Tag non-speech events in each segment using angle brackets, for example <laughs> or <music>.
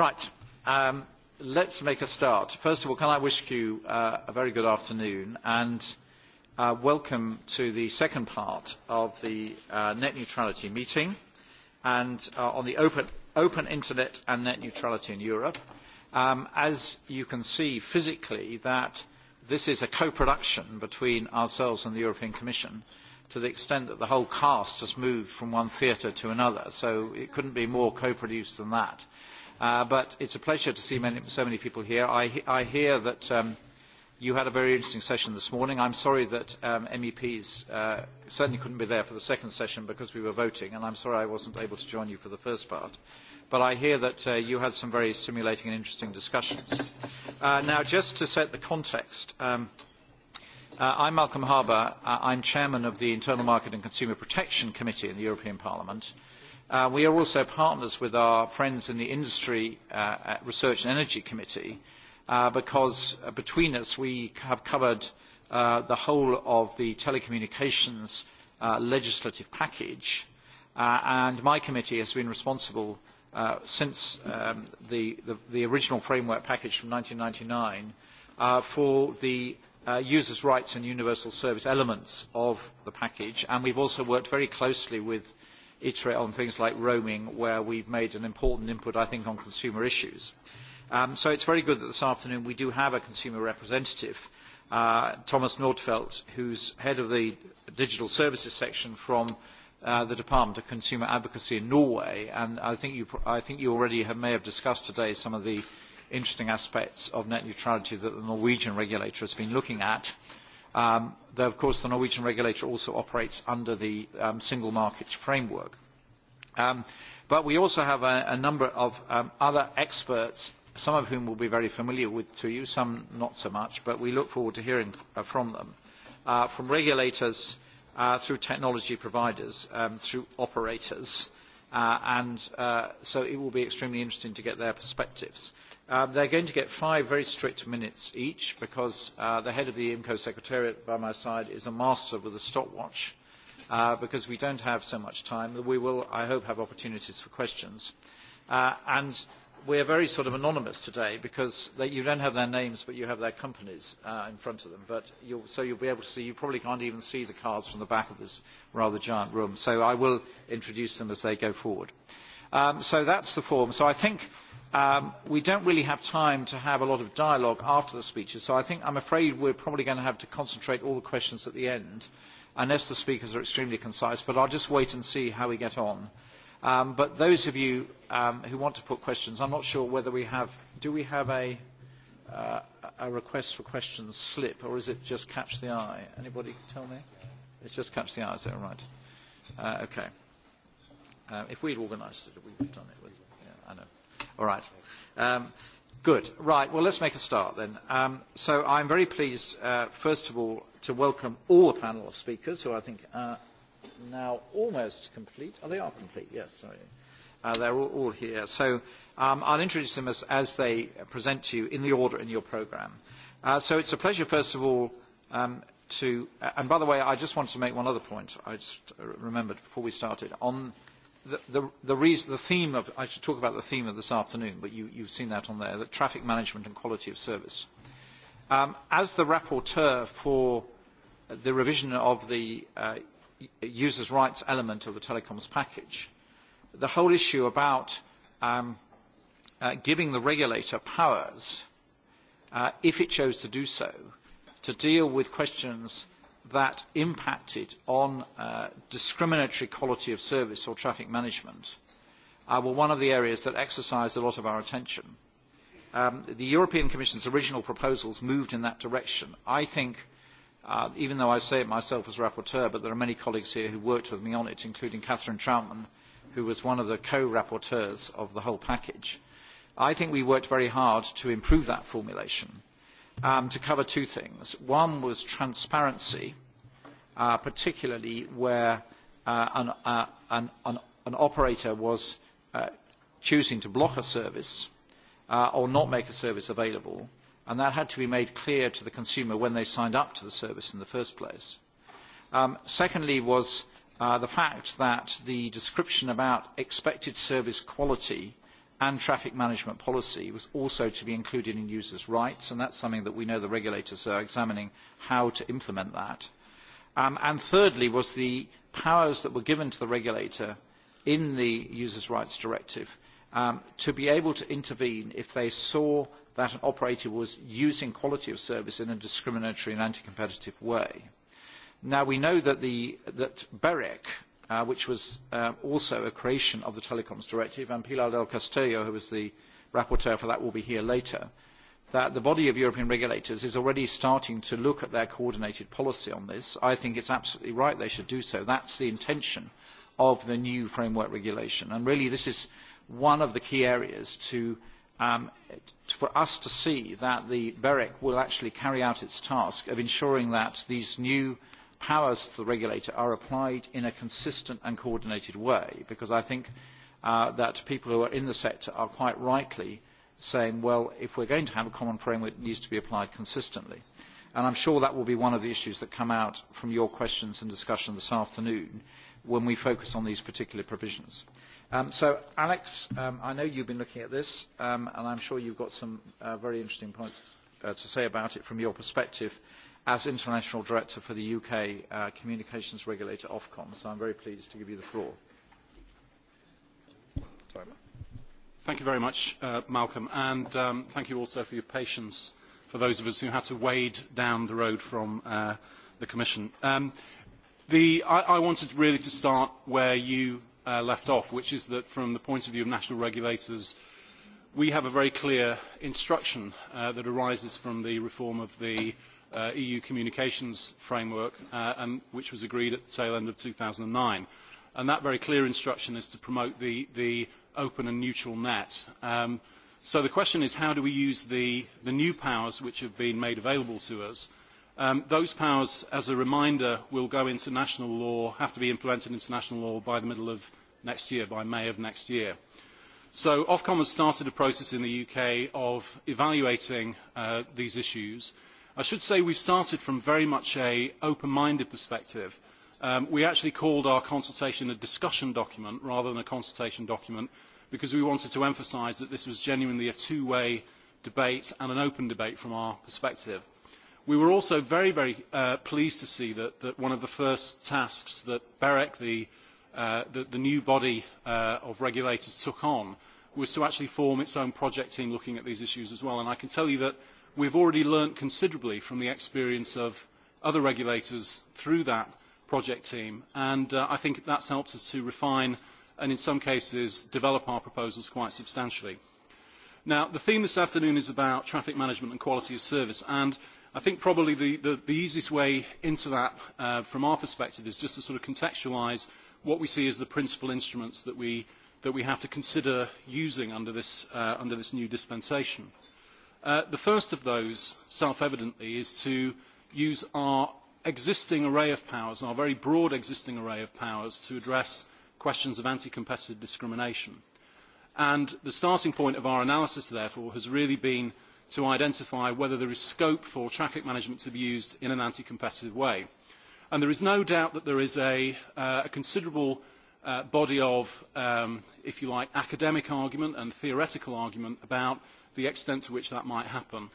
Right. Um, let's make a start. First of all, can I wish you uh, a very good afternoon and uh, welcome to the second part of the uh, net neutrality meeting and uh, on the open, open internet and net neutrality in Europe. Um, as you can see physically that this is a co-production between ourselves and the European Commission to the extent that the whole cast has moved from one theatre to another, so it couldn't be more co-produced than that. Uh, but it's a pleasure to see many, so many people here. I, I hear that um, you had a very interesting session this morning. I'm sorry that um, MEPs uh, certainly couldn't be there for the second session because we were voting, and I'm sorry I wasn't able to join you for the first part. But I hear that uh, you had some very stimulating and interesting discussions. Uh, now, just to set the context, um, uh, I'm Malcolm Harbour. Uh, I'm chairman of the Internal Market and Consumer Protection Committee in the European Parliament. Uh, Uh, we are also partners with our friends in the Industry uh, at Research and Energy Committee uh, because uh, between us we have covered uh, the whole of the telecommunications uh, legislative package uh, and my committee has been responsible uh, since um, the, the, the original framework package from 1999 uh, for the uh, users' rights and universal service elements of the package and we've also worked very closely with uh, iterate on things like roaming, where we've made an important input, I think, on consumer issues. Um, so it's very good that this afternoon we do have a consumer representative, uh, Thomas Nordfeldt, who's head of the digital services section from uh, the Department of Consumer Advocacy in Norway. And I think you, I think you already have, may have discussed today some of the interesting aspects of net neutrality that the Norwegian regulator has been looking at. Uh, Um, though, of course, the Norwegian regulator also operates under the um, single market framework. Um, but we also have a, a number of um, other experts, some of whom will be very familiar with, to you, some not so much, but we look forward to hearing uh, from them, uh, from regulators uh, through technology providers, um, through operators, uh, and uh, so it will be extremely interesting to get their perspectives. Uh, Um, they're going to get five very strict minutes each because uh, the head of the IMCO e Secretariat by my side is a master with a stopwatch uh, because we don't have so much time. We will, I hope, have opportunities for questions. Uh, and we are very sort of anonymous today because they, you don't have their names but you have their companies uh, in front of them. But you'll, so you'll be able to see, you probably can't even see the cards from the back of this rather giant room. So I will introduce them as they go forward. Um, so that's the form. So I think Um, we don't really have time to have a lot of dialogue after the speeches, so I think I'm afraid we're probably going to have to concentrate all the questions at the end, unless the speakers are extremely concise, but I'll just wait and see how we get on. Um, but those of you um, who want to put questions, I'm not sure whether we have, do we have a, uh, a request for questions slip, or is it just catch the eye? Anybody tell me? It's just catch the eye, is that right? Uh, okay. Uh, if we'd organised it, we'd have done it with. All right. Um, good. Right. Well, let's make a start then. Um, so I'm very pleased, uh, first of all, to welcome all the panel of speakers who I think are now almost complete. Oh, they are complete. Yes, sorry. Uh, they're all, all here. So um, I'll introduce them as, as they present to you in the order in your programme. Uh, so it's a pleasure, first of all, um, to... Uh, and by the way, I just wanted to make one other point I just uh, remembered before we started. On the, the, the, reason, the theme of, I should talk about the theme of this afternoon, but you, you've seen that on there, that traffic management and quality of service. Um, as the rapporteur for uh, the revision of the uh, users' rights element of the telecoms package, the whole issue about um, uh, giving the regulator powers, uh, if it chose to do so, to deal with questions that impacted on uh, discriminatory quality of service or traffic management uh, were one of the areas that exercised a lot of our attention. Um, the European Commission's original proposals moved in that direction. I think, uh, even though I say it myself as rapporteur, but there are many colleagues here who worked with me on it, including Catherine Troutman, who was one of the co-rapporteurs of the whole package. I think we worked very hard to improve that formulation um, to cover two things. One was transparency, uh, particularly where uh, an, uh, an, an, an operator was uh, choosing to block a service uh, or not make a service available, and that had to be made clear to the consumer when they signed up to the service in the first place. Um, secondly was uh, the fact that the description about expected service quality and traffic management policy was also to be included in users' rights, and that's something that we know the regulators are examining how to implement that. Um, and thirdly was the powers that were given to the regulator in the Users' Rights Directive um, to be able to intervene if they saw that an operator was using quality of service in a discriminatory and anti-competitive way. Now we know that, the, that BEREC, uh, which was uh, also a creation of the Telecoms Directive, and Pilar del Castillo, who was the rapporteur for that, will be here later, that the body of European regulators is already starting to look at their coordinated policy on this. I think it's absolutely right they should do so. That's the intention of the new framework regulation. And really this is one of the key areas to, um, for us to see that the BEREC will actually carry out its task of ensuring that these new uh, powers to the regulator are applied in a consistent and coordinated way because I think uh, that people who are in the sector are quite rightly saying, well, if we're going to have a common framework, it needs to be applied consistently. And I'm sure that will be one of the issues that come out from your questions and discussion this afternoon when we focus on these particular provisions. Um, so, Alex, um, I know you've been looking at this, um, and I'm sure you've got some uh, very interesting points uh, to say about it from your perspective. Uh, as International Director for the UK uh, Communications Regulator Ofcom. So I'm very pleased to give you the floor. Sorry. Thank you very much, uh, Malcolm, and um, thank you also for your patience for those of us who had to wade down the road from uh, the Commission. Um, the, I, I wanted really to start where you uh, left off, which is that from the point of view of national regulators, we have a very clear instruction uh, that arises from the reform of the uh, uh, EU communications framework, uh, and um, which was agreed at the tail end of 2009. And that very clear instruction is to promote the, the open and neutral net. Um, so the question is, how do we use the, the new powers which have been made available to us? Um, those powers, as a reminder, will go into national law, have to be implemented into national law by the middle of next year, by May of next year. So Ofcom has started a process in the UK of evaluating uh, these issues. Uh, I should say we've started from very much an open-minded perspective. Um, we actually called our consultation a discussion document rather than a consultation document because we wanted to emphasise that this was genuinely a two-way debate and an open debate from our perspective. We were also very, very uh, pleased to see that, that one of the first tasks that BEREC, the, uh, the, the new body uh, of regulators, took on was to actually form its own project team looking at these issues as well. And I can tell you that we've already learned considerably from the experience of other regulators through that project team, and uh, I think that's helped us to refine and in some cases develop our proposals quite substantially. Now, the theme this afternoon is about traffic management and quality of service, and I think probably the, the, the easiest way into that uh, from our perspective is just to sort of contextualize what we see as the principal instruments that we, that we have to consider using under this, uh, under this new dispensation. Uh, Uh, the first of those, self-evidently, is to use our existing array of powers, our very broad existing array of powers, to address questions of anti-competitive discrimination. And the starting point of our analysis, therefore, has really been to identify whether there is scope for traffic management to be used in an anti-competitive way. And there is no doubt that there is a, uh, a considerable uh, body of, um, if you like, academic argument and theoretical argument about uh, the extent to which that might happen.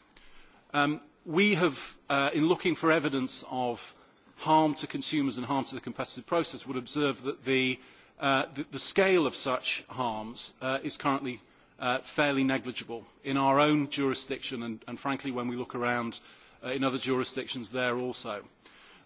Um, we have, uh, in looking for evidence of harm to consumers and harm to the competitive process, would observe that the, uh, the, the scale of such harms uh, is currently uh, fairly negligible. In our own jurisdiction, and, and frankly when we look around uh, in other jurisdictions there also.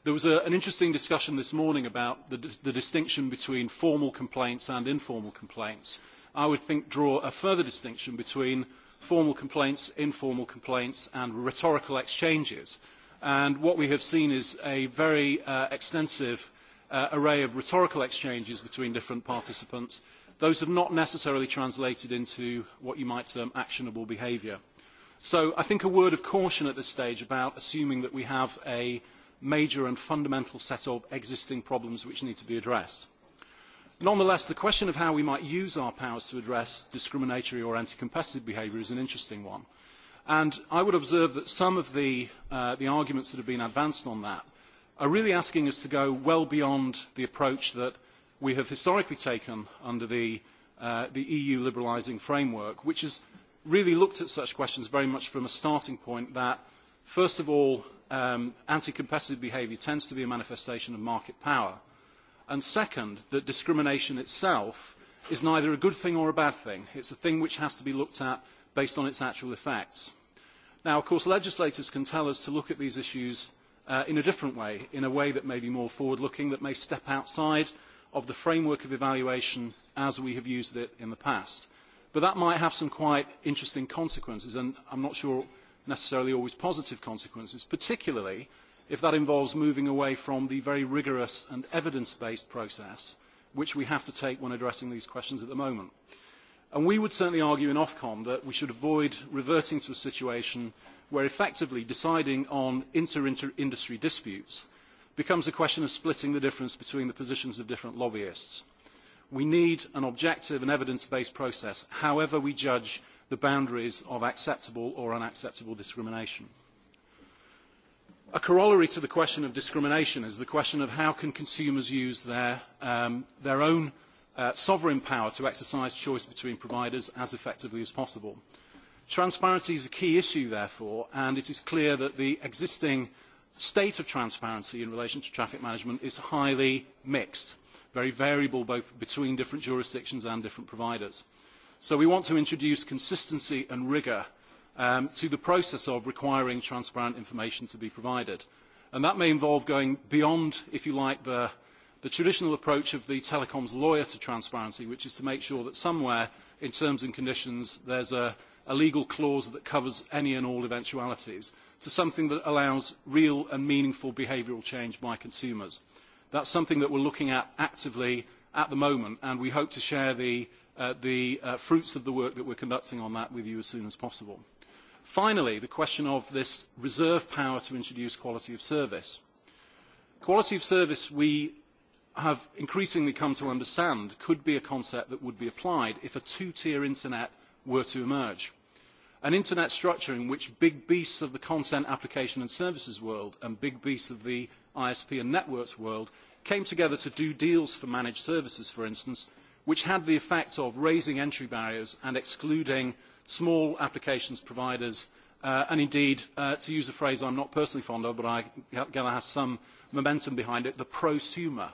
There was a, an interesting discussion this morning about the, the distinction between formal complaints and informal complaints. I would think draw a further distinction between formal complaints, informal complaints and rhetorical exchanges. And what we have seen is a very uh, extensive uh, array of rhetorical exchanges between different participants. Those have not necessarily translated into what you might term actionable behaviour. So I think a word of caution at this stage about assuming that we have a major and fundamental set of existing problems which need to be addressed. Nonetheless, the question of how we might use our powers to address discriminatory or anti-competitive behaviour is an interesting one. And I would observe that some of the, uh, the arguments that have been advanced on that are really asking us to go well beyond the approach that we have historically taken under the, uh, the EU liberalising framework, which has really looked at such questions very much from a starting point that, first of all, um, anti-competitive behaviour tends to be a manifestation of market power – and second, that discrimination itself is neither a good thing or a bad thing. It's a thing which has to be looked at based on its actual effects. Now, of course, legislators can tell us to look at these issues uh, in a different way, in a way that may be more forward-looking, that may step outside of the framework of evaluation as we have used it in the past. But that might have some quite interesting consequences, and I'm not sure necessarily always positive consequences, particularly if that involves moving away from the very rigorous and evidence-based process which we have to take when addressing these questions at the moment. And we would certainly argue in Ofcom that we should avoid reverting to a situation where effectively deciding on inter-industry -inter disputes becomes a question of splitting the difference between the positions of different lobbyists. We need an objective and evidence-based process, however we judge the boundaries of acceptable or unacceptable discrimination. A corollary to the question of discrimination is the question of how can consumers use their, um, their own uh, sovereign power to exercise choice between providers as effectively as possible. Transparency is a key issue, therefore, and it is clear that the existing state of transparency in relation to traffic management is highly mixed, very variable both between different jurisdictions and different providers. So we want to introduce consistency and rigour uh, um, to the process of requiring transparent information to be provided. And that may involve going beyond, if you like, the, the traditional approach of the telecoms lawyer to transparency, which is to make sure that somewhere in terms and conditions there's a, a legal clause that covers any and all eventualities, to something that allows real and meaningful behavioural change by consumers. That's something that we're looking at actively at the moment, and we hope to share the, uh, the uh, fruits of the work that we're conducting on that with you as soon as possible. Finally, the question of this reserve power to introduce quality of service. Quality of service we have increasingly come to understand could be a concept that would be applied if a two-tier internet were to emerge. An internet structure in which big beasts of the content application and services world and big beasts of the ISP and networks world came together to do deals for managed services, for instance, which had the effect of raising entry barriers and excluding uh, small applications providers, uh, and indeed, uh, to use a phrase I'm not personally fond of, but I gather has some momentum behind it, the prosumer.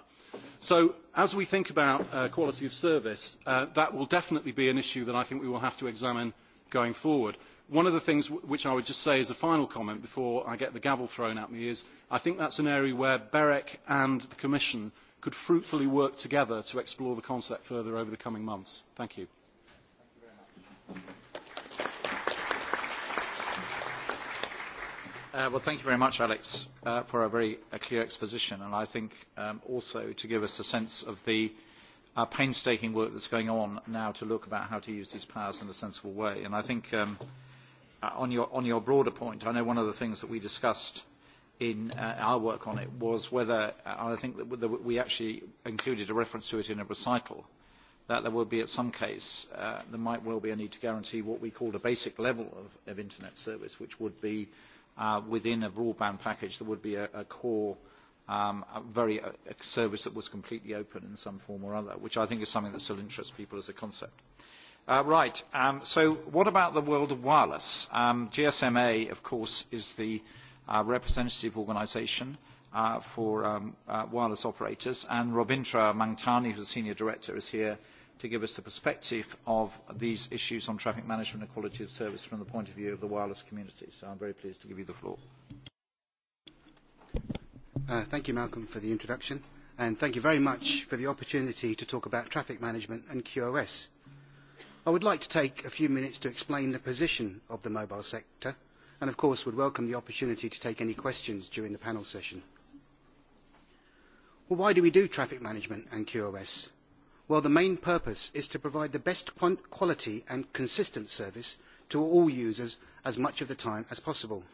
So as we think about uh, quality of service, uh, that will definitely be an issue that I think we will have to examine going forward. One of the things w which I would just say as a final comment before I get the gavel thrown at me is I think that's an area where BEREC and the Commission could fruitfully work together to explore the concept further over the coming months. Thank you. Thank you very much. Uh, well, thank you very much, Alex, uh, for a very a clear exposition, and I think um, also to give us a sense of the uh, painstaking work that's going on now to look about how to use these powers in a sensible way. And I think um, uh, on, your, on your broader point, I know one of the things that we discussed in uh, our work on it was whether, uh, and I think that we actually included a reference to it in a recital, that there will be at some case, uh, there might well be a need to guarantee what we called a basic level of, of internet service, which would be uh, uh, within a broadband package that would be a, a core um, a very a, a service that was completely open in some form or other, which I think is something that still interests people as a concept. Uh, right, um, so what about the world of wireless? Um, GSMA, of course, is the uh, representative organization uh, for um, uh, wireless operators, and Robintra Mangtani, who's the senior director, is here to give us the perspective of these issues on traffic management and quality of service from the point of view of the wireless community. So I'm very pleased to give you the floor. Uh, thank you, Malcolm, for the introduction. And thank you very much for the opportunity to talk about traffic management and QoS. I would like to take a few minutes to explain the position of the mobile sector and of course would welcome the opportunity to take any questions during the panel session. Well, why do we do traffic management and QoS? while the main purpose is to provide the best quality and consistent service to all users as much of the time as possible.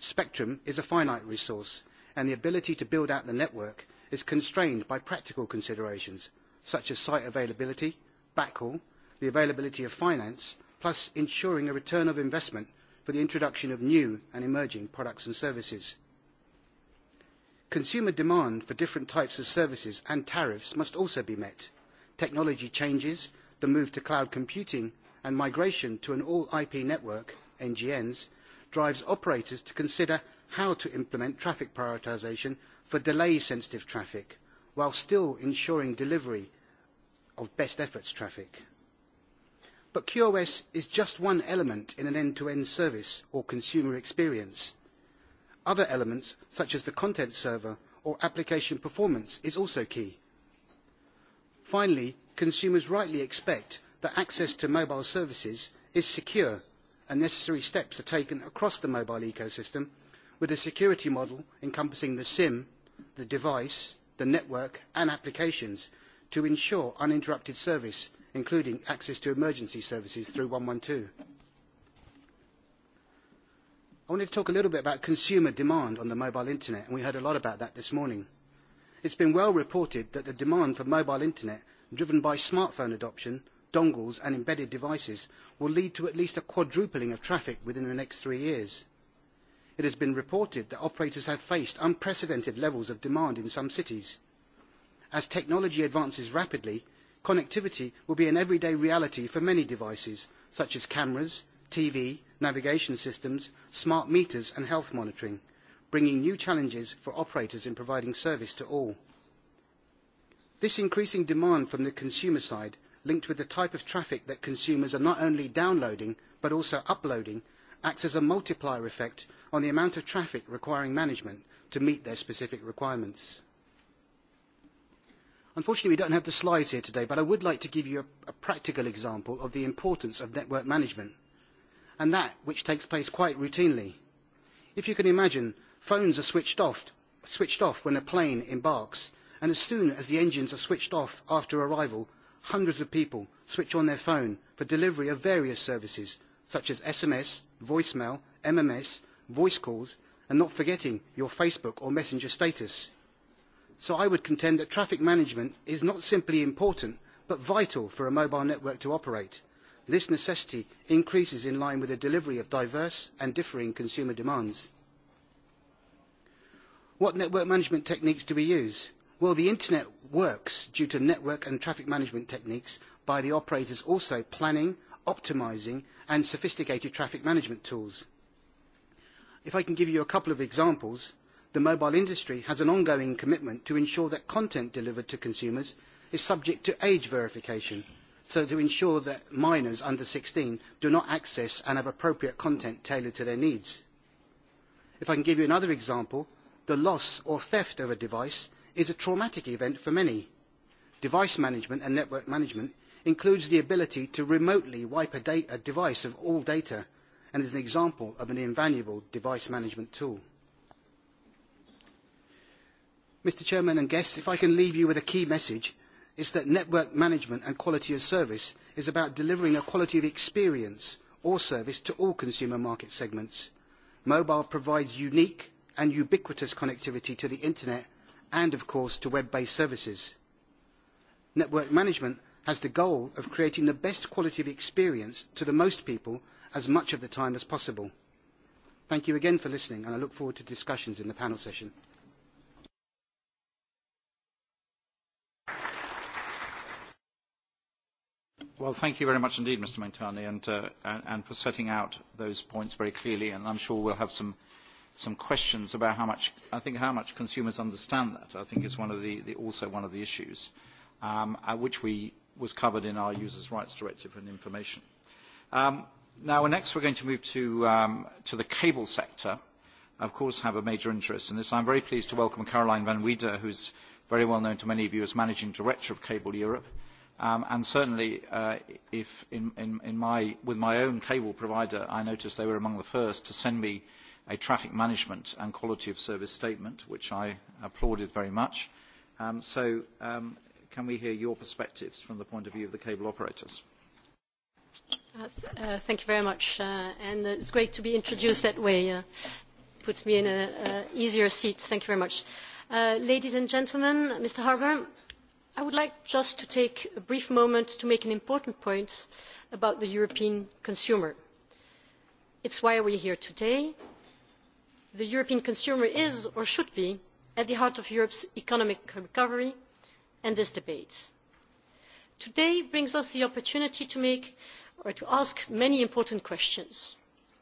Spectrum is a finite resource and the ability to build out the network is constrained by practical considerations such as site availability, backhaul, the availability of finance, plus ensuring a return of investment for the introduction of new and emerging products and services. Consumer demand for different types of services and tariffs must also be met Technology changes, the move to cloud computing, and migration to an all-IP network, NGNs, drives operators to consider how to implement traffic prioritization for delay-sensitive traffic, while still ensuring delivery of best efforts traffic. But QoS is just one element in an end-to-end -end service or consumer experience. Other elements, such as the content server or application performance, is also key finally consumers rightly expect that access to mobile services is secure and necessary steps are taken across the mobile ecosystem with a security model encompassing the sim the device the network and applications to ensure uninterrupted service including access to emergency services through. one hundred and twelve i want to talk a little bit about consumer demand on the mobile internet and we heard a lot about that this morning it has been well reported that the demand for mobile internet driven by smartphone adoption dongles and embedded devices will lead to at least a quadrupling of traffic within the next three years. it has been reported that operators have faced unprecedented levels of demand in some cities. as technology advances rapidly connectivity will be an everyday reality for many devices such as cameras tv navigation systems smart meters and health monitoring bringing new challenges for operators in providing service to all. This increasing demand from the consumer side, linked with the type of traffic that consumers are not only downloading but also uploading, acts as a multiplier effect on the amount of traffic requiring management to meet their specific requirements. Unfortunately, we don't have the slides here today, but I would like to give you a, a practical example of the importance of network management, and that which takes place quite routinely. If you can imagine phones are switched off, switched off when a plane embarks, and as soon as the engines are switched off after arrival, hundreds of people switch on their phone for delivery of various services such as SMS, voicemail, MMS, voice calls, and not forgetting your Facebook or Messenger status. So I would contend that traffic management is not simply important, but vital for a mobile network to operate. This necessity increases in line with the delivery of diverse and differing consumer demands. What network management techniques do we use? Well, the internet works due to network and traffic management techniques by the operators also planning, optimizing, and sophisticated traffic management tools. If I can give you a couple of examples, the mobile industry has an ongoing commitment to ensure that content delivered to consumers is subject to age verification, so to ensure that minors under 16 do not access and have appropriate content tailored to their needs. If I can give you another example, the loss or theft of a device is a traumatic event for many. Device management and network management includes the ability to remotely wipe a, da- a device of all data and is an example of an invaluable device management tool. Mr Chairman and guests, if I can leave you with a key message, it's that network management and quality of service is about delivering a quality of experience or service to all consumer market segments. Mobile provides unique and ubiquitous connectivity to the internet and, of course, to web-based services. Network management has the goal of creating the best quality of experience to the most people as much of the time as possible. Thank you again for listening, and I look forward to discussions in the panel session. Well, thank you very much indeed, Mr. Mentani, and, uh, and, and for setting out those points very clearly, and I'm sure we'll have some some questions about how much, I think how much consumers understand that, I think is one of the, the, also one of the issues, um, which we, was covered in our Users' Rights Directive and information. Um, now, next we're going to move to, um, to the cable sector. I, of course, have a major interest in this. I'm very pleased to welcome Caroline Van Wieder, who's very well known to many of you as Managing Director of Cable Europe. Um, and certainly, uh, if in, in, in my, with my own cable provider, I noticed they were among the first to send me uh, a traffic management and quality of service statement, which I applauded very much. Um, so um, can we hear your perspectives from the point of view of the cable operators? Uh, th uh, thank you very much. Uh, and uh, it's great to be introduced that way. Uh, puts me in an easier seat. Thank you very much. Uh, ladies and gentlemen, Mr. Harbour, I would like just to take a brief moment to make an important point about the European consumer. It's why we're here today, the European consumer is or should be at the heart of Europe's economic recovery and this debate. Today brings us the opportunity to make or to ask many important questions.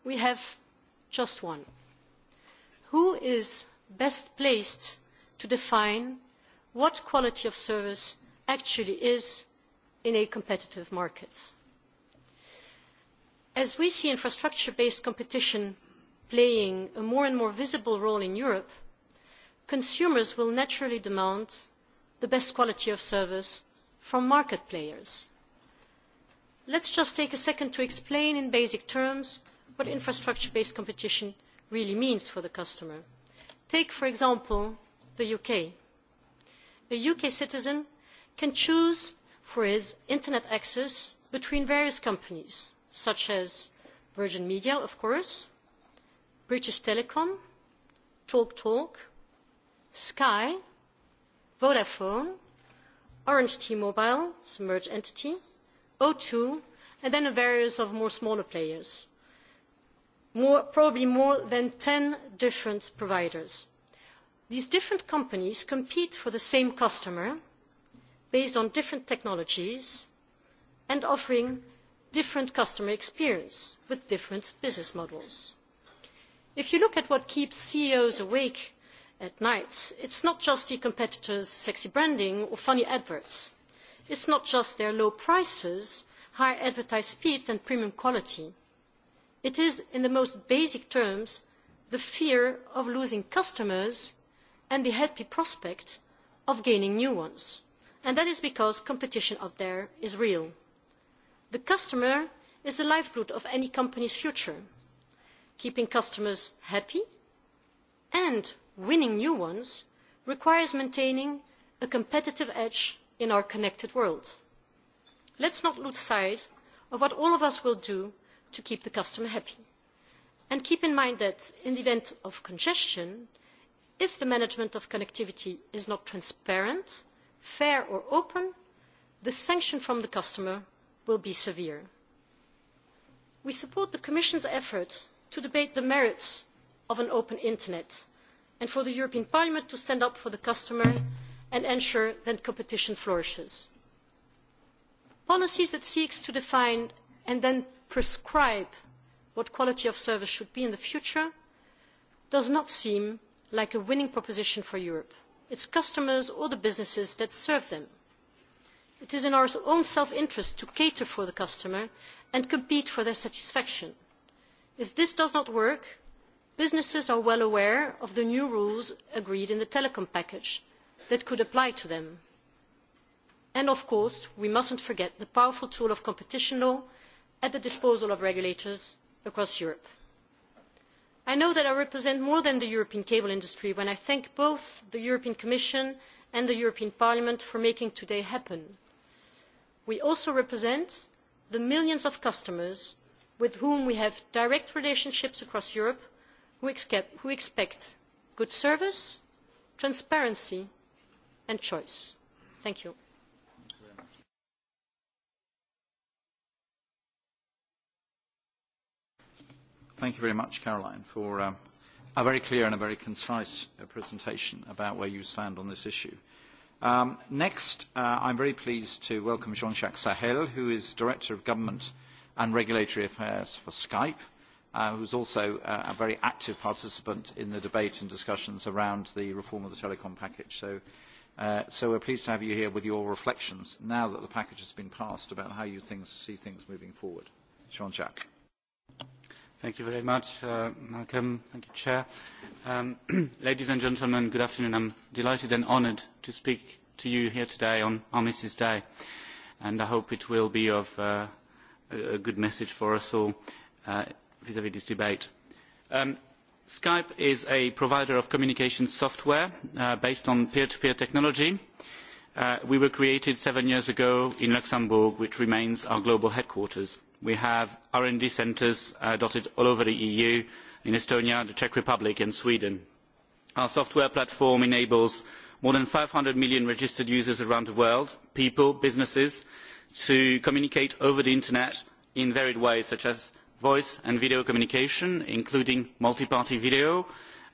We have just one. Who is best placed to define what quality of service actually is in a competitive market? As we see infrastructure-based competition playing a more and more visible role in Europe, consumers will naturally demand the best quality of service from market players. Let's just take a second to explain in basic terms what infrastructure-based competition really means for the customer. Take, for example, the UK. A UK citizen can choose for his internet access between various companies, such as Virgin Media, of course, British Telecom, TalkTalk, Talk, Sky, Vodafone, Orange T-Mobile, submerged entity, O2, and then a various of more smaller players. More, probably more than 10 different providers. These different companies compete for the same customer based on different technologies and offering different customer experience with different business models. If you look at what keeps CEOs awake at night, it's not just the competitors' sexy branding or funny adverts. It's not just their low prices, high advertised speeds and premium quality. It is, in the most basic terms, the fear of losing customers and the happy prospect of gaining new ones. And that is because competition out there is real. The customer is the lifeblood of any company's future keeping customers happy and winning new ones requires maintaining a competitive edge in our connected world. Let's not lose sight of what all of us will do to keep the customer happy. And keep in mind that in the event of congestion, if the management of connectivity is not transparent, fair or open, the sanction from the customer will be severe. We support the Commission's effort to debate the merits of an open internet and for the european parliament to stand up for the customer and ensure that competition flourishes. policies that seek to define and then prescribe what quality of service should be in the future do not seem like a winning proposition for europe. it is customers or the businesses that serve them. it is in our own self interest to cater for the customer and compete for their satisfaction if this does not work businesses are well aware of the new rules agreed in the telecom package that could apply to them and of course we must not forget the powerful tool of competition law at the disposal of regulators across europe. i know that i represent more than the european cable industry when i thank both the european commission and the european parliament for making today happen. we also represent the millions of customers with whom we have direct relationships across Europe, who, except, who expect good service, transparency and choice. Thank you. Thank you very much, Caroline, for um, a very clear and a very concise uh, presentation about where you stand on this issue. Um, next, uh, I'm very pleased to welcome Jean-Jacques Sahel, who is Director of Government and regulatory affairs for Skype, uh, who's also uh, a very active participant in the debate and discussions around the reform of the telecom package. So, uh, so we're pleased to have you here with your reflections now that the package has been passed about how you things, see things moving forward. Jean-Jacques. Thank you very much, uh, Malcolm. Thank you, Chair. Um, <clears throat> ladies and gentlemen, good afternoon. I'm delighted and honoured to speak to you here today on Armistice Day, and I hope it will be of uh, a good message for us all uh, vis-à-vis uh, -vis this debate. Um, Skype is a provider of communication software uh, based on peer-to-peer -peer technology. Uh, we were created seven years ago in Luxembourg, which remains our global headquarters. We have R&D centres uh, dotted all over the EU, in Estonia, the Czech Republic and Sweden. Our software platform enables more than 500 million registered users around the world, people, businesses, uh, to communicate over the internet in varied ways such as voice and video communication including multi party video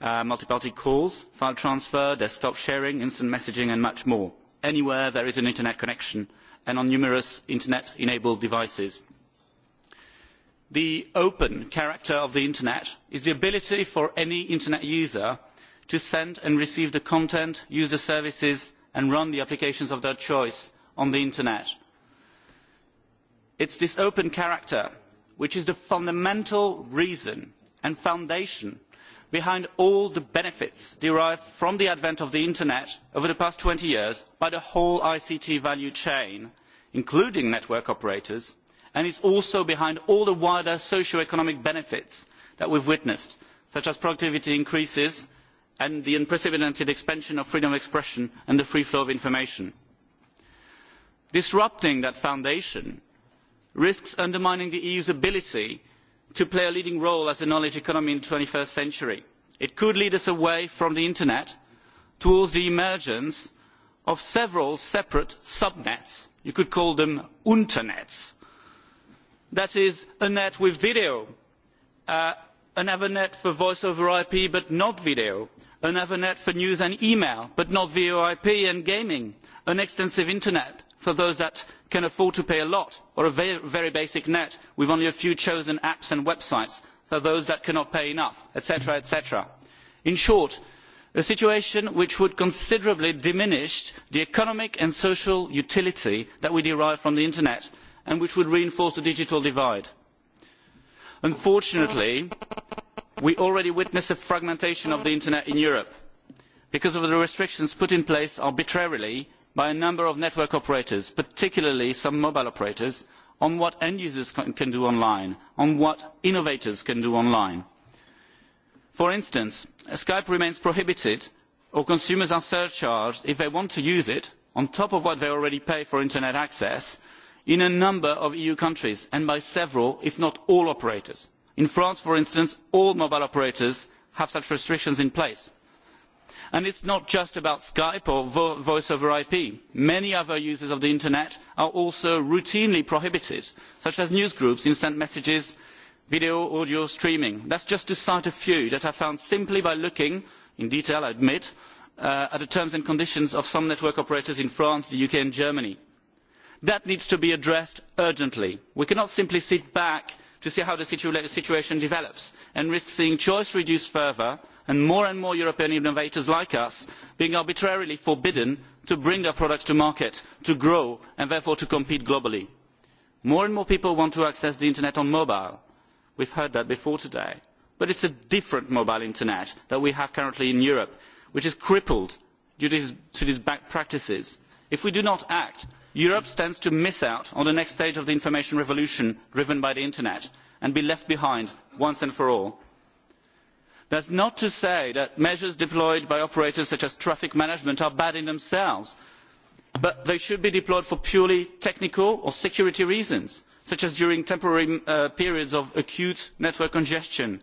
uh, multi party calls file transfer desktop sharing instant messaging and much more anywhere there is an internet connection and on numerous internet enabled devices. the open character of the internet is the ability for any internet user to send and receive the content use the services and run the applications of their choice on the internet it is this open character which is the fundamental reason and foundation behind all the benefits derived from the advent of the internet over the past twenty years by the whole ict value chain including network operators and it is also behind all the wider socio economic benefits that we have witnessed such as productivity increases and the unprecedented expansion of freedom of expression and the free flow of information. disrupting that foundation risks undermining the eu's ability to play a leading role as a knowledge economy in the twenty first century. it could lead us away from the internet towards the emergence of several separate subnets you could call them unternets that is a net with video uh, another net for voice over ip but not video another net for news and email but not voip and gaming an extensive internet for those that can afford to pay a lot or a very, very basic net with only a few chosen apps and websites for those that cannot pay enough etc. etc. in short a situation which would considerably diminish the economic and social utility that we derive from the internet and which would reinforce the digital divide. unfortunately we already witness a fragmentation of the internet in europe because of the restrictions put in place arbitrarily by a number of network operators particularly some mobile operators on what end users can do online on what innovators can do online. for instance skype remains prohibited or consumers are surcharged if they want to use it on top of what they already pay for internet access in a number of eu countries and by several if not all operators. in france for instance all mobile operators have such restrictions in place and it is not just about skype or vo voice over ip many other users of the internet are also routinely prohibited such as news groups instant messages video audio streaming that is just to cite a few that i found simply by looking in detail i admit uh, at the terms and conditions of some network operators in france the uk and germany. that needs to be addressed urgently. we cannot simply sit back to see how the situa situation develops and risk seeing choice reduced further and more and more european innovators like us being arbitrarily forbidden to bring their products to market to grow and therefore to compete globally. more and more people want to access the internet on mobile we have heard that before today but it is a different mobile internet that we have currently in europe which is crippled due to these bad practices. if we do not act europe stands to miss out on the next stage of the information revolution driven by the internet and be left behind once and for all that is not to say that measures deployed by operators such as traffic management are bad in themselves but they should be deployed for purely technical or security reasons such as during temporary uh, periods of acute network congestion.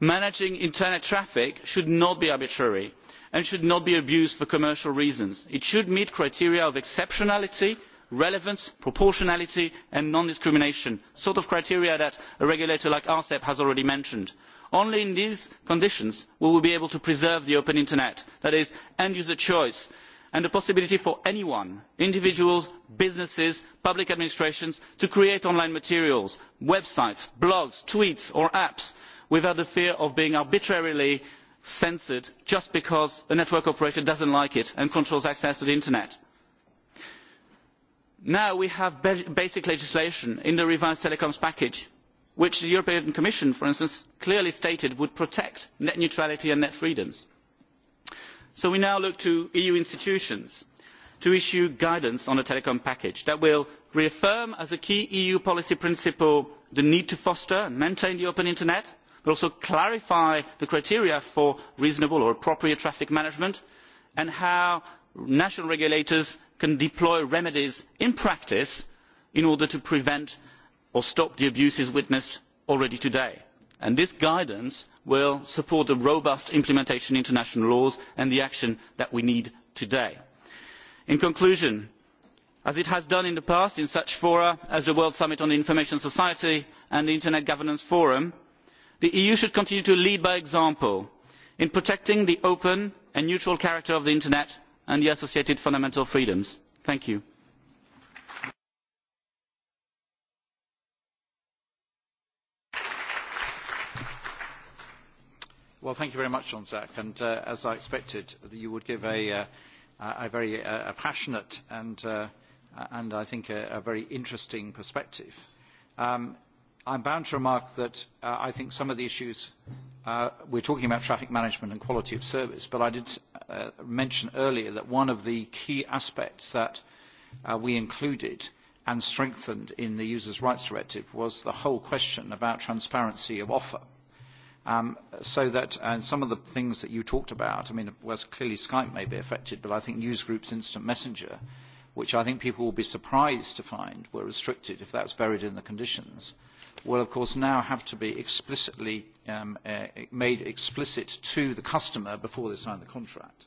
managing internet traffic should not be arbitrary and should not be abused for commercial reasons. it should meet criteria of exceptionality relevance proportionality and non discrimination the sort of criteria that a regulator like arcep has already mentioned only in these conditions will we be able to preserve the open internet that is end user choice and the possibility for anyone individuals businesses public administrations to create online materials websites blogs tweets or apps without the fear of being arbitrarily censored just because a network operator does not like it and controls access to the internet. now we have basic legislation in the revised telecoms package which the European Commission, for instance, clearly stated would protect net neutrality and net freedoms. So we now look to EU institutions to issue guidance on a telecom package that will reaffirm as a key EU policy principle the need to foster and maintain the open internet, but also clarify the criteria for reasonable or appropriate traffic management and how national regulators can deploy remedies in practice in order to prevent or stop the abuses witnessed already today. And this guidance will support the robust implementation of international laws and the action that we need today. in conclusion as it has done in the past in such fora as the world summit on the information society and the internet governance forum the eu should continue to lead by example in protecting the open and neutral character of the internet and the associated fundamental freedoms. thank you. Well, thank you very much, Jean-Jacques. And uh, as I expected, you would give a, uh, a very uh, a passionate and, uh, and I think, a, a very interesting perspective. Um, I'm bound to remark that uh, I think some of the issues, uh, we're talking about traffic management and quality of service, but I did uh, mention earlier that one of the key aspects that uh, we included and strengthened in the Users' Rights Directive was the whole question about transparency of offer. Uh, Um, so that and some of the things that you talked about, I mean, well, clearly Skype may be affected, but I think Newsgroup's instant messenger, which I think people will be surprised to find were restricted if that's buried in the conditions, will of course now have to be explicitly um, uh, made explicit to the customer before they sign the contract.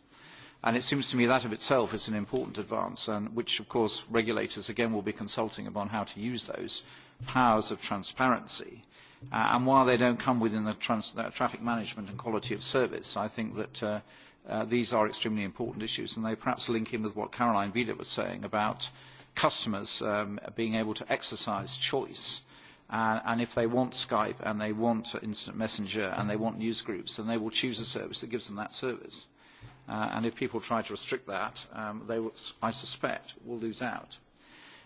And it seems to me that of itself is an important advance, and which of course regulators again will be consulting upon how to use those powers of transparency. Uh, Uh, and while they don't come within the trans uh, traffic management and quality of service, I think that uh, uh, these are extremely important issues, and they perhaps link in with what Caroline Vida was saying about customers um, being able to exercise choice. Uh, and if they want Skype and they want Instant Messenger and they want news groups, then they will choose a service that gives them that service. Uh, and if people try to restrict that, um, they will, I suspect, will lose out.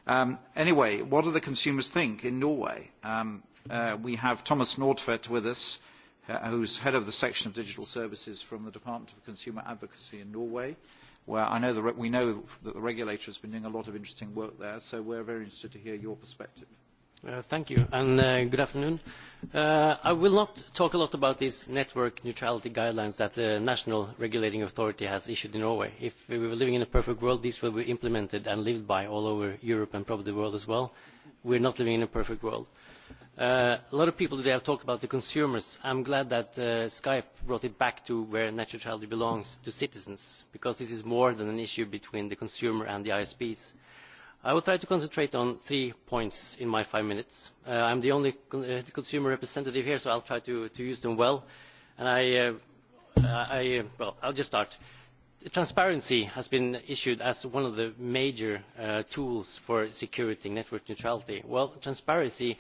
Um, anyway, what do the consumers think in Norway? Um, Uh, we have Thomas Nordfett with us, uh, who's head of the section of digital services from the Department of Consumer Advocacy in Norway, where I know the re- we know that the regulator has been doing a lot of interesting work there, so we're very interested to hear your perspective. Uh, thank you, and uh, good afternoon. Uh, I will not talk a lot about these network neutrality guidelines that the national regulating authority has issued in Norway. If we were living in a perfect world, these will be implemented and lived by all over Europe and probably the world as well. We're not living in a perfect world. Uh, a lot of people today have talked about the consumers. I'm glad that uh, Skype brought it back to where net neutrality belongs, to citizens, because this is more than an issue between the consumer and the ISPs I will try to concentrate on three points in my five minutes. Uh, I'm the only con uh, consumer representative here, so I'll try to, to use them well. And I, uh, uh I, uh, well, I'll just start. Transparency has been issued as one of the major uh, tools for security network neutrality. Well, transparency,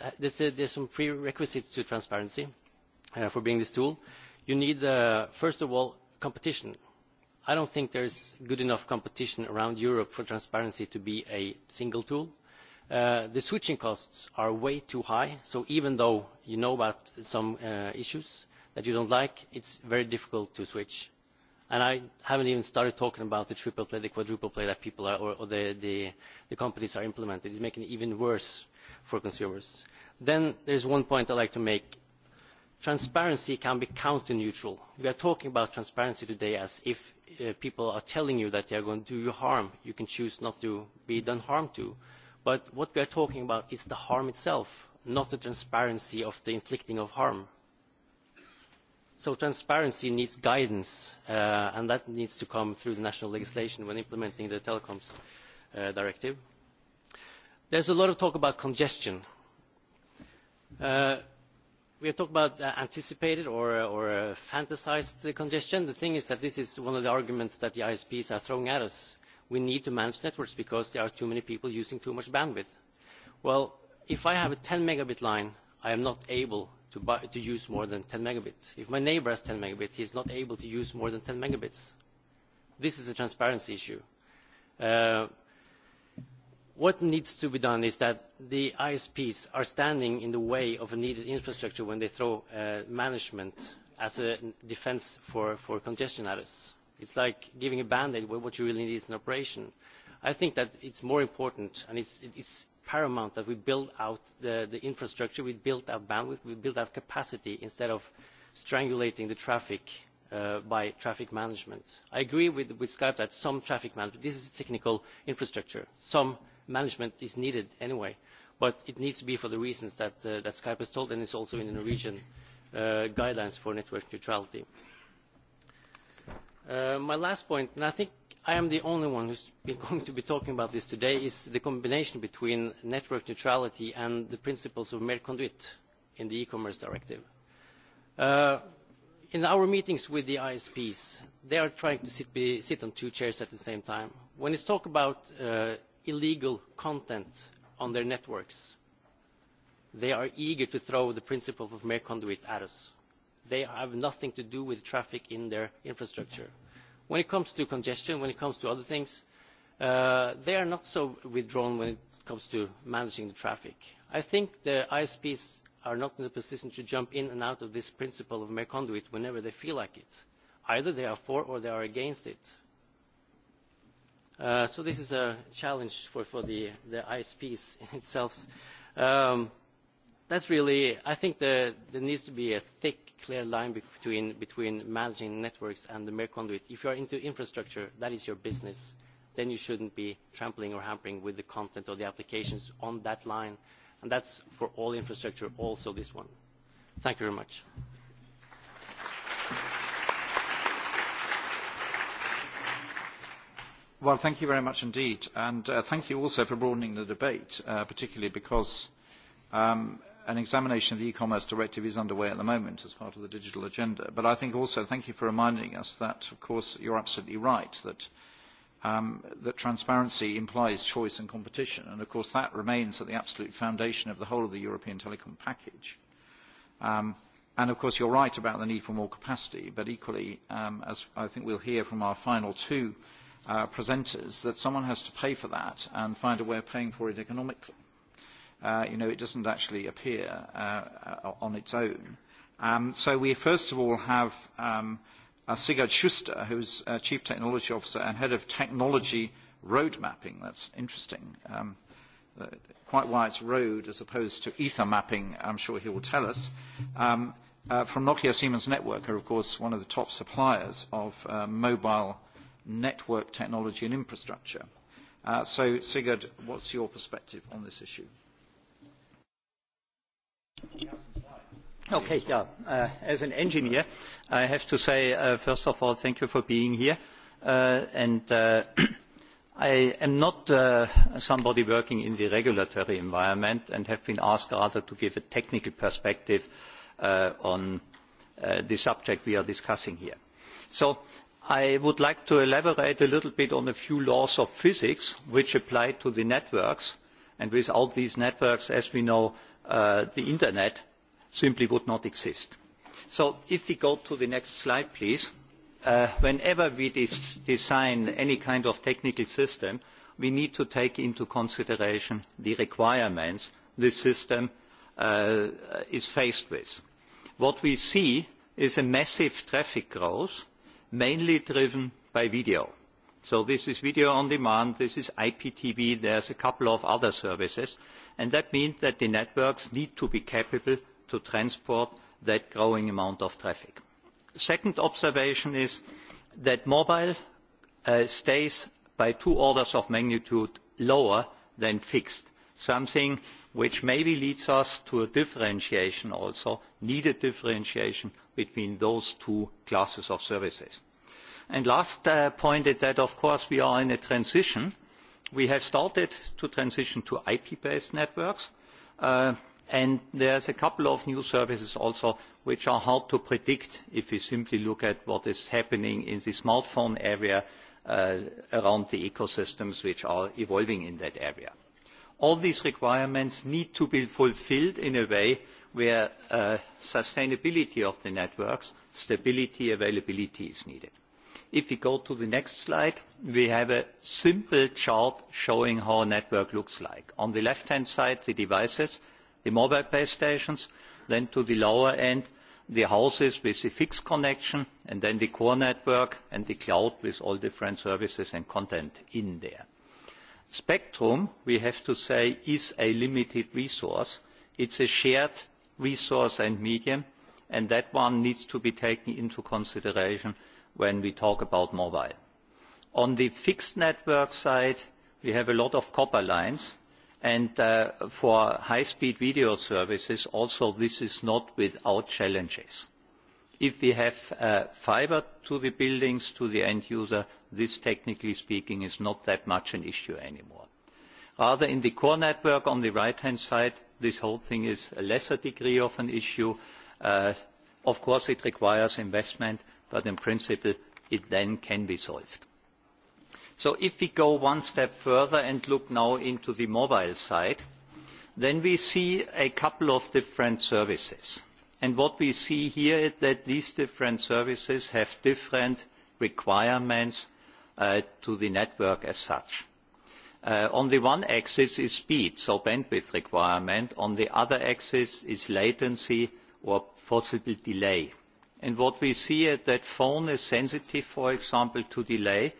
uh, there's, uh, there's some prerequisites to transparency uh, for being this tool. You need, uh, first of all, competition I don't think there's good enough competition around Europe for transparency to be a single tool. Uh, the switching costs are way too high, so even though you know about some uh, issues that you don't like, it's very difficult to switch. And I haven't even started talking about the triple play, the quadruple play that people are, or, or the, the, the companies are implementing. It's making it even worse for consumers. Then there's one point I'd like to make transparency can be counter neutral. We are talking about transparency today as if uh, people are telling you that they are going to do you harm. You can choose not to be done harm to. But what we are talking about is the harm itself, not the transparency of the inflicting of harm. So transparency needs guidance, uh, and that needs to come through the national legislation when implementing the telecoms uh, directive. There's a lot of talk about congestion. Uh, we have talked about uh, anticipated or, uh, or uh, fantasized uh, congestion. The thing is that this is one of the arguments that the ISPs are throwing at us. We need to manage networks because there are too many people using too much bandwidth. Well, if I have a 10 megabit line, I am not able to, buy, to use more than 10 megabits. If my neighbor has 10 megabits, he's not able to use more than 10 megabits. This is a transparency issue. Uh, what needs to be done is that the isps are standing in the way of needed infrastructure when they throw uh, management as a defence for, for congestion at us. It's like giving a band-aid when what you really need is an operation. I think that it's more important and it's, it's paramount that we build out the, the infrastructure, we build out bandwidth, we build out capacity instead of strangulating the traffic uh, by traffic management. I agree with, with Skype that some traffic management, this is technical infrastructure, some uh, management is needed anyway, but it needs to be for the reasons that, uh, that Skype has told, and it's also in the Norwegian uh, guidelines for network neutrality. Uh, my last point, and I think I am the only one who's <laughs> been going to be talking about this today, is the combination between network neutrality and the principles of Merconduit in the e-commerce directive. Uh, in our meetings with the ISPs, they are trying to sit, be, sit on two chairs at the same time. When it's talk about uh, illegal content on their networks, they are eager to throw the principle of mere conduit at us. They have nothing to do with traffic in their infrastructure. When it comes to congestion, when it comes to other things, uh, they are not so withdrawn when it comes to managing the traffic. I think the ISPs are not in a position to jump in and out of this principle of mere conduit whenever they feel like it. Either they are for or they are against it Uh, so this is a challenge for, for the, the ISPs <laughs> itself. Um, that's really, I think the, there needs to be a thick, clear line between, between managing networks and the mere conduit. If you're into infrastructure, that is your business, then you shouldn't be trampling or hampering with the content or the applications on that line. And that's for all infrastructure, also this one. Thank you very much. Well, thank you very much indeed. And uh, thank you also for broadening the debate, uh, particularly because um, an examination of the e-commerce directive is underway at the moment as part of the digital agenda. But I think also thank you for reminding us that, of course, you're absolutely right, that, um, that transparency implies choice and competition. And, of course, that remains at the absolute foundation of the whole of the European telecom package. Um, and, of course, you're right about the need for more capacity. But equally, um, as I think we'll hear from our final two uh, presenters that someone has to pay for that and find a way of paying for it economically. Uh, you know, it doesn't actually appear uh, uh on its own. Um, so we first of all have um, uh, Sigurd Schuster, who's uh, Chief Technology Officer and Head of Technology Road Mapping. That's interesting. Um, uh, quite why it's road as opposed to ether mapping, I'm sure he will tell us. Um, uh, from Nokia Siemens Network are, of course, one of the top suppliers of uh, mobile network technology and infrastructure. Uh, so, Sigurd, what's your perspective on this issue? Okay, yeah. Uh, as an engineer, I have to say, uh, first of all, thank you for being here. Uh, and uh, <clears throat> I am not uh, somebody working in the regulatory environment and have been asked rather to give a technical perspective uh, on uh, the subject we are discussing here. So I would like to elaborate a little bit on a few laws of physics which apply to the networks. And without these networks, as we know, uh, the Internet simply would not exist. So if we go to the next slide, please. Uh, whenever we des design any kind of technical system, we need to take into consideration the requirements this system uh, is faced with. What we see is a massive traffic growth mainly driven by video. So this is video on demand, this is IPTV, there's a couple of other services, and that means that the networks need to be capable to transport that growing amount of traffic. Second observation is that mobile uh, stays by two orders of magnitude lower than fixed something which maybe leads us to a differentiation also, needed differentiation between those two classes of services. And last uh, point is that, of course, we are in a transition. We have started to transition to IP-based networks, uh, and there's a couple of new services also which are hard to predict if we simply look at what is happening in the smartphone area uh, around the ecosystems which are evolving in that area all these requirements need to be fulfilled in a way where uh, sustainability of the networks, stability, availability is needed. If we go to the next slide, we have a simple chart showing how a network looks like. On the left-hand side, the devices, the mobile base stations, then to the lower end, the houses with the fixed connection, and then the core network and the cloud with all different services and content in there spectrum we have to say is a limited resource it is a shared resource and medium and that one needs to be taken into consideration when we talk about mobile. on the fixed network side we have a lot of copper lines and uh, for high speed video services also this is not without challenges if we have uh, fibre to the buildings, to the end user, this technically speaking is not that much an issue anymore. Rather in the core network on the right-hand side, this whole thing is a lesser degree of an issue. Uh, of course it requires investment, but in principle it then can be solved. So if we go one step further and look now into the mobile side, then we see a couple of different services And what we see here is that these different services have different requirements uh, to the network as such. Uh, on the one axis is speed, so bandwidth requirement. On the other axis is latency or possible delay. And what we see is that phone is sensitive, for example, to delay,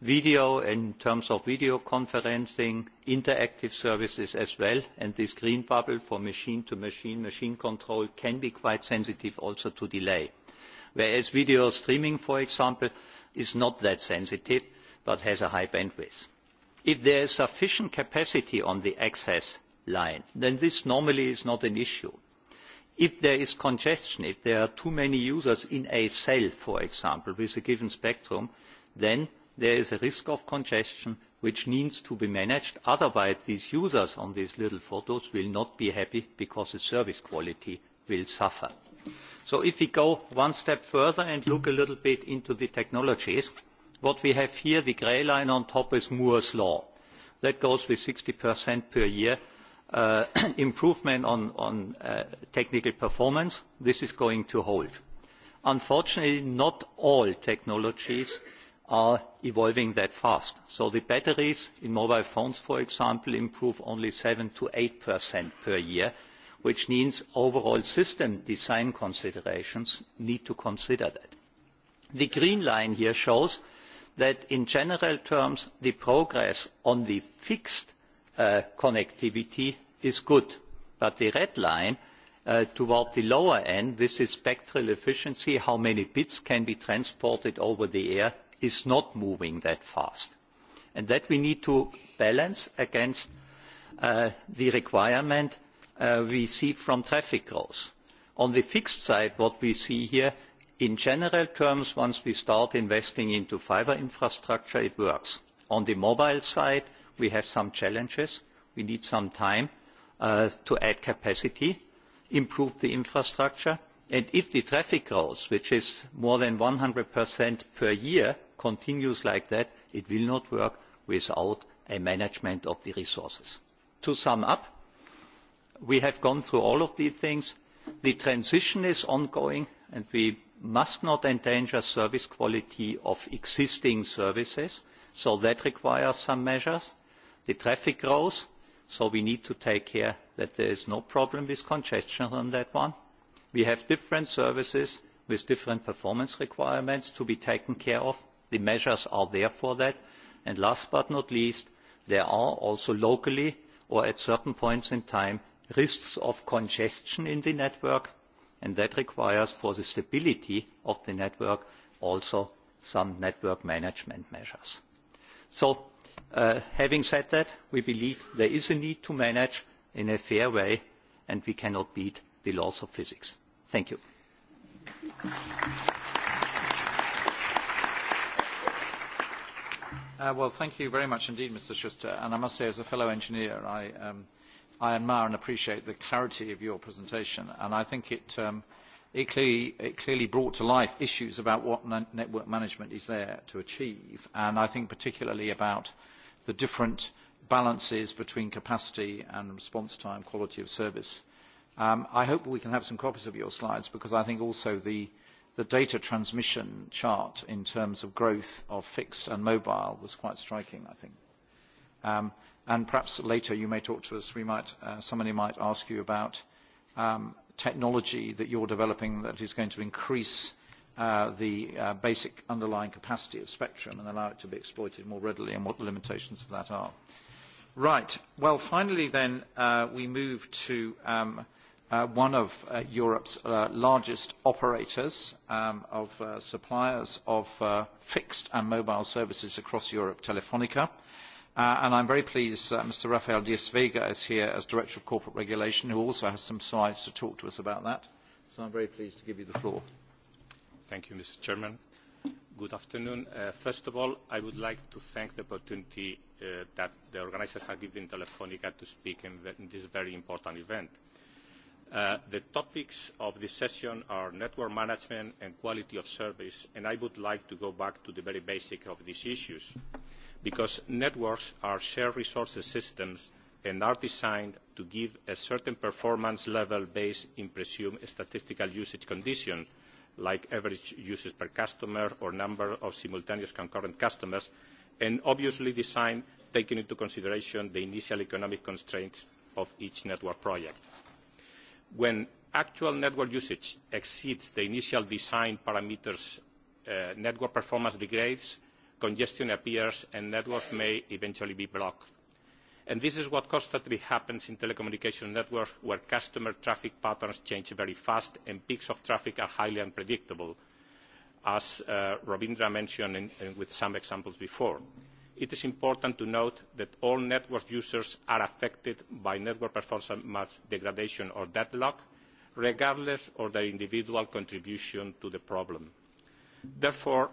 video in terms of video conferencing, interactive services as well, and this green bubble for machine-to-machine, -machine, machine control can be quite sensitive also to delay. Whereas video streaming, for example, is not that sensitive, but has a high bandwidth. If there is sufficient capacity on the access line, then this normally is not an issue. If there is congestion, if there are too many users in a cell, for example, with a given spectrum, then there is a risk of congestion which needs to be managed. Otherwise, these users on these little photos will not be happy because the service quality will suffer. So if we go one step further and look a little bit into the technologies, what we have here, the gray line on top is Moore's law. That goes with 60% per year uh, <clears throat> improvement on, on uh, technical performance. This is going to hold. Unfortunately, not all technologies are evolving that fast. So the batteries in mobile phones, for example, improve only 7%-8% per year, which means overall system design considerations need to consider that. The green line here shows that in general terms, the progress on the fixed uh, connectivity is good. But the red line Uh, toward the lower end, this is spectral efficiency, how many bits can be transported over the air is not moving that fast. And that we need to balance against uh, the requirement uh, we see from traffic growth. On the fixed side, what we see here, in general terms, once we start investing into fiber infrastructure, it works. On the mobile side, we have some challenges. We need some time uh, to add capacity, improve the infrastructure and if the traffic growth which is more than one hundred per year continues like that it will not work without a management of the resources. to sum up we have gone through all of these things. the transition is ongoing and we must not endanger service quality of existing services so that requires some measures. the traffic growth so we need to take care that there is no problem with congestion on that one we have different services with different performance requirements to be taken care of. The measures are there for that. And last but not least, there are also locally or at certain points in time risks of congestion in the network, and that requires for the stability of the network also some network management measures. So, uh, having said that, we believe there is a need to manage in a fair way, and we cannot beat the laws of physics. Thank you. Uh, well, thank you very much indeed, Mr. Schuster. And I must say, as a fellow engineer, I, um, I admire and appreciate the clarity of your presentation. And I think it, um, it, clearly, it clearly brought to life issues about what network management is there to achieve. And I think particularly about the different balances between capacity and response time, quality of service Um, I hope we can have some copies of your slides because I think also the, the data transmission chart in terms of growth of fixed and mobile was quite striking, I think. Um, and perhaps later you may talk to us, we might, uh, somebody might ask you about um, technology that you're developing that is going to increase uh, the uh, basic underlying capacity of spectrum and allow it to be exploited more readily and what the limitations of that are. Right. Well, finally then, uh, we move to um, uh, one of uh, Europe's uh, largest operators um, of uh, suppliers of uh, fixed and mobile services across Europe, Telefonica. Uh, and I'm very pleased uh, Mr. Rafael Diaz-Vega is here as Director of Corporate Regulation, who also has some slides to talk to us about that. So I'm very pleased to give you the floor. Thank you, Mr. Chairman. Good afternoon. Uh, first of all, I would like to thank the opportunity uh, that the organizers have given Telefonica to speak in, the, in this very important event. Uh, Uh, the topics of this session are network management and quality of service, and I would like to go back to the very basic of these issues, because networks are shared resources systems and are designed to give a certain performance level based in presumed statistical usage conditions, like average usage per customer or number of simultaneous concurrent customers, and obviously designed taking into consideration the initial economic constraints of each network project when actual network usage exceeds the initial design parameters uh, network performance degrades congestion appears and networks may eventually be blocked. And this is what constantly happens in telecommunication networks where customer traffic patterns change very fast and peaks of traffic are highly unpredictable as uh, Ravindra mentioned in, in, with some examples before. Mm-hmm it is important to note that all network users are affected by network performance degradation or deadlock regardless of their individual contribution to the problem. therefore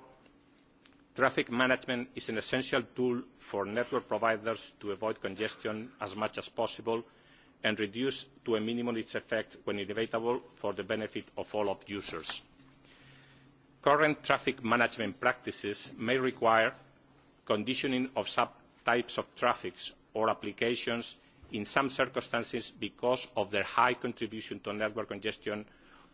traffic management is an essential tool for network providers to avoid congestion as much as possible and reduce to a minimum its effect when inevitable for the benefit of all users. current traffic management practices may require conditioning of subtypes of traffic or applications in some circumstances because of their high contribution to network congestion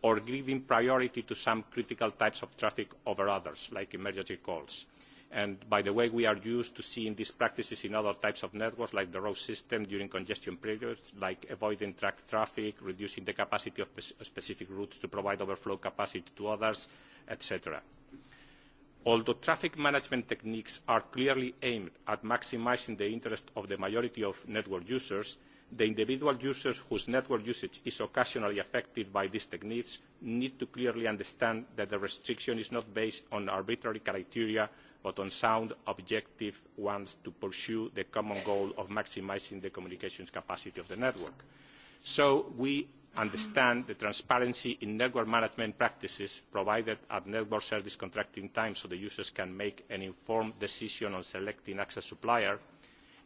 or giving priority to some critical types of traffic over others like emergency calls. And by the way we are used to seeing these practices in other types of networks like the road system during congestion periods like avoiding truck traffic reducing the capacity of specific routes to provide overflow capacity to others etc although traffic management techniques are clearly aimed at maximising the interest of the majority of network users the individual users whose network usage is occasionally affected by these techniques need to clearly understand that the restriction is not based on arbitrary criteria but on sound objective ones to pursue the common goal of maximising the communications capacity of the network. so we understand the transparency in network management practices provided at network service contracting time so the users can make an informed decision on selecting access supplier,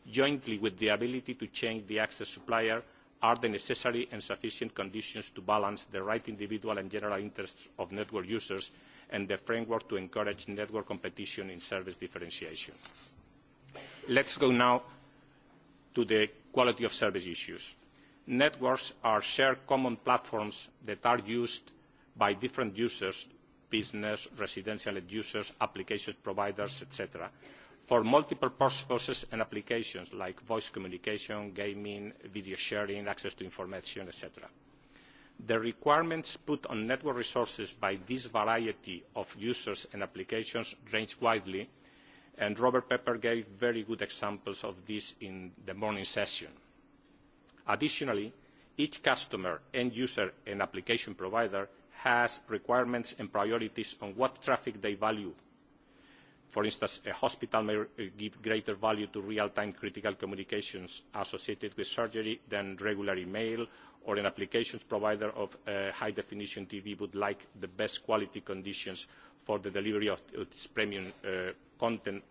jointly with the ability to change the access supplier, are the necessary and sufficient conditions to balance the right individual and general interests of network users and the framework to encourage network competition in service differentiation. Let's go now to the quality of service issues networks are shared common platforms that are used by different users business residential users application providers etc. for multiple purposes and applications like voice communication gaming video sharing access to information etc. the requirements put on network resources by this variety of users and applications range widely and robert pepper gave very good examples of this in the morning session additionally each customer end user and application provider has requirements and priorities on what traffic they value. For instance, a hospital may uh, give greater value to real-time critical communications associated with surgery than regular email, or an applications provider of uh, high-definition TV would like the best quality conditions for the delivery of its premium uh, content,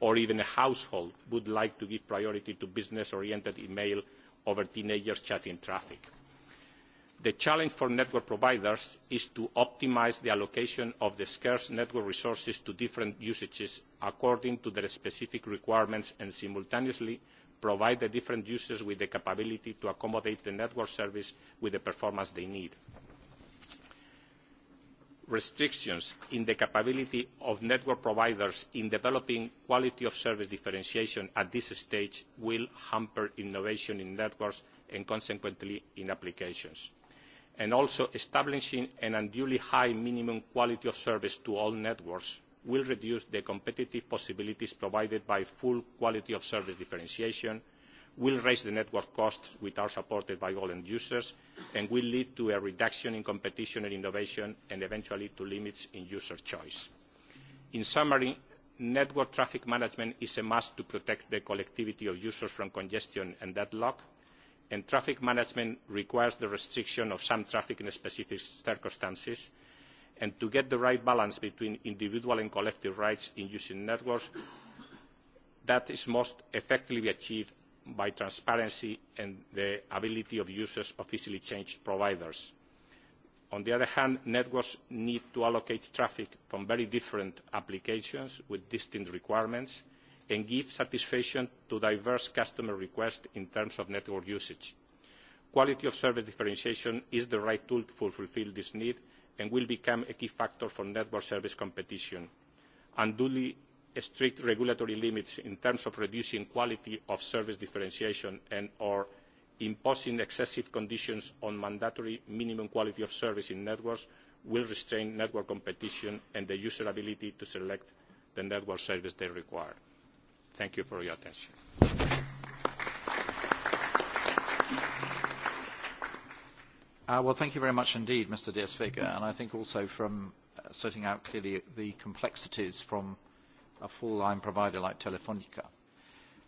or even a household would like to give priority to business-oriented email uh, over teenagers chatting traffic. The challenge for network providers is to optimize the allocation of the scarce network resources to different usages according to their specific requirements and simultaneously provide the different users with the capability to accommodate the network service with the performance they need restrictions in the capability of network providers in developing quality of service differentiation at this stage will hamper innovation in networks and consequently in applications. And also establishing an unduly high minimum quality of service to all networks will reduce the competitive possibilities provided by full quality of service differentiation will raise the network costs which are supported by all end users and will lead to a reduction in competition and innovation and eventually to limits in user choice. In summary, network traffic management is a must to protect the collectivity of users from congestion and deadlock, and traffic management requires the restriction of some traffic in specific circumstances, and to get the right balance between individual and collective rights in using networks, that is most effectively achieved by transparency and the ability of users of easily changed providers. On the other hand, networks need to allocate traffic from very different applications with distinct requirements and give satisfaction to diverse customer requests in terms of network usage. Quality of service differentiation is the right tool to fulfil this need and will become a key factor for network service competition. Unduly strict regulatory limits in terms of reducing quality of service differentiation and or imposing excessive conditions on mandatory minimum quality of service in networks will restrain network competition and the user's ability to select the network service they require. Thank you for your attention. Uh, well, thank you very much indeed, Mr. Diaz-Vega, and I think also from uh, setting out clearly the complexities from uh, a full-line provider like Telefonica.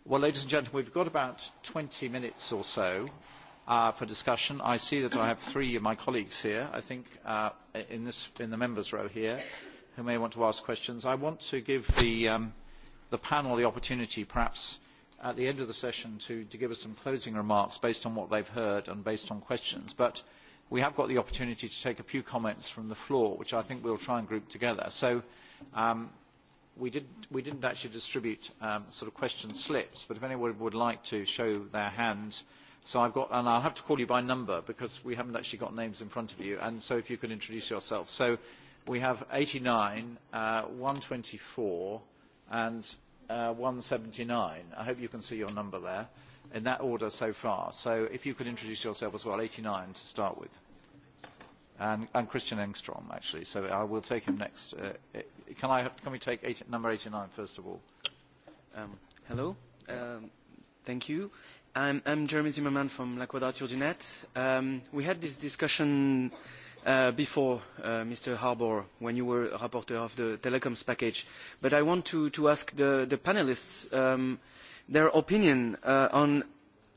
Well, ladies and gentlemen, we've got about 20 minutes or so uh, for discussion. I see that I have three of my colleagues here, I think, uh, in, this, in the members' row here, who may want to ask questions. I want to give the, um, the panel the opportunity, perhaps, at the end of the session to, to give us some closing remarks based on what they've heard and based on questions. But we have got the opportunity to take a few comments from the floor, which I think we'll try and group together. So um, we, did, we didn't actually distribute um, sort of question slips, but if anyone would like to show their hand, so I've got, and I'll have to call you by number because we haven't actually got names in front of you, and so if you could introduce yourself. So we have 89, uh, 124, and uh, 179. I hope you can see your number there in that order so far. So if you could introduce yourself as well, 89 to start with and, and Christian Engstrom, actually. So I will take him next. Uh, eh, can, I, can we take 80, number 89, first of all? Um, hello. Um, thank you. I'm, I'm Jeremy Zimmerman from La Quadrature du Net. Um, we had this discussion uh, before, uh, Mr. Harbour, when you were rapporteur of the telecoms package. But I want to, to ask the, the panelists um, their opinion uh, on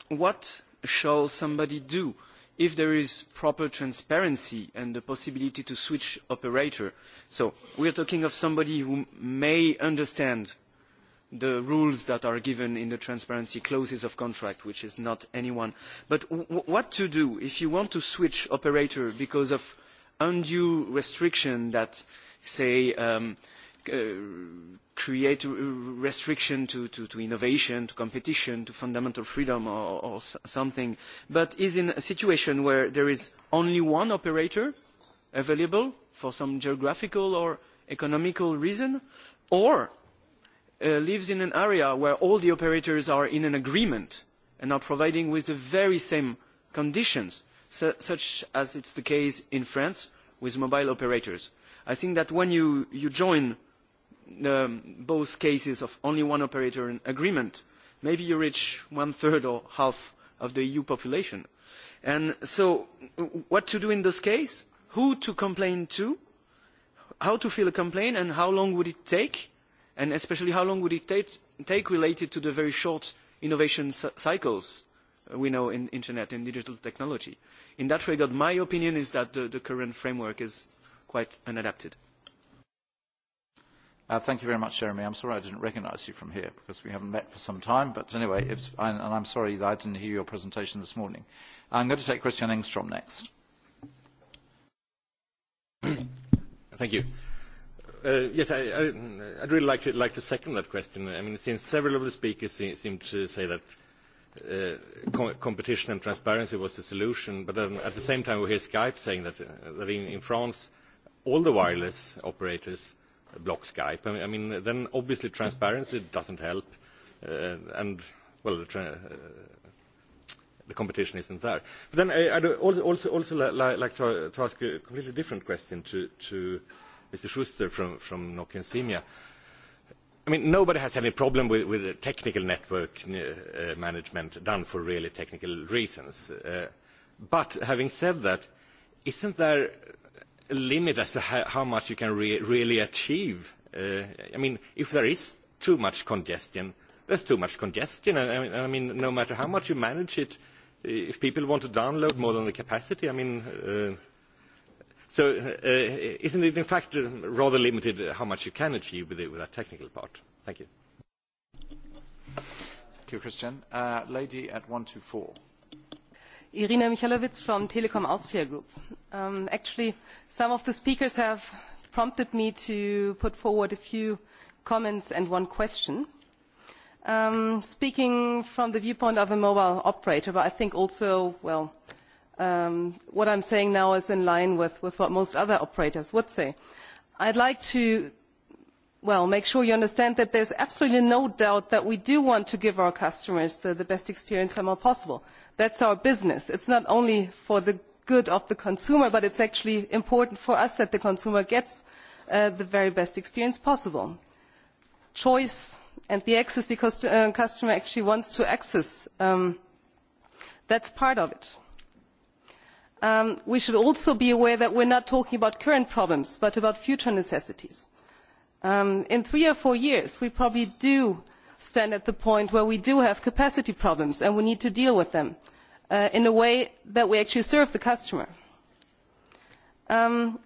what shall somebody do uh, if there is proper transparency and the possibility to switch operator. So we are talking of somebody who may understand the rules that are given in the transparency clauses of contract, which is not anyone. But w what to do if you want to switch operator because of undue restriction that, say, um, uh, Uh, create a restriction to, to, to innovation, to competition, to fundamental freedom or, or something, but is in a situation where there is only one operator available for some geographical or economical reason, or uh, lives in an area where all the operators are in an agreement and are providing with the very same conditions, su such as it's the case in France with mobile operators. I think that when you, you join um, both cases of only one operator in agreement, maybe you reach one third or half of the EU population. And so what to do in this case? Who to complain to? How to fill a complaint and how long would it take? And especially how long would it take, take related to the very short innovation cycles uh, we know in internet and digital technology. In that regard, my opinion is that the, the current framework is quite unadapted. Uh, thank you very much, Jeremy. I'm sorry I didn't recognize you from here because we haven't met for some time. But anyway, it's, I, and I'm sorry that I didn't hear your presentation this morning. I'm going to take Christian Engstrom next. thank you. Uh, yes, I, I, I'd really like to, like to second that question. I mean, since several of the speakers se seem to say that uh, com competition and transparency was the solution, but then at the same time we hear Skype saying that, uh, that in, in France all the wireless operators block Skype. I mean, then obviously transparency doesn't help, uh, and well, the, tra- uh, the competition isn't there. But then I, uh, I'd also, also, also li- li- like to, to ask a completely different question to, to Mr. Schuster from, from Nokia Senior. I mean, nobody has any problem with, with the technical network uh, management done for really technical reasons. Uh, but having said that, isn't there limit as to how, how much you can re really achieve. Uh, I mean, if there is too much congestion, there's too much congestion. I mean, I mean no matter how much you manage it, if people want to download more than the capacity, I mean, uh, so uh, isn't it in fact rather limited how much you can achieve with, it, with that technical part? Thank you. Thank you, Christian. Uh, lady at 124. Irina Michalowicz from Telekom Austria Group. Um, actually, some of the speakers have prompted me to put forward a few comments and one question. Um, speaking from the viewpoint of a mobile operator, but I think also, well, um, what I'm saying now is in line with, with what most other operators would say. I'd like to well, make sure you understand that there's absolutely no doubt that we do want to give our customers the, the best experience somehow possible. That's our business. It's not only for the good of the consumer, but it's actually important for us that the consumer gets uh, the very best experience possible. Choice and the access the cost, uh, customer actually wants to access, um, that's part of it. Um, we should also be aware that we're not talking about current problems, but about future necessities Um, in three or four years we probably do stand at the point where we do have capacity problems and we need to deal with them uh, in a way that we actually serve the customer. Um,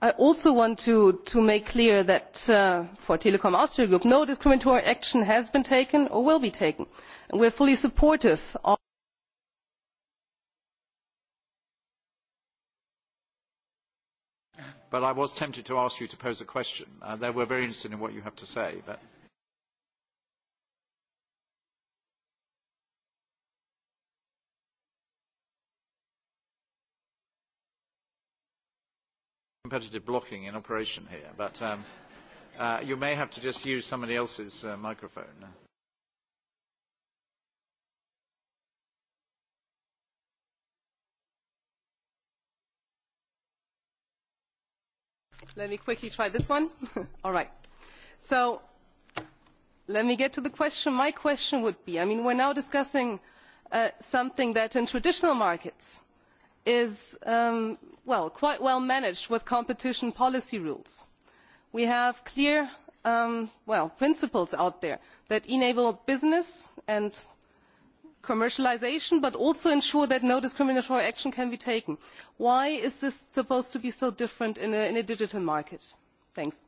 I also want to, to make clear that uh, for Telekom Austria Group, no discriminatory action has been taken or will be taken. And we're fully supportive of but I was tempted to ask you to pose a question. Uh, they were very interested in what you have to say. But... competitive blocking in operation here, but um, uh, you may have to just use somebody else's uh, microphone. Let me quickly try this one. <laughs> All right. So let me get to the question. My question would be, I mean, we're now discussing uh, something that in traditional markets is, um, well, quite well managed with competition policy rules. We have clear, um, well, principles out there that enable business and commercialisation but also ensure that no discriminatory action can be taken. why is this supposed to be so different in a, in a digital market? thanks.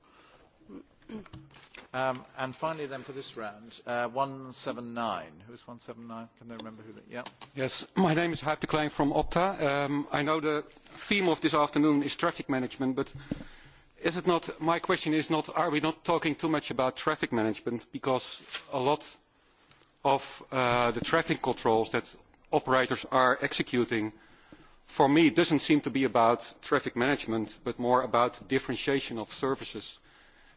Um, and finally then for this round, uh, 179. Who's 179? Can they remember who that? Yeah. Yes, my name is Huip de Klein from Opta. Um, I know the theme of this afternoon is traffic management, but is it not, my question is not, are we not talking too much about traffic management? Because a lot of uh, the traffic controls that operators are executing for me doesn't seem to be about traffic management but more about differentiation of services.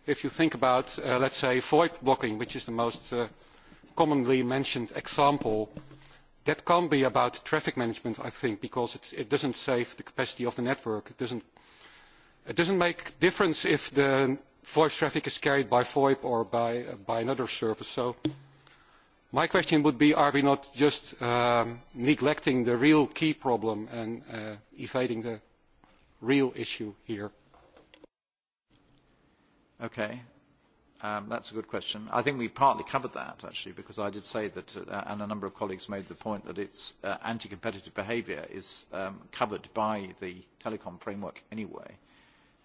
If you think about, uh, let's say, VoIP blocking, which is the most uh, commonly mentioned example, that can't be about traffic management, I think, because it's, it doesn't save the capacity of the network. It doesn't, it doesn't make difference if the voice traffic is carried by VoIP or by, uh, by another service. So my question would be are we not just um, neglecting the real key problem and uh, evading the real issue here? Okay. Um, that's a good question. I think we partly covered that, actually, because I did say that, uh, and a number of colleagues made the point that it's uh, anti-competitive behaviour is um, covered by the telecom framework anyway.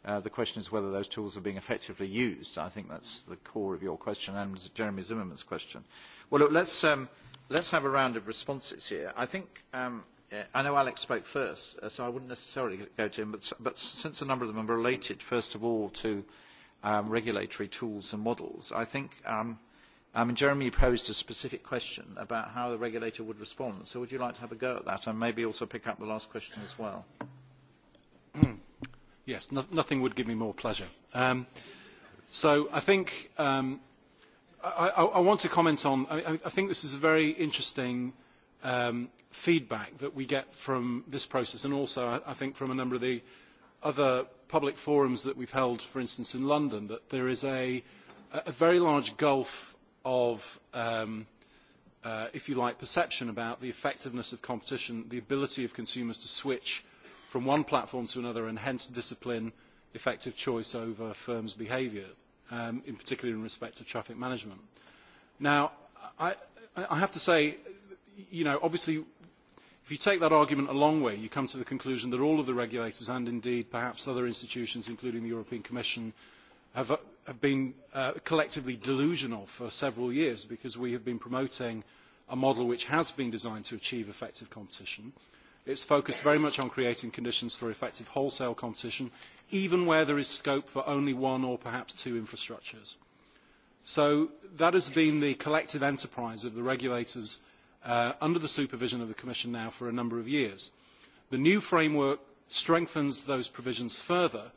Uh, the question is whether those tools are being effectively used. I think that's the core of your question and Jeremy Zimmerman's question. Uh, Well, look, let's, um, let's have a round of responses here. I think um, I know Alex spoke first, uh, so I wouldn't necessarily go to him, but, but since a number of them are related, first of all, to um, regulatory tools and models, I think um, I um, mean, Jeremy posed a specific question about how the regulator would respond. So would you like to have a go at that and maybe also pick up the last question as well? <clears throat> yes, no, nothing would give me more pleasure. Um, so I think um, I, I, I want to comment on, I, I think this is a very interesting um, feedback that we get from this process and also I, I think from a number of the other public forums that we've held, for instance, in London, that there is a, a very large gulf of, um, uh, if you like, perception about the effectiveness of competition, the ability of consumers to switch from one platform to another and hence discipline effective choice over firms' behaviour um, in particular in respect to traffic management. Now, I, I have to say, you know, obviously, if you take that argument a long way, you come to the conclusion that all of the regulators and indeed perhaps other institutions, including the European Commission, have, have been uh, collectively delusional for several years because we have been promoting a model which has been designed to achieve effective competition. It's focused very much on creating conditions for effective wholesale competition even where there is scope for only one or perhaps two infrastructures. So that has been the collective enterprise of the regulators uh, under the supervision of the Commission now for a number of years. The new framework strengthens those provisions further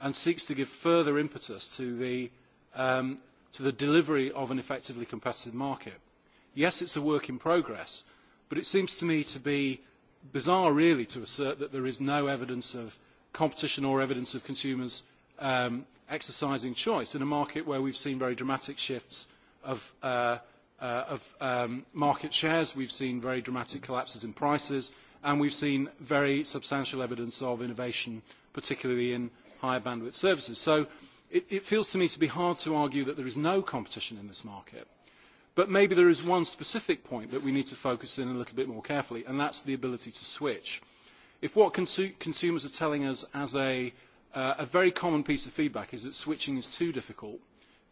and seeks to give further impetus to the, um, to the delivery of an effectively competitive market. Yes, it's a work in progress, but it seems to me to be bizarre really to assert that there is no evidence of competition or evidence of consumers um, exercising choice in a market where we've seen very dramatic shifts of, uh, uh, of um, market shares, we've seen very dramatic collapses in prices, and we've seen very substantial evidence of innovation, particularly in higher bandwidth services. So it, it feels to me to be hard to argue that there is no competition in this market. But maybe there is one specific point that we need to focus in a little bit more carefully, and that's the ability to switch. Uh, if what consu consumers are telling us as a, uh, a very common piece of feedback is that switching is too difficult,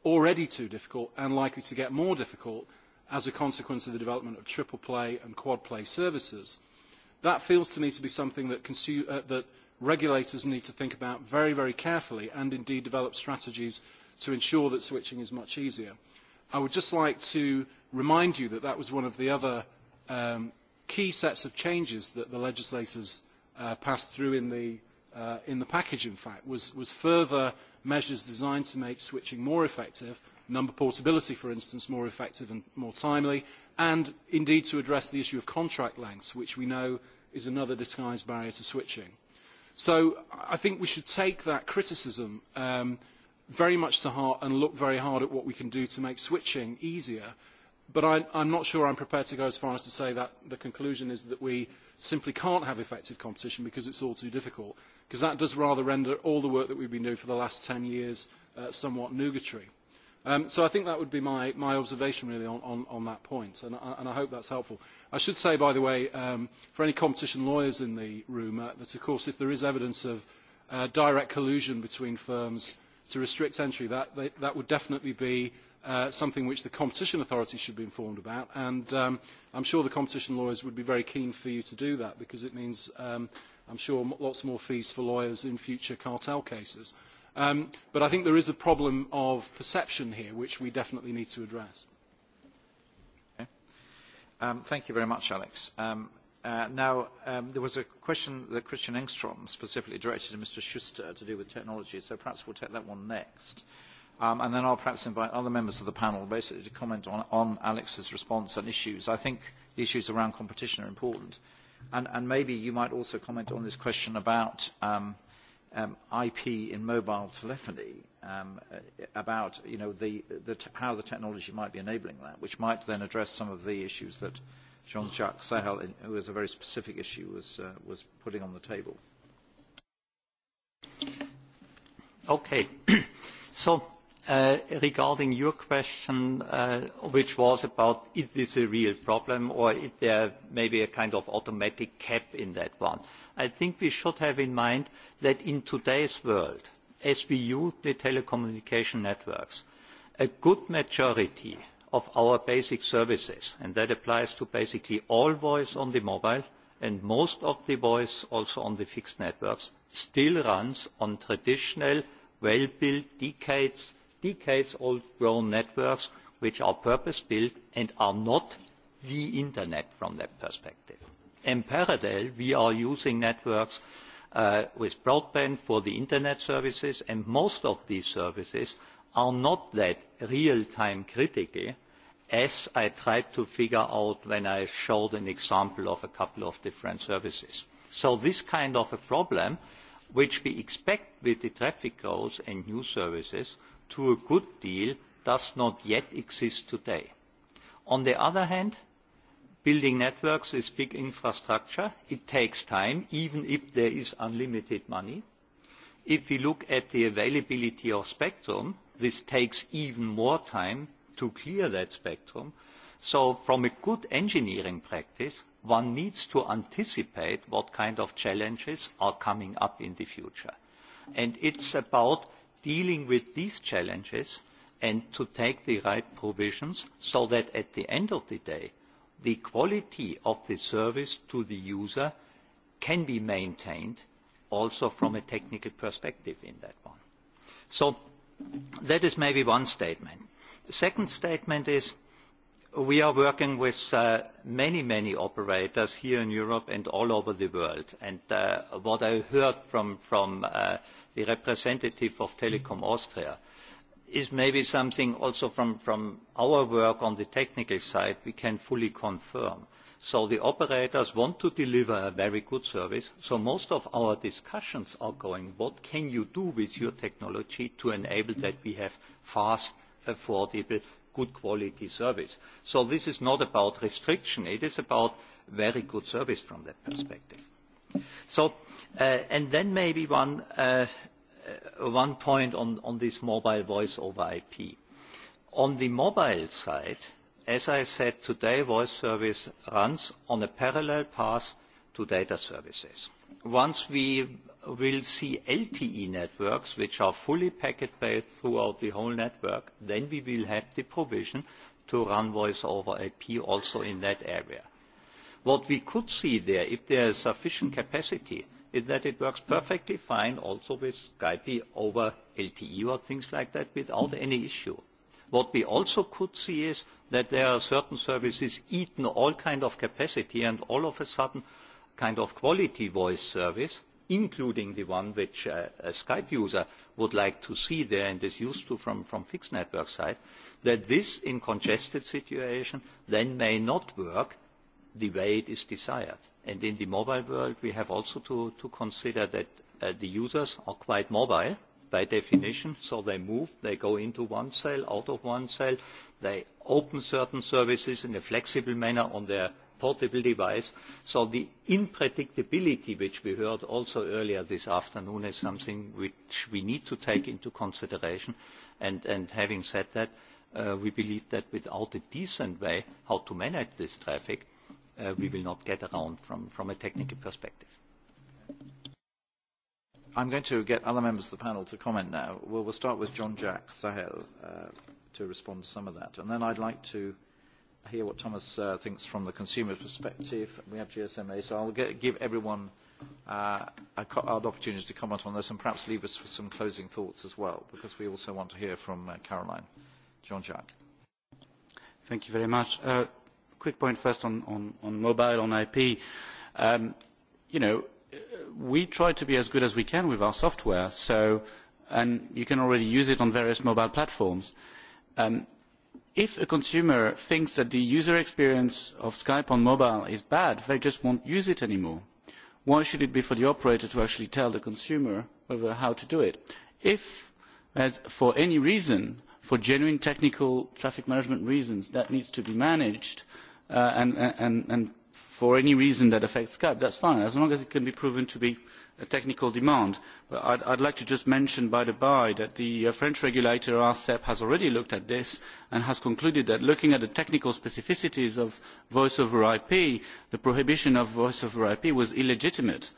already too difficult, and likely to get more difficult as a consequence of the development of triple play and quad play services, that feels to me to be something that, consu- uh, that regulators need to think about very, very carefully and indeed develop strategies to ensure that switching is much easier. I would just like to remind you that that was one of the other um, key sets of changes that the legislators uh, uh, passed through in the, uh, in the package, in fact, was, was further measures designed to make switching more effective, number portability, for instance, more effective and more timely, and indeed to address the issue of contract lengths, which we know is another disguised barrier to switching. So I think we should take that criticism um, very much to heart and look very hard at what we can do to make switching easier but I, I'm not sure I'm prepared to go as far as to say that the conclusion is that we simply can't have effective competition because it's all too difficult, because that does rather render all the work that we've been doing for the last 10 years uh, somewhat nugatory. Um, so I think that would be my, my observation really on, on, on that point, and, and I hope that's helpful. I should say, by the way, um, for any competition lawyers in the room, uh, that of course if there is evidence of uh, direct collusion between firms to restrict entry, that, they, that would definitely be uh, something which the competition authority should be informed about. And um, I'm sure the competition lawyers would be very keen for you to do that because it means, um, I'm sure, lots more fees for lawyers in future cartel cases. Um, but I think there is a problem of perception here, which we definitely need to address. Okay. Um, thank you very much, Alex. Um, Uh, now, um, there was a question that Christian Engstrom specifically directed to Mr. Schuster to do with technology, so perhaps we'll take that one next. Uh, Um, and then I'll perhaps invite other members of the panel basically to comment on, on Alex's response and issues. I think the issues around competition are important. And, and maybe you might also comment on this question about um, um, IP in mobile telephony, um, uh, about you know, the, the t how the technology might be enabling that, which might then address some of the issues that Jean-Jacques Sahel, who was a very specific issue, was, uh, was putting on the table. Okay. <clears throat> so Uh, regarding your question, uh, which was about is this a real problem or is there maybe a kind of automatic cap in that one? I think we should have in mind that in today's world, as we use the telecommunication networks, a good majority of our basic services, and that applies to basically all voice on the mobile and most of the voice also on the fixed networks, still runs on traditional, well-built, decades decades old grown networks which are purpose built and are not the internet from that perspective. In parallel, we are using networks uh, with broadband for the internet services, and most of these services are not that real-time critical as I tried to figure out when I showed an example of a couple of different services. So this kind of a problem, which we expect with the traffic growth and new services, uh, to a good deal does not yet exist today. On the other hand, building networks is big infrastructure. It takes time, even if there is unlimited money. If we look at the availability of spectrum, this takes even more time to clear that spectrum. So from a good engineering practice, one needs to anticipate what kind of challenges are coming up in the future. And it's about dealing with these challenges and to take the right provisions so that at the end of the day, the quality of the service to the user can be maintained also from a technical perspective in that one. So that is maybe one statement. The second statement is We are working with uh, many, many operators here in Europe and all over the world. And uh, what I heard from, from uh, the representative of Telekom Austria is maybe something also from, from our work on the technical side we can fully confirm. So the operators want to deliver a very good service. So most of our discussions are going, what can you do with your technology to enable that we have fast, affordable good quality service. So this is not about restriction, it is about very good service from that perspective. So, uh, and then maybe one, uh, uh one point on, on this mobile voice over IP. On the mobile side, as I said, today voice service runs on a parallel path to data services. Once we will see LTE networks, which are fully packet-based throughout the whole network, then we will have the provision to run voice over IP also in that area. What we could see there, if there is sufficient capacity, is that it works perfectly fine also with Skype over LTE or things like that without any issue. What we also could see is that there are certain services eaten all kind of capacity and all of a sudden kind of quality voice service including the one which uh, a Skype user would like to see there and is used to from, from fixed network side, that this in congested situation then may not work the way it is desired. And in the mobile world, we have also to, to consider that uh, the users are quite mobile by definition, so they move, they go into one cell, out of one cell, they open certain services in a flexible manner on their portable device. So the unpredictability, which we heard also earlier this afternoon, is something which we need to take into consideration. And, and having said that, uh, we believe that without a decent way how to manage this traffic, uh, we will not get around from, from a technical perspective. I'm going to get other members of the panel to comment now. We'll, we'll start with John Jack Sahel uh, to respond to some of that. And then I'd like to uh, hear what Thomas uh, thinks from the consumer perspective. We have GSMA, so I'll get, give everyone uh, a co- an opportunity to comment on this and perhaps leave us with some closing thoughts as well, because we also want to hear from uh, Caroline. Jean-Jacques. Thank you very much. Uh, quick point first on, on, on mobile, on IP. Um, you know, we try to be as good as we can with our software, so, and you can already use it on various mobile platforms. Um, if a consumer thinks that the user experience of skype on mobile is bad they just will not use it any more. why should it be for the operator to actually tell the consumer how to do it? if for any reason for genuine technical traffic management reasons that needs to be managed uh, and, and, and for any reason that affects skype that is fine as long as it can be proven to be a technical demand. But I'd, I'd like to just mention by the by that the uh, French regulator ARCEP has already looked at this and has concluded that looking at the technical specificities of voice over IP, the prohibition of voice over IP was illegitimate.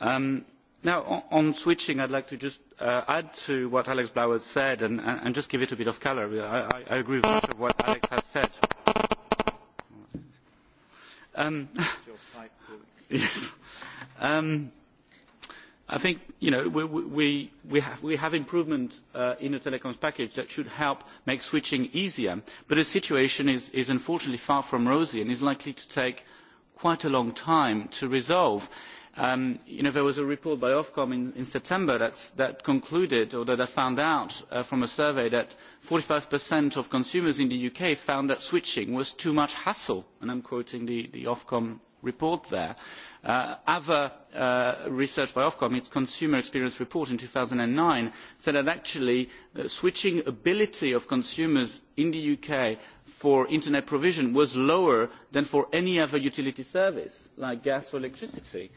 Um, now, on, on switching, I'd like to just uh, add to what Alex Blauer said and, and, and just give it a bit of colour. I, I, I agree with much of what Alex has said. Um, <laughs> <laughs> yes. Um, I think you know, we, we, we, have, we have improvement uh, in the telecoms package that should help make switching easier, but the situation is, is unfortunately far from rosy and is likely to take quite a long time to resolve. Um, you know, there was a report by Ofcom in, in September that's, that concluded or that I found out uh, from a survey that 45% of consumers in the UK found that switching was too much hassle, and I'm quoting the, the Ofcom report there Uh, other uh, research by ofcom its consumer experience report in two thousand and nine said that actually the uh, switching ability of consumers in the uk for internet provision was lower than for any other utility service like gas or electricity.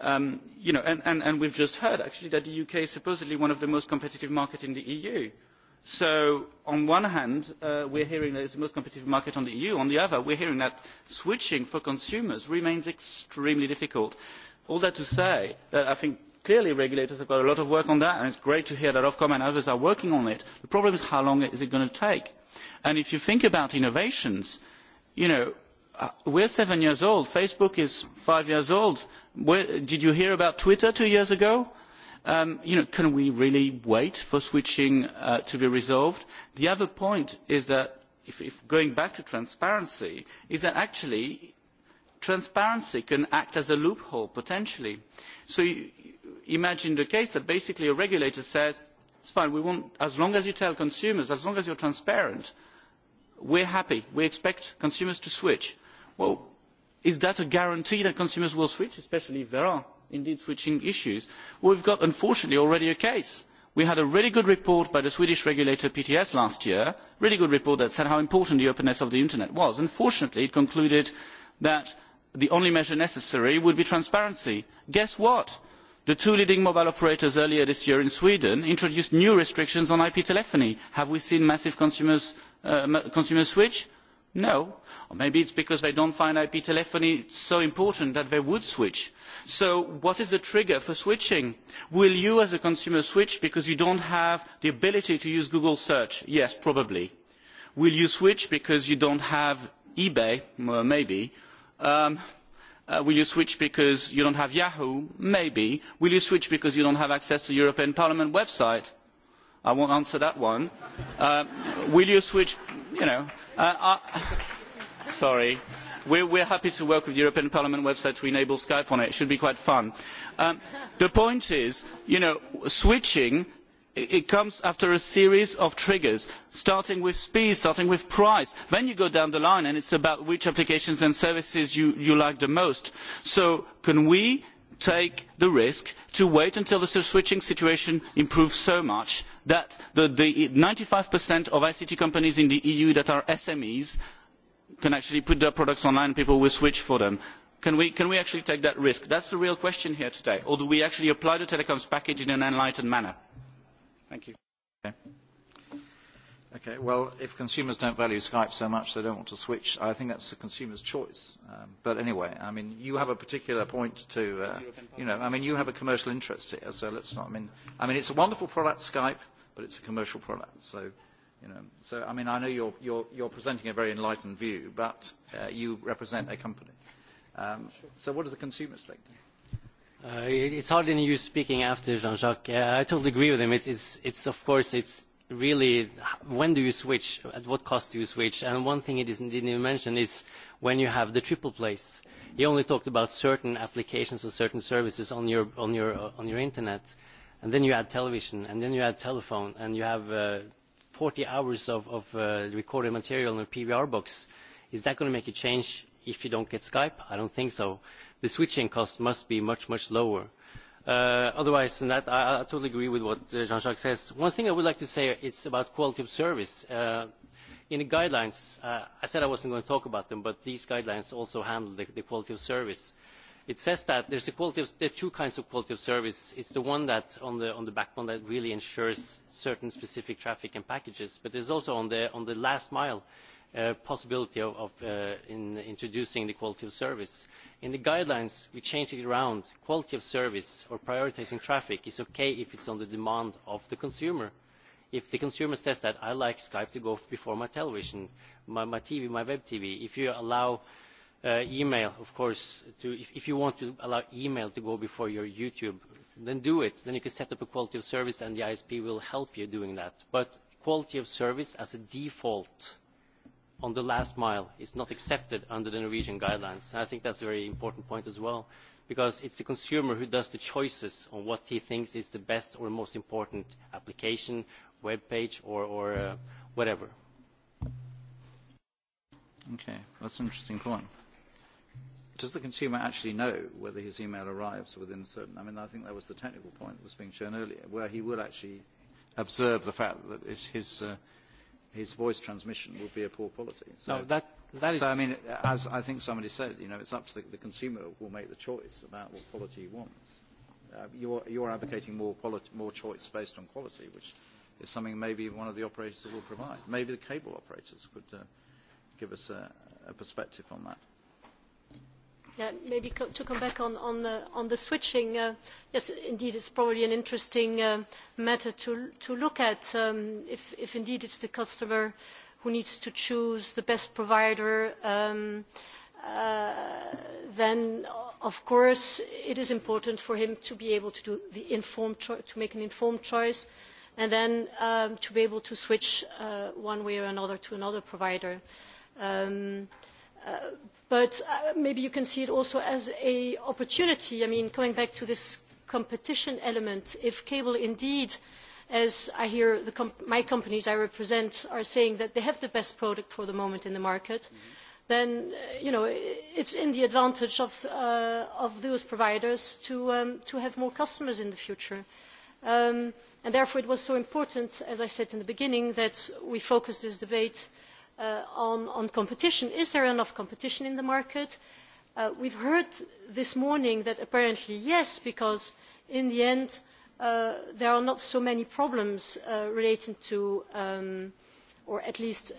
Um, you know, and, and, and we've just heard actually that the uk is supposedly one of the most competitive markets in the eu. So on one hand, uh, we're hearing that it's the most competitive market on the EU. On the other, we're hearing that switching for consumers remains extremely difficult. All that to say that I think clearly regulators have got a lot of work on that, and it's great to hear that Ofcom and others are working on it. The problem is how long is it going to take? And if you think about innovations, you know, uh, we're seven years old. Facebook is five years old. Where, did you hear about Twitter two years ago? Uh, um, you know, can we really wait for switching uh, to be resolved? The other point is that, if, if going back to transparency, is that actually transparency can act as a loophole potentially. So you, imagine the case that basically a regulator says, it's fine, we won't, as long as you tell consumers, as long as you're transparent, we're happy, we expect consumers to switch. Well, is that a guarantee that consumers will switch, especially if there are indeed switching issues we have unfortunately already a case. we had a really good report by the swedish regulator pts last year a really good report that said how important the openness of the internet was. unfortunately it concluded that the only measure necessary would be transparency. guess what? the two leading mobile operators earlier this year in sweden introduced new restrictions on ip telephony. have we seen massive uh, consumer uh, switch? No. Or maybe it's because they don't find IP telephony so important that they would switch. So what is the trigger for switching? Will you as a consumer switch because you don't have the ability to use Google search? Yes, probably. Will you switch because you don't have eBay? Well, maybe. Um, uh, will you switch because you don't have Yahoo? Maybe. Will you switch because you don't have access to the European Parliament website? Uh, I won't answer that one. Uh, will you switch, you know, uh, uh, sorry. We're, we're happy to work with the European Parliament website to enable Skype on it. It should be quite fun. Um, the point is, you know, switching it comes after a series of triggers starting with speed starting with price then you go down the line and it is about which applications and services you, you like the most. so can we take the risk to wait until the switching situation improves so much that the ninety five of ict companies in the eu that are smes can actually put their products online and people will switch for them? Can we, can we actually take that risk? That's the real question here today. Or do we actually apply the telecoms package in an enlightened manner? Thank you. Okay. Okay, well, if consumers don't value Skype so much they don't want to switch, I think that's the consumer's choice. Um, but anyway, I mean, you have a particular point to, uh, you know, I mean, you have a commercial interest here, so let's not, I mean, I mean, it's a wonderful product, Skype, but it's a commercial product, so, you know, so, I mean, I know you're, you're, you're presenting a very enlightened view, but uh, you represent a company. Um, so what do the consumers think? Uh, it's hardly any use speaking after Jean-Jacques. Uh, I totally agree with him. It's, it's, it's of course, it's really when do you switch at what cost do you switch and one thing he didn't mention is when you have the triple plays he only talked about certain applications or certain services on your on your uh, on your internet and then you add television and then you add telephone and you have uh, 40 hours of, of uh, recorded material in a PVR box is that going to make a change if you don't get Skype I don't think so the switching cost must be much much lower uh, Uh, otherwise than that, I, I totally agree with what uh, Jean-Jacques says. One thing I would like to say is about quality of service. Uh, in the guidelines, uh, I said I wasn't going to talk about them, but these guidelines also handle the, the quality of service. It says that there's a quality of, there are two kinds of quality of service. It's the one that on the, on the backbone that really ensures certain specific traffic and packages, but there's also on the, on the last mile uh, possibility of, of uh, in introducing the quality of service. Uh, in the guidelines we changed it around quality of service or prioritising traffic is okay if it's on the demand of the consumer if the consumer says that i like skype to go before my television my, my tv my web tv if you allow uh, email of course to if, if you want to allow email to go before your youtube then do it then you can set up a quality of service and the isp will help you doing that but quality of service as a default on the last mile is not accepted under the Norwegian guidelines. And I think that's a very important point as well, because it's the consumer who does the choices on what he thinks is the best or most important application, web page, or, or uh, whatever. Okay, that's an interesting point. Does the consumer actually know whether his email arrives within a certain... I mean, I think that was the technical point that was being shown earlier, where he will actually observe the fact that it's his... Uh, his voice transmission would be a poor quality. So, no, that, that is... so I mean, as I think somebody said, you know, it's up to the, the consumer will make the choice about what quality he wants. Uh, you're, you're advocating more, quality, more choice based on quality, which is something maybe one of the operators will provide. Maybe the cable operators could uh, give us a, a perspective on that. Yeah, maybe co to come back on, on, uh, on the switching, uh, yes, indeed, it's probably an interesting uh, matter to, to look at um, if, if indeed it's the customer who needs to choose the best provider. Um, uh, then, of course, it is important for him to be able to do the informed cho- to make an informed choice, and then um, to be able to switch uh, one way or another to another provider. Um, uh, but uh, maybe you can see it also as an opportunity. I mean, coming back to this competition element, if cable indeed, as I hear the comp my companies I represent are saying that they have the best product for the moment in the market, mm-hmm then uh, you know it's in the advantage of uh, of those providers to um, to have more customers in the future. Um, and therefore it was so important, as I said in the beginning, that we focus this debate uh, uh, on, on competition. Is there enough competition in the market? Uh, we've heard this morning that apparently yes, because in the end uh, there are not so many problems uh, relating to, um, or at least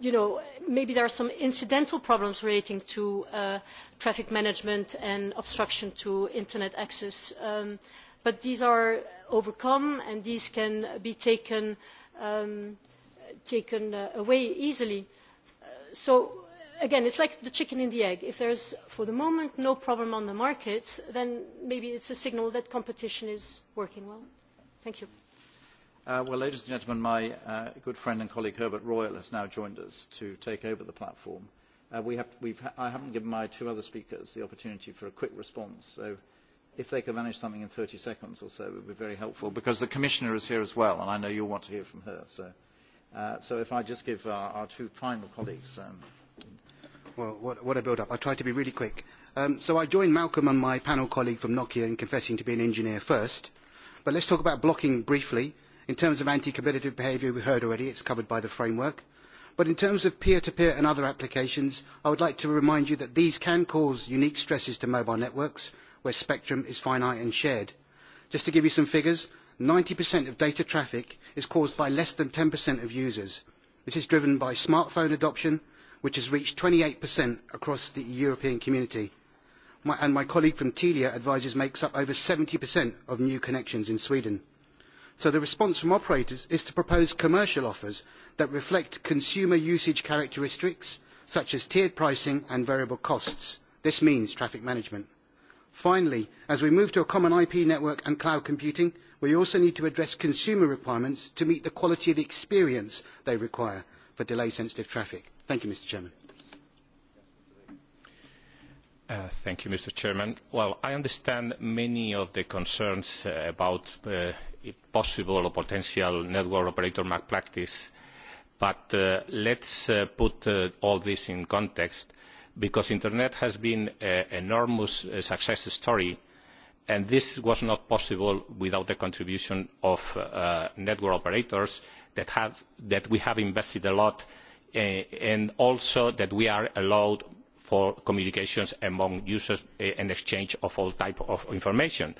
you know, maybe there are some incidental problems relating to uh, traffic management and obstruction to internet access. Um, but these are overcome and these can be taken um, taken uh, away easily. Uh, so again, it's like the chicken and the egg. If there's, for the moment, no problem on the markets, then maybe it's a signal that competition is working well. Thank you. Uh, well, ladies and gentlemen, my uh, good friend and colleague Herbert Royal has now joined us to take over the platform. Uh, we have, we've, ha I haven't given my two other speakers the opportunity for a quick response, so if they could manage something in 30 seconds or so, it would be very helpful, because the Commissioner is here as well, and I know you'll want to hear from her. So Uh, so if I just give our, uh, our two final colleagues. Um, well, what, what a build-up. I'll try to be really quick. Um, so I joined Malcolm and my panel colleague from Nokia in confessing to be an engineer first. But let's talk about blocking briefly. In terms of anti-competitive behaviour, we heard already, it's covered by the framework. But in terms of peer-to-peer -peer and other applications, I would like to remind you that these can cause unique stresses to mobile networks where spectrum is finite and shared. Just to give you some figures, 90% of data traffic is caused by less than 10% of users. This is driven by smartphone adoption, which has reached 28% across the European community. My, and my colleague from Telia Advisors makes up over 70% of new connections in Sweden. So the response from operators is to propose commercial offers that reflect consumer usage characteristics, such as tiered pricing and variable costs. This means traffic management. Finally, as we move to a common IP network and cloud computing, We also need to address consumer requirements to meet the quality of the experience they require for delay-sensitive traffic. Thank you, Mr Chairman. Uh, thank you, Mr. Chairman. Well, I understand many of the concerns uh, about uh, possible or potential network operator malpractice, but uh, let's uh, put uh, all this in context because Internet has been an enormous uh, success story and this was not possible without the contribution of uh, network operators that, have, that we have invested a lot uh, and also that we are allowed for communications among users eh, and exchange of all types of information.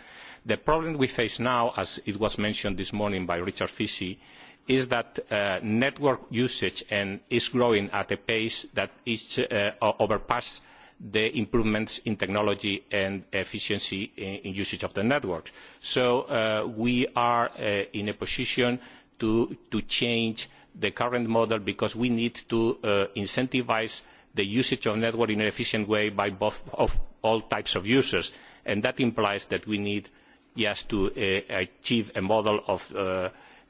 The problem we face now, as it was mentioned this morning by Richard Fisi, is that uh, network usage and is growing at a pace that is uh, overpass the improvements in technology and efficiency in usage of the networks. So uh, we are uh, in a position to, to change the current model because we need to uh, incentivize the usage of network in an efficient way by both of all types of users. And that implies that we need just to uh, achieve a model of uh,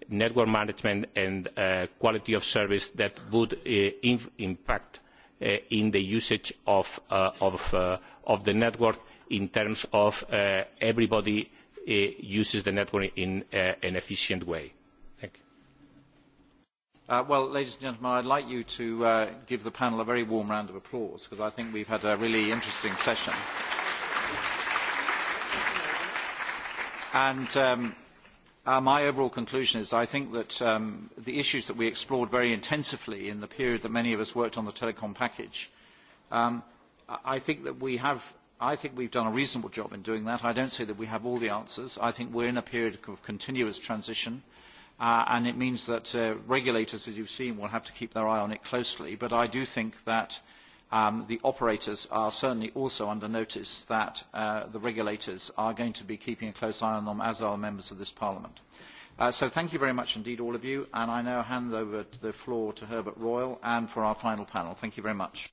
network management and uh, quality of service that would uh, impact uh, uh, in the usage of, uh, of, uh, of the network in terms of uh, everybody uh, uses the network in uh, an efficient way. Thank you. Uh, well, ladies and gentlemen, I'd like you to uh, give the panel a very warm round of applause because I think we've had a really interesting session. And um, Uh, my overall conclusion is I think that um, the issues that we explored very intensively in the period that many of us worked on the telecom package, um, I think that we have, I think we've done a reasonable job in doing that. I don't say that we have all the answers. I think we're in a period of continuous transition, uh, and it means that uh, regulators, as you've seen, will have to keep their eye on it closely. But I do think that uh, um, the operators are certainly also under notice that uh, the regulators are going to be keeping a close eye on them, as are members of this Parliament. Uh, so thank you very much indeed, all of you, and I now hand over the floor to Herbert Royal and for our final panel. Thank you very much.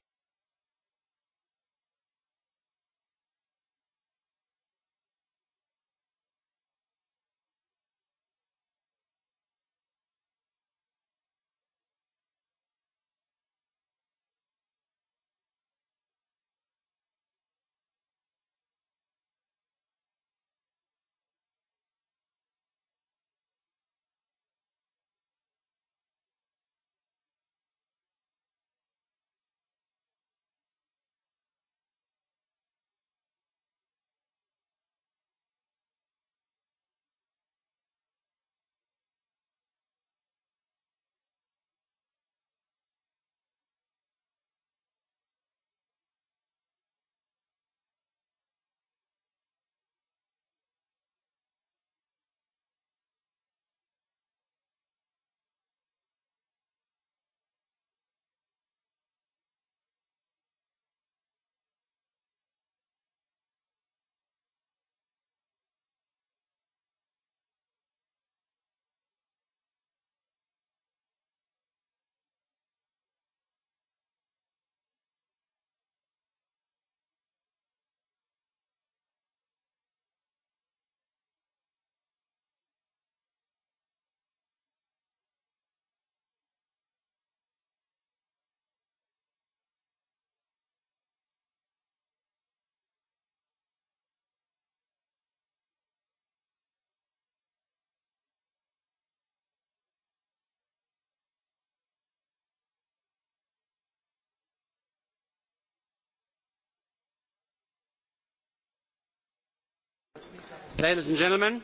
Ladies and Gentlemen,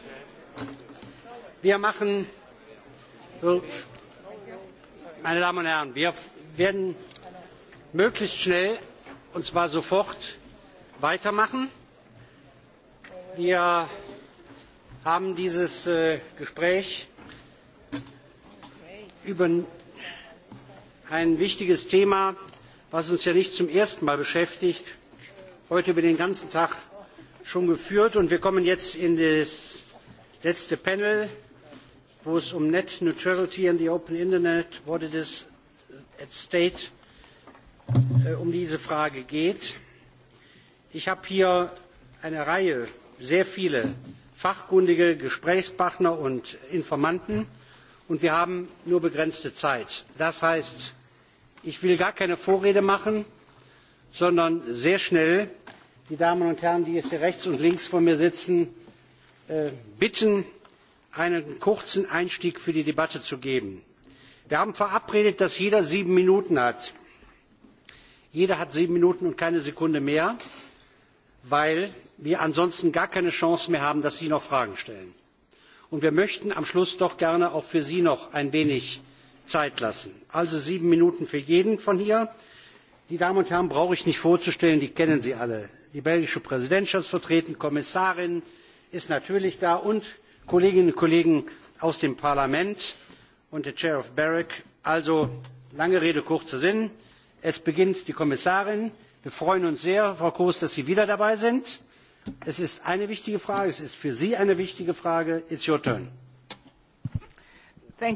wir machen, meine Damen und Herren, wir werden möglichst schnell und zwar sofort weitermachen. Wir haben dieses äh, Gespräch über ein wichtiges Thema, das uns ja nicht zum ersten Mal beschäftigt, heute über den ganzen Tag schon geführt. Und wir kommen jetzt in das letzte Panel, wo es um Net Neutrality and the Open Internet, what it is at stake, äh, um diese Frage geht. Ich habe hier eine Reihe, sehr viele fachkundige Gesprächspartner und Informanten und wir haben nur begrenzte Zeit. Das heißt, ich will gar keine Vorrede machen, sondern sehr schnell die Damen und Herren, die jetzt hier rechts und links von mir sitzen, äh, bitten, einen kurzen Einstieg für die Debatte zu geben. Wir haben verabredet, dass jeder sieben Minuten hat. Jeder hat sieben Minuten und keine Sekunde mehr, weil wir ansonsten gar keine Chance mehr haben, dass Sie noch Fragen stellen. Und wir möchten am Schluss doch gerne auch für Sie noch ein wenig Zeit lassen. Also sieben Minuten für jeden von hier. Die Damen und Herren brauche ich nicht vorzustellen, die kennen Sie alle die belgische präsidentschaft vertreten kommissarin ist natürlich da und kolleginnen und kollegen aus dem parlament und der chair of berec. also lange rede kurzer sinn es beginnt die kommissarin. wir freuen uns sehr frau kroes dass sie wieder dabei sind. es ist eine wichtige frage es ist für sie eine wichtige frage. it's your turn.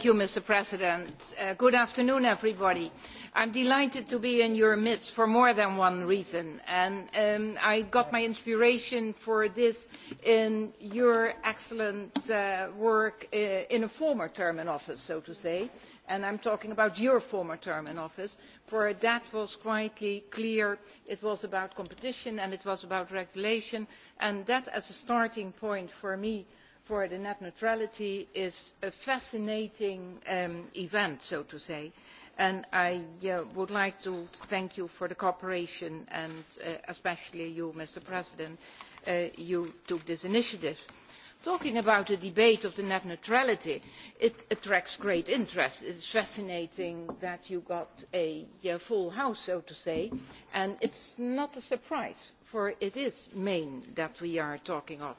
You, mr president uh, good afternoon everybody. I'm delighted to be in your midst for more than one reason. And um, I got my inspiration for this in your excellent uh, work uh, in a former term in office, so to say. And I'm talking about your former term in office. For that was quietly clear. It was about competition and it was about regulation. And that as a starting point for me for the net neutrality is a fascinating um, event, so to say. Uh, and I uh, would like to thank you for the cooperation and uh, especially you, Mr. President, uh, you took this initiative. Talking about the debate of the net neutrality, it attracts great interest. It's fascinating that you got a uh, full house, so to say, and it's not a surprise, for it is Maine that we are talking of.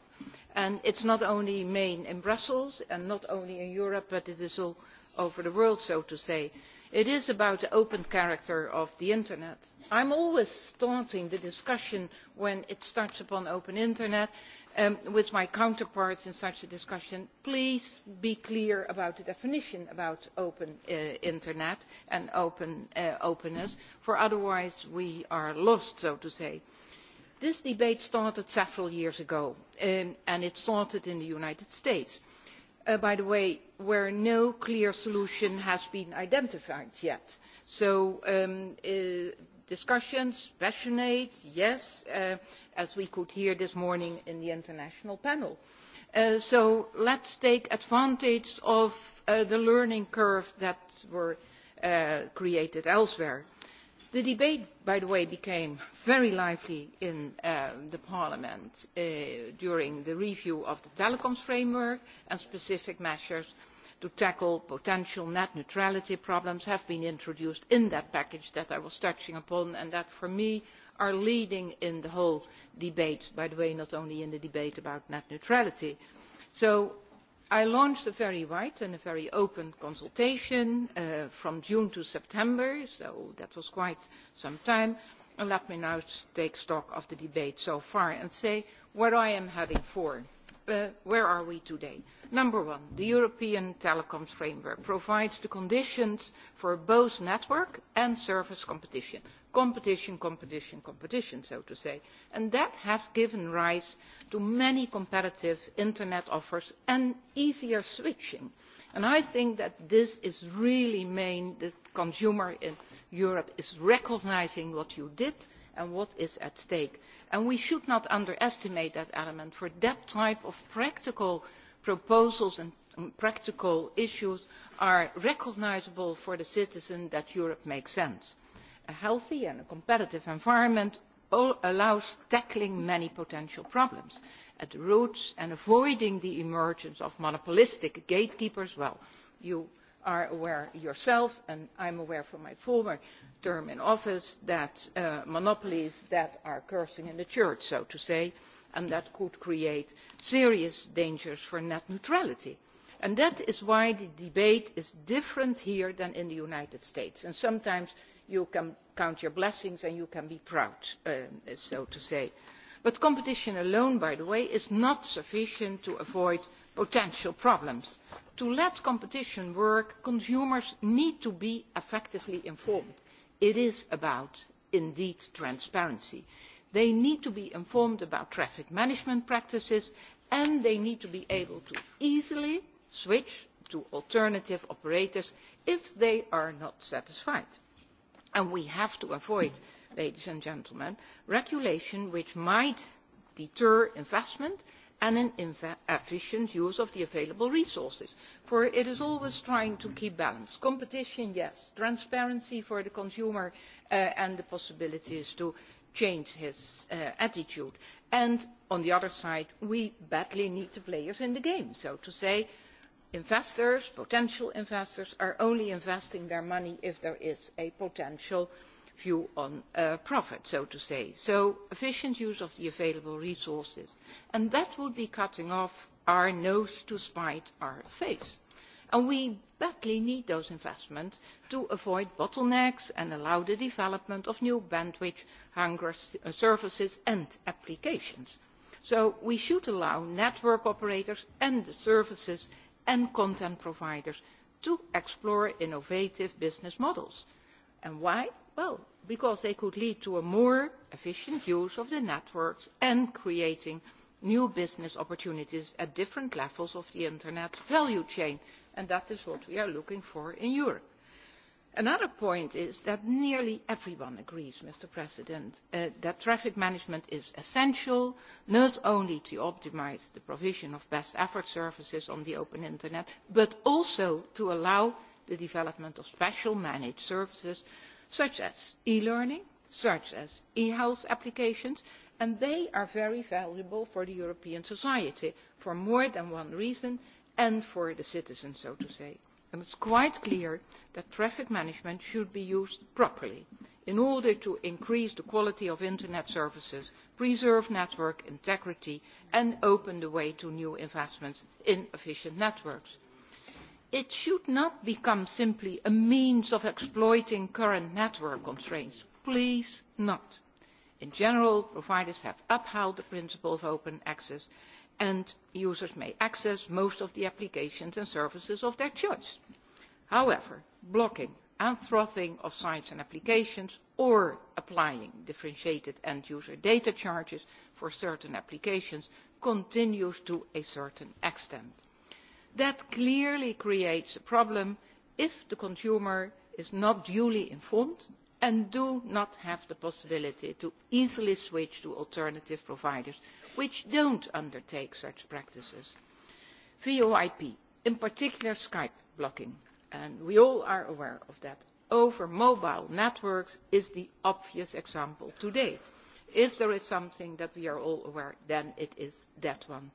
And it's not only Maine in Brussels and not only in Europe, but it is all over the world, so to say. Uh, it is about the open character of the internet. i am always starting the discussion when it starts upon the open internet um, with my counterparts in such a discussion please be clear about the definition about open uh, internet and open, uh, openness for otherwise we are lost so to say. this debate started several years ago um, and it started in the united states uh, by the way, where no clear solution has been identified yet. So um, uh, discussions, passionate, yes, uh, as we could hear this morning in the international panel. Uh, so let's take advantage of uh, the learning curve that were uh, created elsewhere. The debate, by the way, became very lively in uh, the Parliament uh, during the review of the telecoms framework and specific measures to tackle potential net neutrality problems have been introduced in that package that I was touching upon and that for me are leading in the whole debate, by the way, not only in the debate about net neutrality. So I launched a very wide and a very open consultation uh, from June to September, so that was quite some time. And let me now take stock of the debate so far and say what I am heading for. Uh, where are we today? Number one, the European Telecoms Framework provides the conditions for both network and service competition competition, competition, competition, so to say. And that has given rise to many competitive internet offers and easier switching. And I think that this is really main, the consumer in Europe is recognizing what you did and what is at stake. And we should not underestimate that element. For that type of practical proposals and practical issues are recognizable for the citizen that Europe makes sense a healthy and a competitive environment allows tackling many potential problems at the roots and avoiding the emergence of monopolistic gatekeepers. well you are aware yourself and i am aware from my former term in office that uh, monopolies that are cursing in the church so to say and that could create serious dangers for net neutrality. And that is why the debate is different here than in the united states and sometimes you can count your blessings and you can be proud um, so to say. but competition alone by the way is not sufficient to avoid potential problems. to let competition work consumers need to be effectively informed. it is about indeed transparency. they need to be informed about traffic management practices and they need to be able to easily switch to alternative operators if they are not satisfied and we have to avoid ladies and gentlemen regulation which might deter investment and an efficient use of the available resources for it is always trying to keep balance competition yes transparency for the consumer uh, and the possibilities to change his uh, attitude and on the other side we badly need the players in the game so to say investors, potential investors, are only investing their money if there is a potential view on uh, profit, so to say. So efficient use of the available resources. And that would be cutting off our nose to spite our face. And we badly need those investments to avoid bottlenecks and allow the development of new bandwidth-hungry uh, services and applications. So we should allow network operators and the services and content providers to explore innovative business models. And why? Well, because they could lead to a more efficient use of the networks and creating new business opportunities at different levels of the internet value chain. And that is what we are looking for in Europe another point is that nearly everyone agrees mr president uh, that traffic management is essential not only to optimise the provision of best effort services on the open internet but also to allow the development of special managed services such as e learning such as e health applications and they are very valuable for european society for more than one reason and for the citizens so to say and it is quite clear that traffic management should be used properly in order to increase the quality of internet services preserve network integrity and open the way to new investments in efficient networks. it should not become simply a means of exploiting current network constraints please not. in general providers have upheld the principle of open access and users may access most of the applications and services of their choice. However, blocking and throttling of sites and applications or applying differentiated end-user data charges for certain applications continues to a certain extent. That clearly creates a problem if the consumer is not duly informed and do not have the possibility to easily switch to alternative providers which do not undertake such practices. voip in particular skype blocking and we all are aware of that over mobile networks is the obvious example today. if there is something that we are all aware of then it is that one.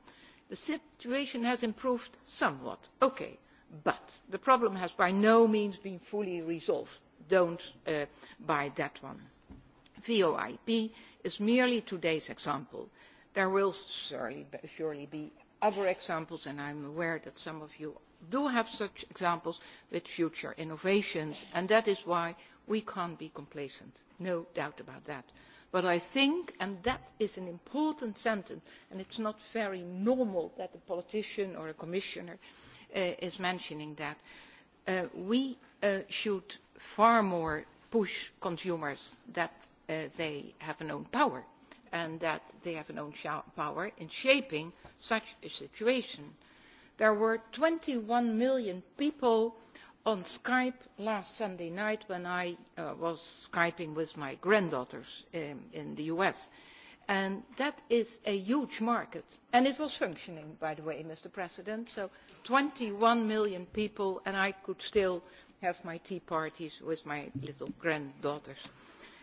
the situation has improved somewhat okay but the problem has by no means been fully resolved do not uh, buy that one. voip is merely today's example. There will surely, surely be other examples, and I'm aware that some of you do have such examples with future innovations, and that is why we can't be complacent. No doubt about that. But I think, and that is an important sentence, and it's not very normal that a politician or a commissioner uh, is mentioning that, uh, we uh, should far more push consumers that uh, they have an own power and that they have an own power in shaping such a situation. There were 21 million people on Skype last Sunday night when I uh, was Skyping with my granddaughters in, in the US. And that is a huge market. And it was functioning, by the way, Mr. President. So 21 million people, and I could still have my tea parties with my little granddaughters. Uh,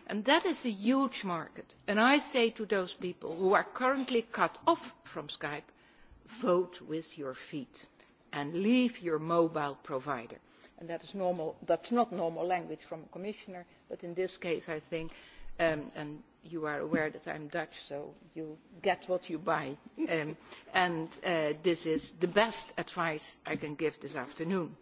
And that is a huge market. And I say to those people who are currently cut off from Skype, vote with your feet and leave your mobile provider. And that is normal, that's not normal language from a commissioner, but in this case I think, um, and you are aware that I'm Dutch, so you get what you buy. <laughs> Um, and uh, this is the best advice I can give this afternoon.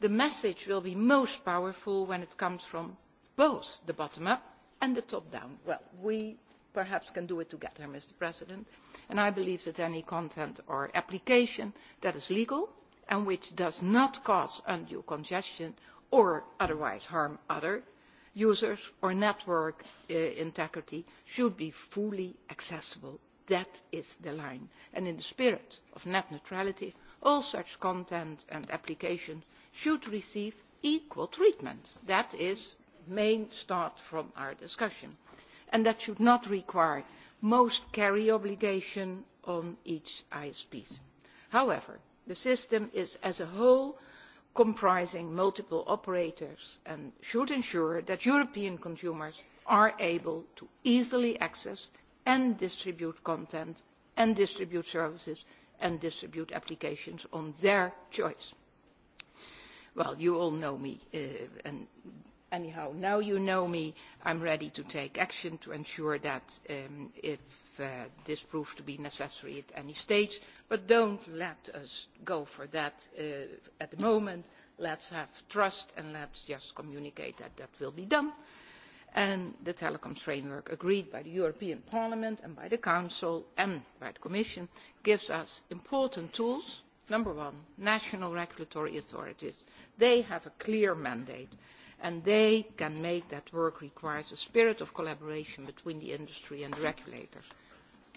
The message will be most powerful when it comes from both the bottom up and the top down. Well, we perhaps can do it together, Mr. President. And I believe that any content or application that is legal and which does not cause undue congestion or otherwise harm other users or network uh, integrity should be fully accessible. That is the line. And in the spirit of net neutrality, all such content and applications should receive equal treatment. That is main start from our discussion. And that should not require most carry obligation on each ISP. However, the system is as a whole comprising multiple operators and should ensure that European consumers are able to easily access and distribute content and distribute services and distribute applications on their choice. Well, you all know me, uh, and anyhow, now you know me, I'm ready to take action to ensure that um, if uh, this proves to be necessary at any stage, but don't let us go for that uh, at the moment. Let's have trust and let's just communicate that that will be done. And the telecoms framework agreed by the European Parliament and by the Council and by the Commission gives us important tools. Number one, national regulatory authorities. They have a clear mandate. Uh, and they can make that work requires a spirit of collaboration between the industry and the regulators.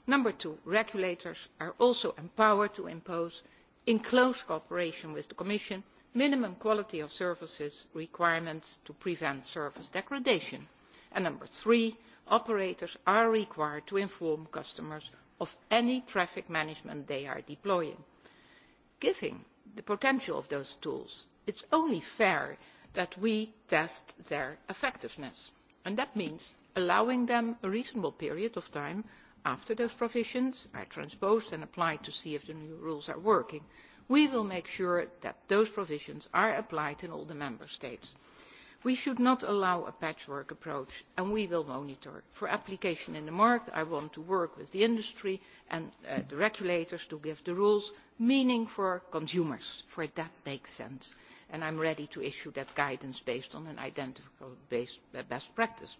Number two, regulators are also empowered to impose, in close cooperation with the Commission, minimum quality of services requirements to prevent service degradation. And number three, operators are required to inform customers of any traffic management they are deploying. Given the potential of those tools, it's only fair that we test their effectiveness. And that means allowing them a reasonable period of time after those provisions are transposed and applied to see if the new rules are working. We will make sure that those provisions are applied in all the member states. We should not allow a patchwork approach, and we will monitor. For application in the market, I want to work with the industry and uh, the regulators to give the rules meaning for consumers, for that makes sense and I'm ready to issue that guidance based on an identical based, uh, best practice.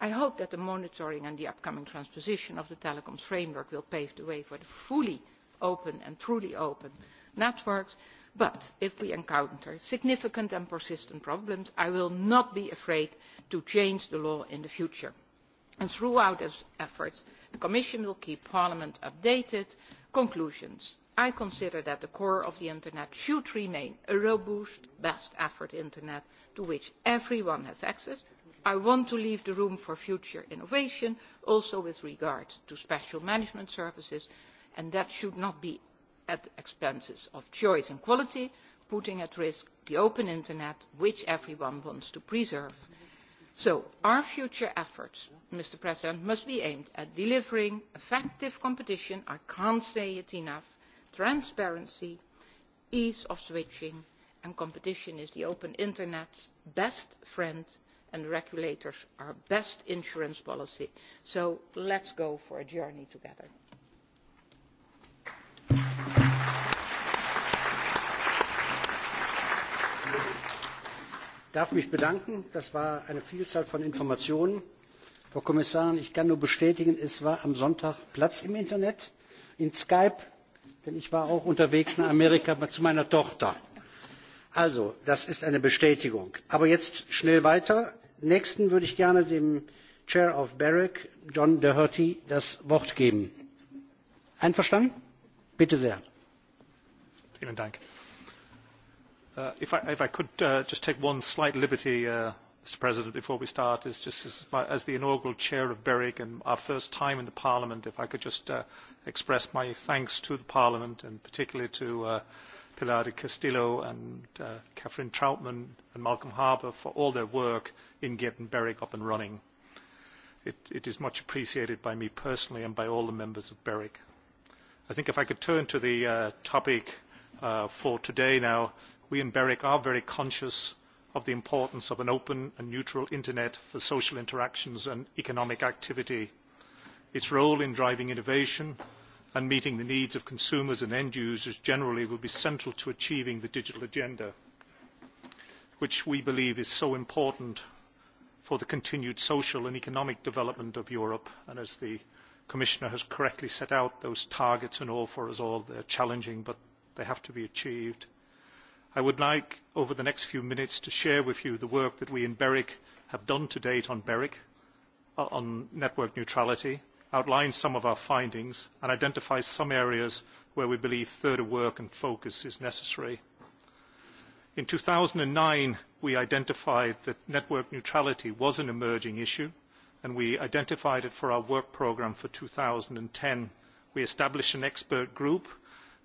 I hope that the monitoring and the upcoming transposition of the telecoms framework will pave the way for the fully open and truly open networks, but if we encounter significant and persistent problems, I will not be afraid to change the law in the future. And throughout those efforts, the Commission will keep Parliament updated, conclusions I consider that the core of the Internet should remain a robust, best effort Internet to which everyone has access. I want to leave the room for future innovation, also with regard to special management services, and that should not be at the expenses of choice and quality, putting at risk the open Internet, which everyone wants to preserve. So our future efforts, Mr. President, must be aimed at delivering effective competition, I can't say it enough, transparency, ease of switching, and competition is the open internet's best friend and regulators our best insurance policy. So let's go for a journey together. Ich darf mich bedanken. Das war eine Vielzahl von Informationen. Frau Kommissarin, ich kann nur bestätigen, es war am Sonntag Platz im Internet, in Skype denn ich war auch unterwegs in Amerika zu meiner Tochter. Also, das ist eine Bestätigung. Aber jetzt schnell weiter. Nächsten würde ich gerne dem Chair of BEREC, John Doherty, das Wort geben. Einverstanden? Bitte sehr. Vielen Dank. Uh, if, I, if I could uh, just take one slight liberty uh, Mr President, before we start, is just as, as the inaugural chair of BEREC and our first time in the Parliament, if I could just uh, express my thanks to the Parliament and particularly to uh, Pilar de Castillo and uh, Catherine Troutman and Malcolm Harbour for all their work in getting BEREC up and running. It, it is much appreciated by me personally and by all the members of BEREC. I think if I could turn to the uh, topic uh, for today now, we in BEREC are very conscious of the importance of an open and neutral internet for social interactions and economic activity, its role in driving innovation and meeting the needs of consumers and end users generally will be central to achieving the digital agenda, which we believe is so important for the continued social and economic development of Europe, and as the Commissioner has correctly set out, those targets and all for us all, they're challenging, but they have to be achieved. I would like, over the next few minutes, to share with you the work that we in BEREC have done to date on BEREC, uh, on network neutrality, outline some of our findings, and identify some areas where we believe further work and focus is necessary. In 2009, we identified that network neutrality was an emerging issue, and we identified it for our work programme for 2010. We established an expert group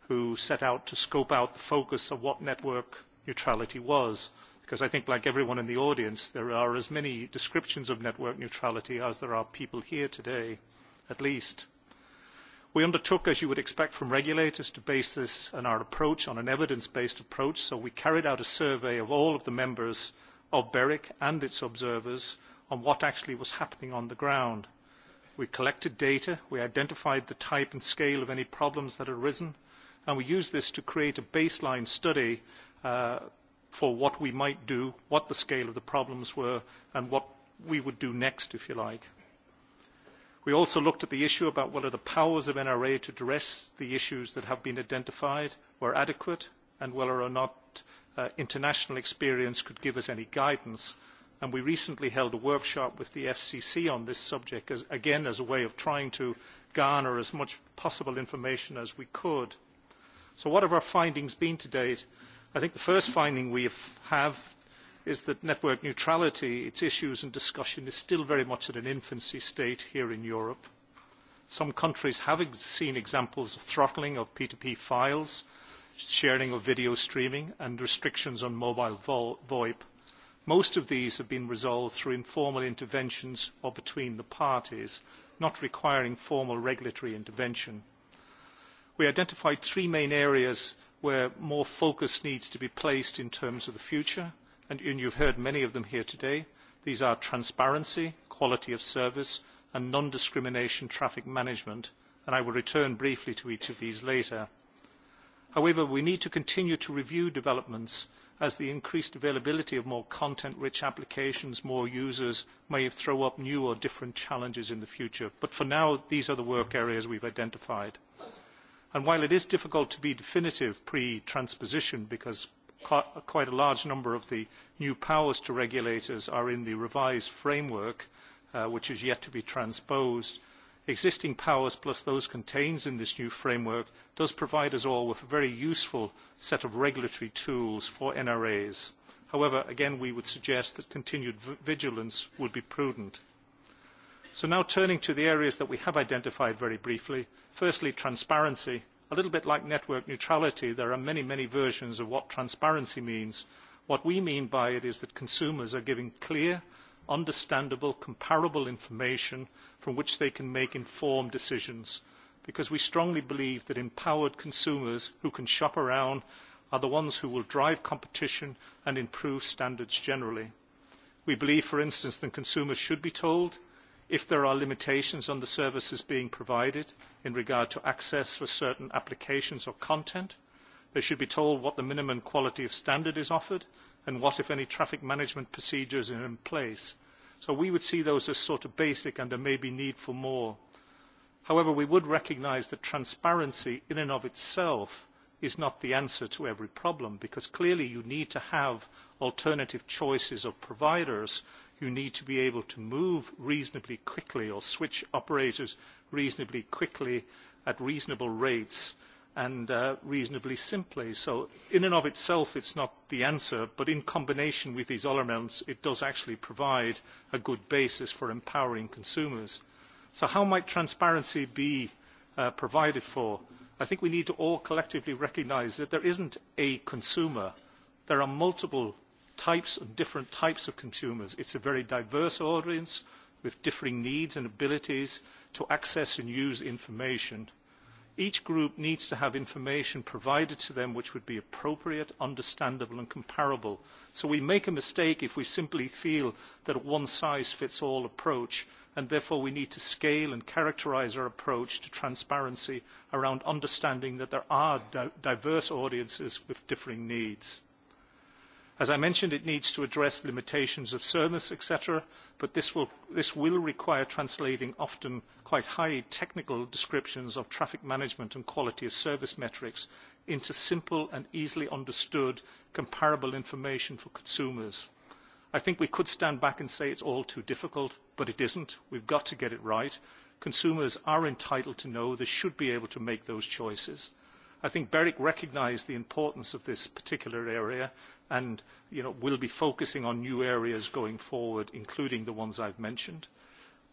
who set out to scope out the focus of what network neutrality was because I think like everyone in the audience there are as many descriptions of network neutrality as there are people here today at least. We undertook, as you would expect from regulators, to base this and our approach on an evidence-based approach, so we carried out a survey of all of the members of BEREC and its observers on what actually was happening on the ground. We collected data, we identified the type and scale of any problems that had arisen, and we use this to create a baseline study uh, for what we might do, what the scale of the problems were, and what we would do next, if you like. We also looked at the issue about whether the powers of NRA to address the issues that have been identified were adequate and whether or not uh, international experience could give us any guidance. And we recently held a workshop with the FCC on this subject, as, again as a way of trying to garner as much possible information as we could. Uh, So what have our findings been to date? I think the first finding we have is that network neutrality, its issues and discussion is still very much at an infancy state here in Europe. Some countries have seen examples of throttling of P2P files, sharing of video streaming and restrictions on mobile vo VoIP. Most of these have been resolved through informal interventions or between the parties, not requiring formal regulatory intervention we identified three main areas where more focus needs to be placed in terms of the future, and you have heard many of them here today. These are transparency, quality of service, and non-discrimination traffic management, and I will return briefly to each of these later. However, we need to continue to review developments as the increased availability of more content-rich applications, more users, may throw up new or different challenges in the future. But for now, these are the work areas we've identified. And while it is difficult to be definitive pre-transposition because quite a large number of the new powers to regulators are in the revised framework uh, which is yet to be transposed, existing powers plus those contained in this new framework does provide us all with a very useful set of regulatory tools for NRAs. However, again, we would suggest that continued vigilance would be prudent. So now turning to the areas that we have identified very briefly. Firstly, transparency. A little bit like network neutrality, there are many, many versions of what transparency means. What we mean by it is that consumers are given clear, understandable, comparable information from which they can make informed decisions. Because we strongly believe that empowered consumers who can shop around are the ones who will drive competition and improve standards generally. We believe, for instance, that consumers should be told if there are limitations on the services being provided in regard to access for certain applications or content. They should be told what the minimum quality of standard is offered and what, if any, traffic management procedures are in place. So we would see those as sort of basic and there may be need for more. However, we would recognise that transparency in and of itself is not the answer to every problem because clearly you need to have alternative choices of providers you need to be able to move reasonably quickly or switch operators reasonably quickly at reasonable rates and uh, reasonably simply. So in and of itself, it's not the answer, but in combination with these elements, it does actually provide a good basis for empowering consumers. So how might transparency be uh, provided for? I think we need to all collectively recognise that there isn't a consumer. There are multiple types and different types of consumers. It's a very diverse audience with differing needs and abilities to access and use information. Each group needs to have information provided to them which would be appropriate, understandable and comparable. So we make a mistake if we simply feel that a one-size-fits-all approach and therefore we need to scale and characterise our approach to transparency around understanding that there are diverse audiences with differing needs. As I mentioned, it needs to address limitations of service, etc., but this will, this will require translating often quite high technical descriptions of traffic management and quality of service metrics into simple and easily understood comparable information for consumers. I think we could stand back and say it's all too difficult, but it isn't. We've got to get it right. Consumers are entitled to know. They should be able to make those choices. I think BEREC recognised the importance of this particular area and you know, will be focusing on new areas going forward, including the ones I've mentioned.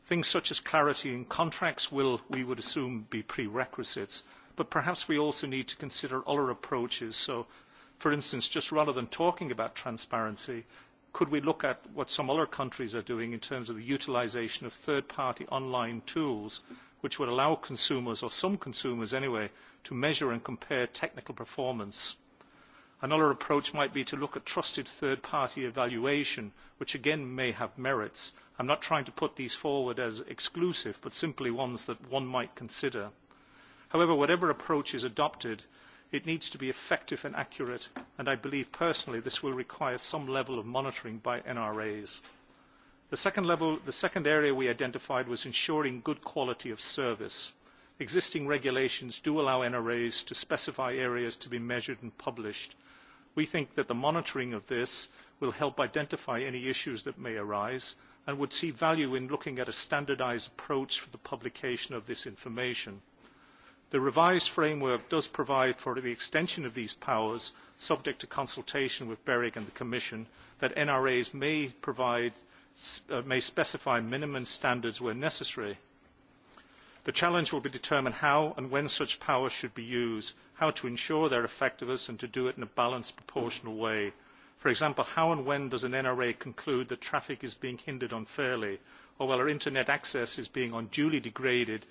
Things such as clarity in contracts will, we would assume, be prerequisites, but perhaps we also need to consider other approaches. So, for instance, just rather than talking about transparency, could we look at what some other countries are doing in terms of the utilization of third-party online tools which would allow consumers, or some consumers anyway, to measure and compare technical performance Another approach might be to look at trusted third-party evaluation, which again may have merits. I'm not trying to put these forward as exclusive, but simply ones that one might consider. However, whatever approach is adopted, it needs to be effective and accurate, and I believe personally this will require some level of monitoring by NRAs. The second, level, the second area we identified was ensuring good quality of service. Existing regulations do allow NRAs to specify areas to be measured and published, We think that the monitoring of this will help identify any issues that may arise and would see value in looking at a standardised approach for the publication of this information. The revised framework does provide for the extension of these powers, subject to consultation with BEREC and the Commission, that NRAs may, provide, uh, may specify minimum standards where necessary the challenge will be to determine how and when such powers should be used how to ensure their effectiveness and to do it in a balanced proportional way. for example how and when does an nra conclude that traffic is being hindered unfairly or whether internet access is being unduly degraded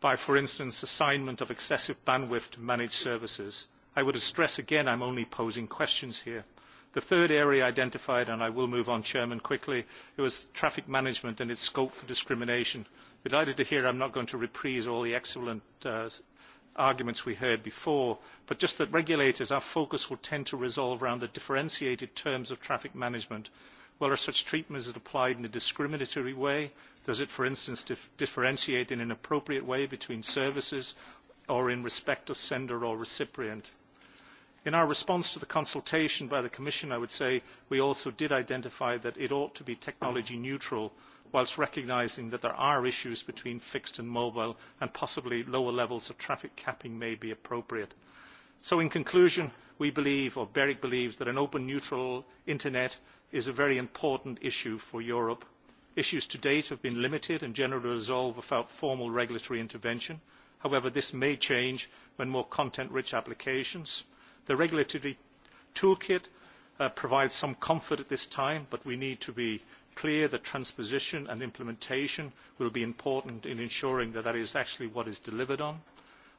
by for instance assignment of excessive bandwidth to managed services? i would stress again i am only posing questions here. the third area identified and i will move on quickly was traffic management and its scope for discrimination delighted to hear I'm not going to reprise all the excellent uh, arguments we heard before, but just that regulators, our focus will tend to resolve around the differentiated terms of traffic management. Well, are such treatment is it applied in a discriminatory way? Does it, for instance, dif differentiate in an appropriate way between services or in respect of sender or recipient? In our response to the consultation by the Commission, I would say we also did identify that it ought to be technology neutral whilst recognising that there are issues between fixed and mobile and possibly lower levels of traffic capping may be appropriate. So in conclusion, we believe, or BEREC believes, that an open neutral internet is a very important issue for Europe. Issues to date have been limited and generally resolved without formal regulatory intervention. However, this may change when more content-rich applications. The regulatory toolkit uh, provides some comfort at this time, but we need to be clear that transposition and implementation will be important in ensuring that that is actually what is delivered on.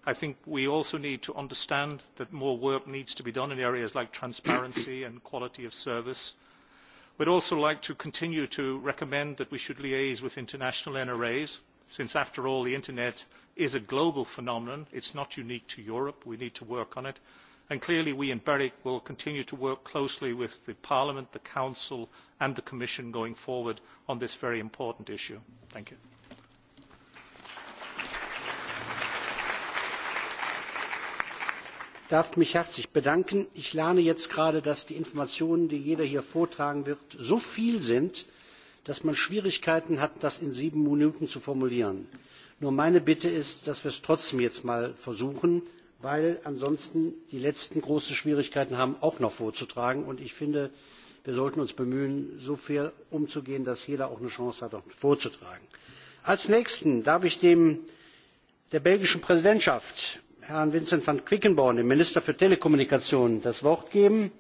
I think we also need to understand that more work needs to be done in areas like transparency and quality of service. We'd also like to continue to recommend that we should liaise with international NRAs, since after all the internet is a global phenomenon. It's not unique to Europe. We need to work on it clearly we in berec will continue to work closely with parliament the council and the commission going forward on this very important issue. thank you. ich darf mich herzlich bedanken. ich lerne jetzt gerade dass die informationen die jeder hier vortragen wird so viel sind dass man schwierigkeiten hat das in sieben minuten zu formulieren. nur meine bitte ist dass wir es trotzdem jetzt mal versuchen weil ansonsten die letzten große Schwierigkeiten haben, auch noch vorzutragen. Und ich finde, wir sollten uns bemühen, so fair umzugehen, dass jeder auch eine Chance hat, auch vorzutragen. Als nächsten darf ich dem, der belgischen Präsidentschaft, Herrn Vincent van Quickenborn, dem Minister für Telekommunikation, das Wort geben,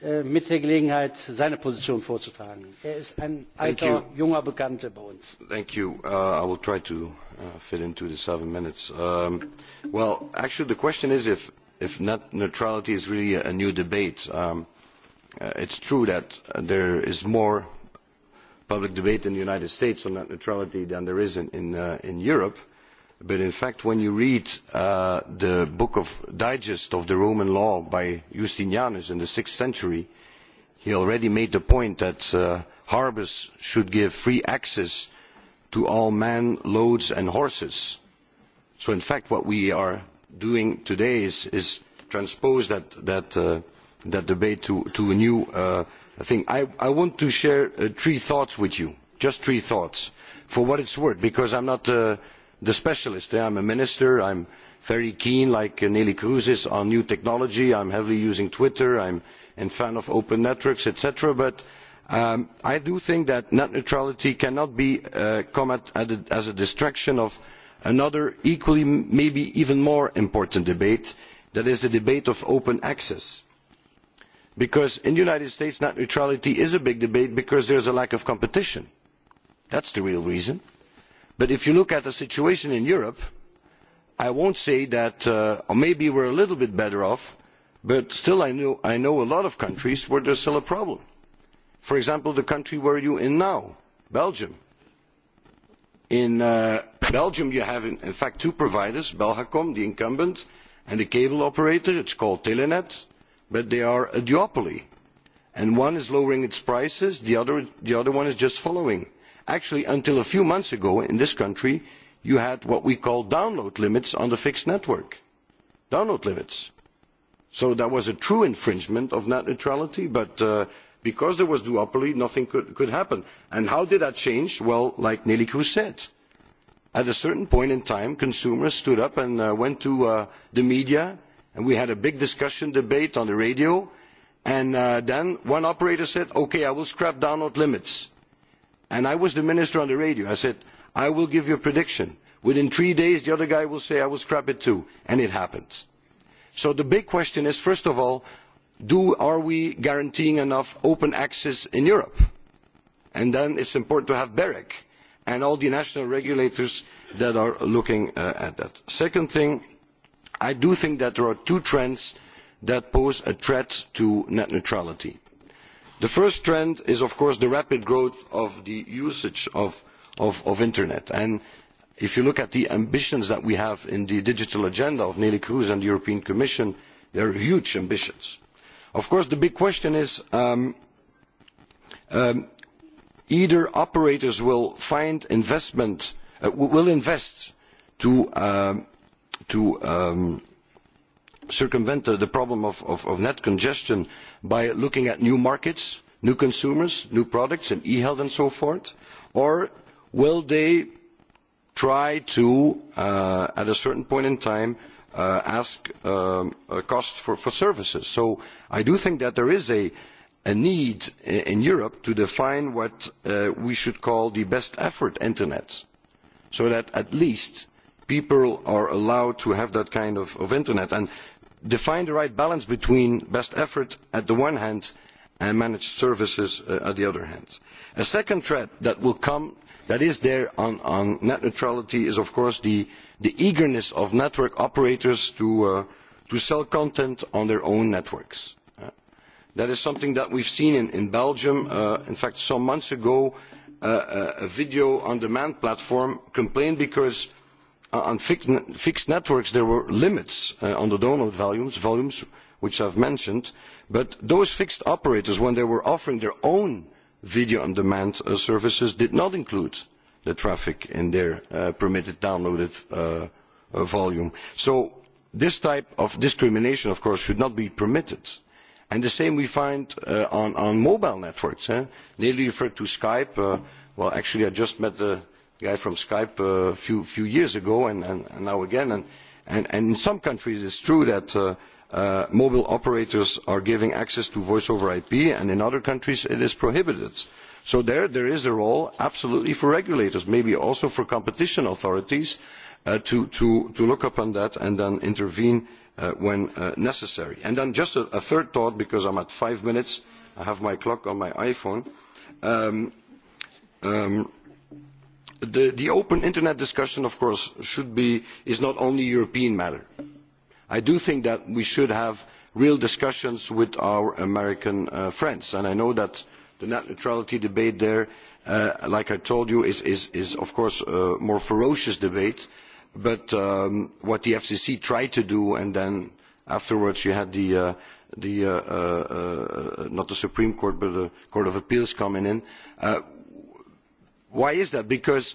äh, mit der Gelegenheit, seine Position vorzutragen. Er ist ein alter, junger Bekannter bei uns. Thank you. Uh, I will try to uh, fit into the seven minutes. Um, well, actually, the question is if, if net neutrality is really a, a new debate. Um, uh, it's true that uh, there is more public debate in the United States on net neutrality than there is in, in, uh, in Europe. But in fact, when you read uh, the book of digest of the Roman law by Justinianus in the 6th century, he already made the point that uh, harbors should give free access uh, to all men, loads, and horses. So in fact, what we are doing today is, is transpose that, that, uh, that debate to, to a new uh, thing. I, I want to share uh, three thoughts with you, just three thoughts, for what it's worth, because I'm not uh, the specialist. Eh? I'm a minister. I'm very keen, like uh, Nelly Cruz is, on new technology. I'm heavily using Twitter. I'm a fan of open networks, etc. But uh, Um, I do think that net neutrality cannot be uh, come at, at a, as a distraction of another equally, maybe even more important debate, that is the debate of open access. Because in the United States, net neutrality is a big debate because there's a lack of competition. That's the real reason. But if you look at the situation in Europe, I won't say that, uh, or maybe we're a little bit better off, but still I know, I know a lot of countries where there's still a problem for example, the country where you're in now, Belgium. In uh, Belgium, you have, in, in fact, two providers, Belgacom, the incumbent, and the cable operator. It's called Telenet, but they are a duopoly. And one is lowering its prices, the other, the other one is just following. Actually, until a few months ago, in this country, you had what we call download limits on the fixed network. Download limits. So that was a true infringement of net neutrality, but uh, because there was duopoly, nothing could, could happen. And how did that change? Well, like Nelly Cruz said, at a certain point in time, consumers stood up and uh, went to uh, the media, and we had a big discussion debate on the radio, and uh, then one operator said, okay, I will scrap download limits. And I was the minister on the radio. I said, I will give you a prediction. Within three days, the other guy will say, I will scrap it too. And it happened. So the big question is, first of all, do, are we guaranteeing enough open access in Europe? And then it's important to have BEREC and all the national regulators that are looking uh, at that. Second thing, I do think that there are two trends that pose a threat to net neutrality. The first trend is, of course, the rapid growth of the usage of, of, of Internet. And if you look at the ambitions that we have in the digital agenda of Nelly Cruz and the European Commission, they are huge ambitions. Uh, Of course, the big question is um, um, either operators will find investment, uh, will invest to, um, to um, circumvent the, the problem of, of, of net congestion by looking at new markets, new consumers, new products, and e-health and so forth, or will they try to, uh, at a certain point in time, uh, ask um, a cost for, for services? So I do think that there is a, a need in Europe to define what uh, we should call the best effort internet, so that at least people are allowed to have that kind of, of internet and define the right balance between best effort at the one hand and managed services uh, on the other hand. A second threat that will come, that is there on, on net neutrality, is of course the, the eagerness of network operators to, uh, to sell content on their own networks. That is something that we've seen in, in Belgium. Uh, in fact, some months ago, uh, uh a video on demand platform complained because uh, on fic- fixed networks there were limits uh, on the download volumes, volumes which I've mentioned, but those fixed operators, when they were offering their own video on demand uh, services, did not include the traffic in their uh, permitted downloaded uh, uh, volume. So this type of discrimination, of course, should not be permitted. Uh, And the same we find uh, on, on mobile networks. Eh? Nearly referred to Skype. Uh, well, actually, I just met the guy from Skype a uh, few, few years ago and, and, and now again. And, and, and in some countries, it's true that uh, uh, mobile operators are giving access to voice over IP, and in other countries, it is prohibited. So there, there is a role absolutely for regulators, maybe also for competition authorities, uh, to, to, to look upon that and then intervene uh, uh, when uh, necessary. And then just a, a third thought, because I'm at five minutes, I have my clock on my iPhone. Um, um, the, the open internet discussion, of course, should be, is not only a European matter. I do think that we should have real discussions with our American uh, friends, and I know that the net neutrality debate there, uh, like I told you, is, is, is of course a more ferocious debate, uh, But um, what the FCC tried to do, and then afterwards you had the, uh, the uh, uh, uh, not the Supreme Court, but the Court of Appeals coming in. Uh, why is that? Because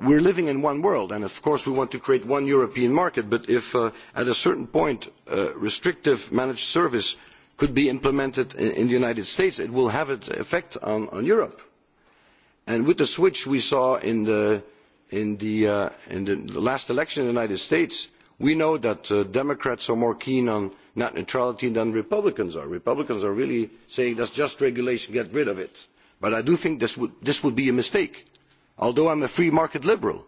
we're living in one world, and of course we want to create one European market, but if uh, at a certain point uh, restrictive managed service could be implemented in, in the United States, it will have an effect on, on Europe. And with the switch we saw in the in the, uh, in the last election in the United States, we know that uh, Democrats are more keen on net neutrality than Republicans are. Republicans are really saying that's just regulation, get rid of it. But I do think this would, this would be a mistake. Although I'm a free market liberal,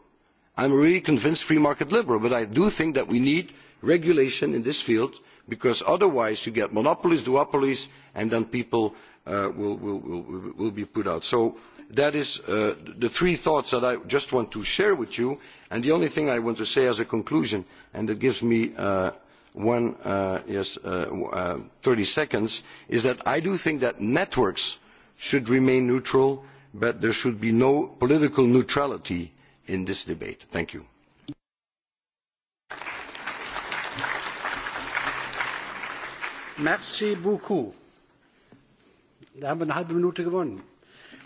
I'm a really convinced free market liberal, but I do think that we need regulation in this field because otherwise you get monopolies, duopolies, and then people uh, will, will, will, will be put out. So that is uh, the three thoughts that I just want to share with you. And the only thing I want to say as a conclusion, and that gives me uh, one, uh, yes, uh, uh, 30 seconds, is that I do think that networks should remain neutral, but there should be no political neutrality in this debate. Thank you. Merci beaucoup. Da haben wir eine halbe Minute gewonnen.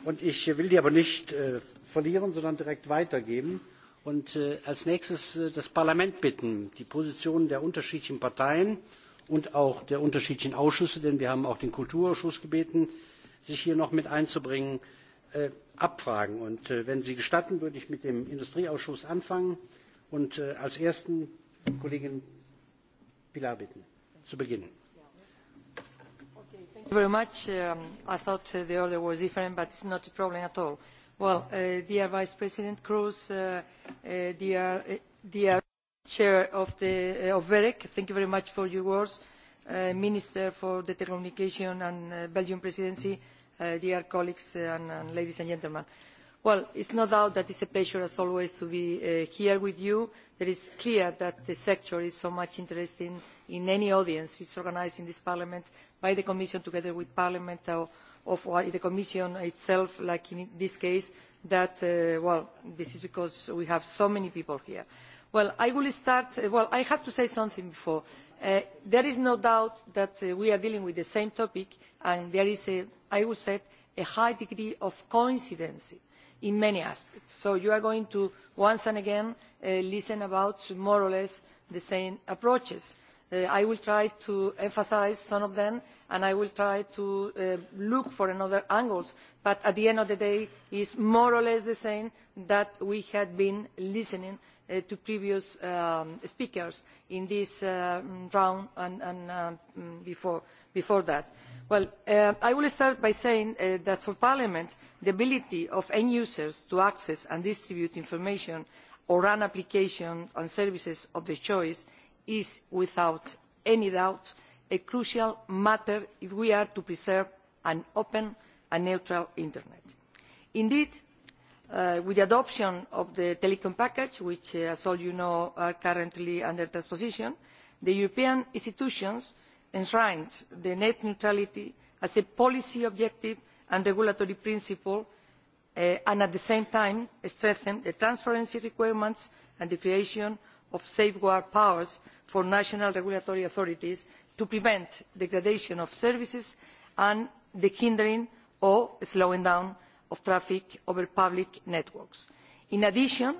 Und ich will die aber nicht äh, verlieren, sondern direkt weitergeben und äh, als nächstes äh, das Parlament bitten, die Positionen der unterschiedlichen Parteien und auch der unterschiedlichen Ausschüsse, denn wir haben auch den Kulturausschuss gebeten, sich hier noch mit einzubringen, äh, abfragen. Und äh, wenn Sie gestatten, würde ich mit dem Industrieausschuss anfangen und äh, als ersten Kollegin Pilar bitten, zu beginnen very much. Um, I thought uh, the order was different, but it's not a problem at all. Well, uh, dear Vice President Cruz, uh, uh, dear, uh, dear Chair of, the, uh, of BEREC, thank you very much for your words. Uh, Minister for the Telecommunication and uh, Belgian Presidency, uh, dear colleagues uh, and, and ladies and gentlemen. Uh, Well, it's no doubt that it's a pleasure, as always, to be uh, here with you. It is clear that the sector is so much interested in, in any audience. It's organized in this Parliament by the Commission together with Parliament or, of the Commission itself, like in this case, that, uh, well, this is because we have so many people here. Well, I will start, uh, well, I have to say something before. Uh, there is no doubt that uh, we are dealing with the same topic and there is, a, I would say, a high degree of coincidences in many aspects. so you are going to once and again uh, listen about more or less the same approaches. Uh, i will try to emphasise some of them and i will try to uh, look for other angles but at the end of the day it is more or less the same that we have been listening to uh, to previous um, speakers in this uh, round and, and uh, mm, before, before that. Well, uh, I will start by saying uh, that for Parliament, the ability of end users to access and distribute information or run applications and services of their choice is, without any doubt, a crucial matter if we are to preserve an open and neutral internet. Indeed, Uh, with the adoption of the telecom package which uh, as all you know is currently under transposition the european institutions enshrined net neutrality as a policy objective and regulatory principle uh, and at the same time strengthened the transparency requirements and the creation of safeguard powers for national regulatory authorities to prevent degradation of services and the hindering or slowing down of traffic over public networks. in addition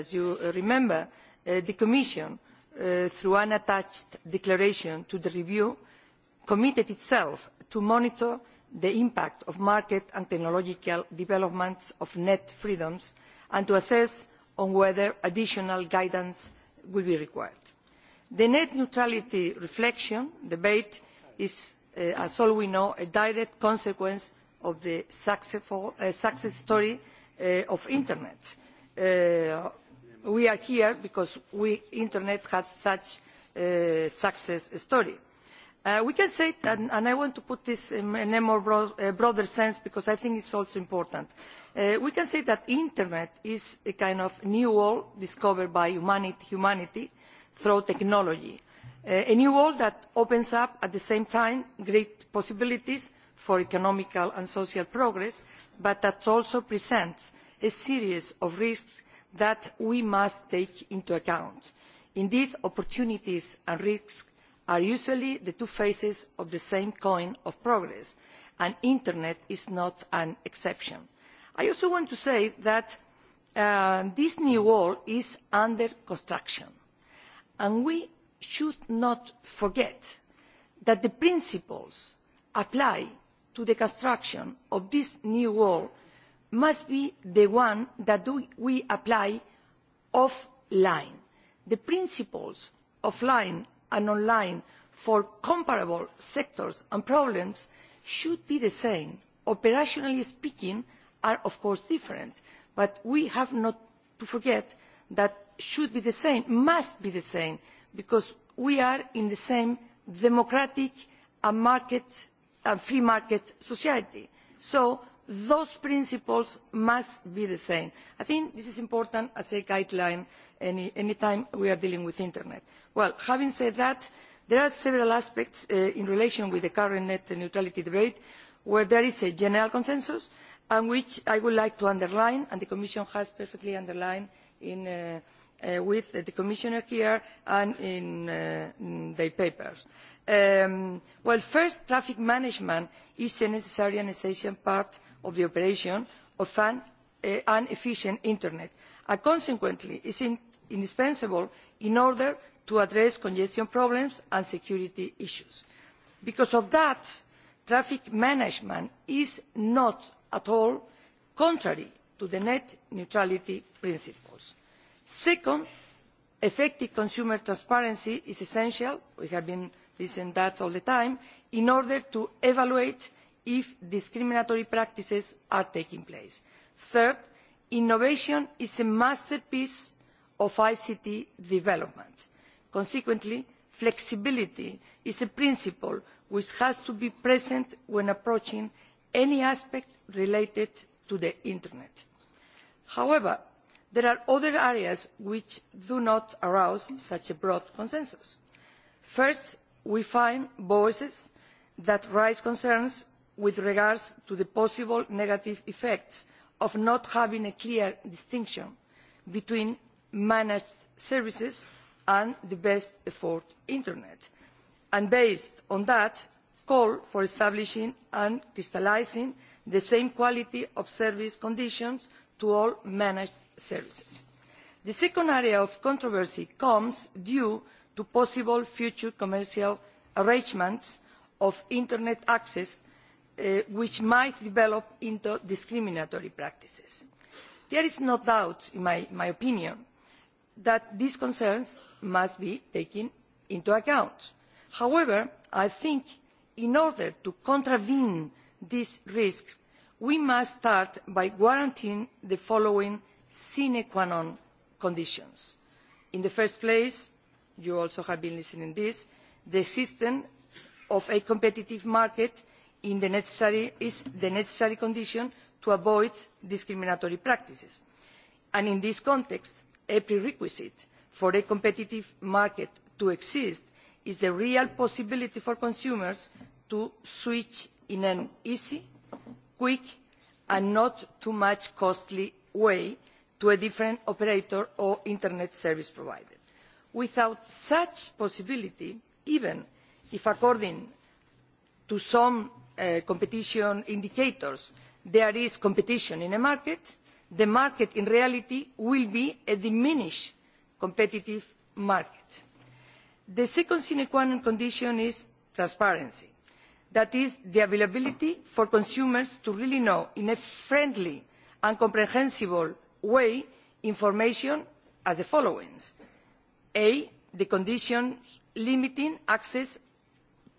as you remember uh, the commission uh, through an attached declaration to the review committed itself to monitor the impact of market and technological developments on net freedoms and to assess whether additional guidance will be required. the net neutrality reflection debate is uh, as we all know a direct consequence of the uh, success story uh, of internet. Uh, we are here because we internet has such a uh, success story. Uh, we can say and, and i want to put this in a more broad, broader sense because i think it is also important uh, we can say that internet is a kind of new world discovered by humanity, humanity through technology a new world that opens up at the same time great possibilities for economic and social progress but that also presents a series of risks that we must take into account. indeed opportunities and risks are usually the two faces of the same coin of progress and the internet is not an exception. i also want to say that uh, this new wall is under construction and we should not forget that the principles apply to the construction of this new wall must be the one that we apply offline. the principles offline and online for comparable sectors and problems should be the same. operationally speaking are of course different but we have not to forget that should be the same must be the same because we are in the same democratic and market a free market society. So those principles must be the same. I think this is important as a guideline any, any time we are dealing with Internet. Well, having said that, there are several aspects uh, in relation with the current net neutrality debate where there is a general consensus and which I would like to underline, and the Commission has perfectly underlined in uh, uh, with the Commissioner here and in, uh, in their papers. Um, well, first, traffic management is a necessary and essential part of the operation of an, uh, an efficient Internet, and consequently is in, indispensable in order to address congestion problems and security issues. Because of that, traffic management is not at all contrary to the net neutrality principles second effective consumer transparency is essential we have been listening to that all the time in order to evaluate if discriminatory practices are taking place. third innovation is a masterpiece of ict development. consequently flexibility is a principle which has to be present when approaching any aspect related to the internet. however there are other areas which do not arouse such a broad consensus. first we find voices that raise concerns with regard to the possible negative effects of not having a clear distinction between managed services and the best effort internet and based on that call for establishing and crystallising the same quality of service conditions to all managed services. the second area of controversy comes due to possible future commercial arrangements of internet access uh, which might develop into discriminatory practices. there is no doubt in my, my opinion that these concerns must be taken into account. however i think in order to contravene these risks we must start by guaranteeing the following sine qua non conditions. in the first place you also have been listening to this the existence of a competitive market the is the necessary condition to avoid discriminatory practices and in this context a prerequisite for a competitive market to exist is the real possibility for consumers to switch in an easy quick and not too much costly way to a different operator or internet service provider. without such a possibility even if according to some uh, competition indicators there is competition in a market the market in reality will be a diminished competitive market. the second sine qua non condition is transparency that is the availability for consumers to really know in a friendly and comprehensible weigh information as the following a the conditions limiting access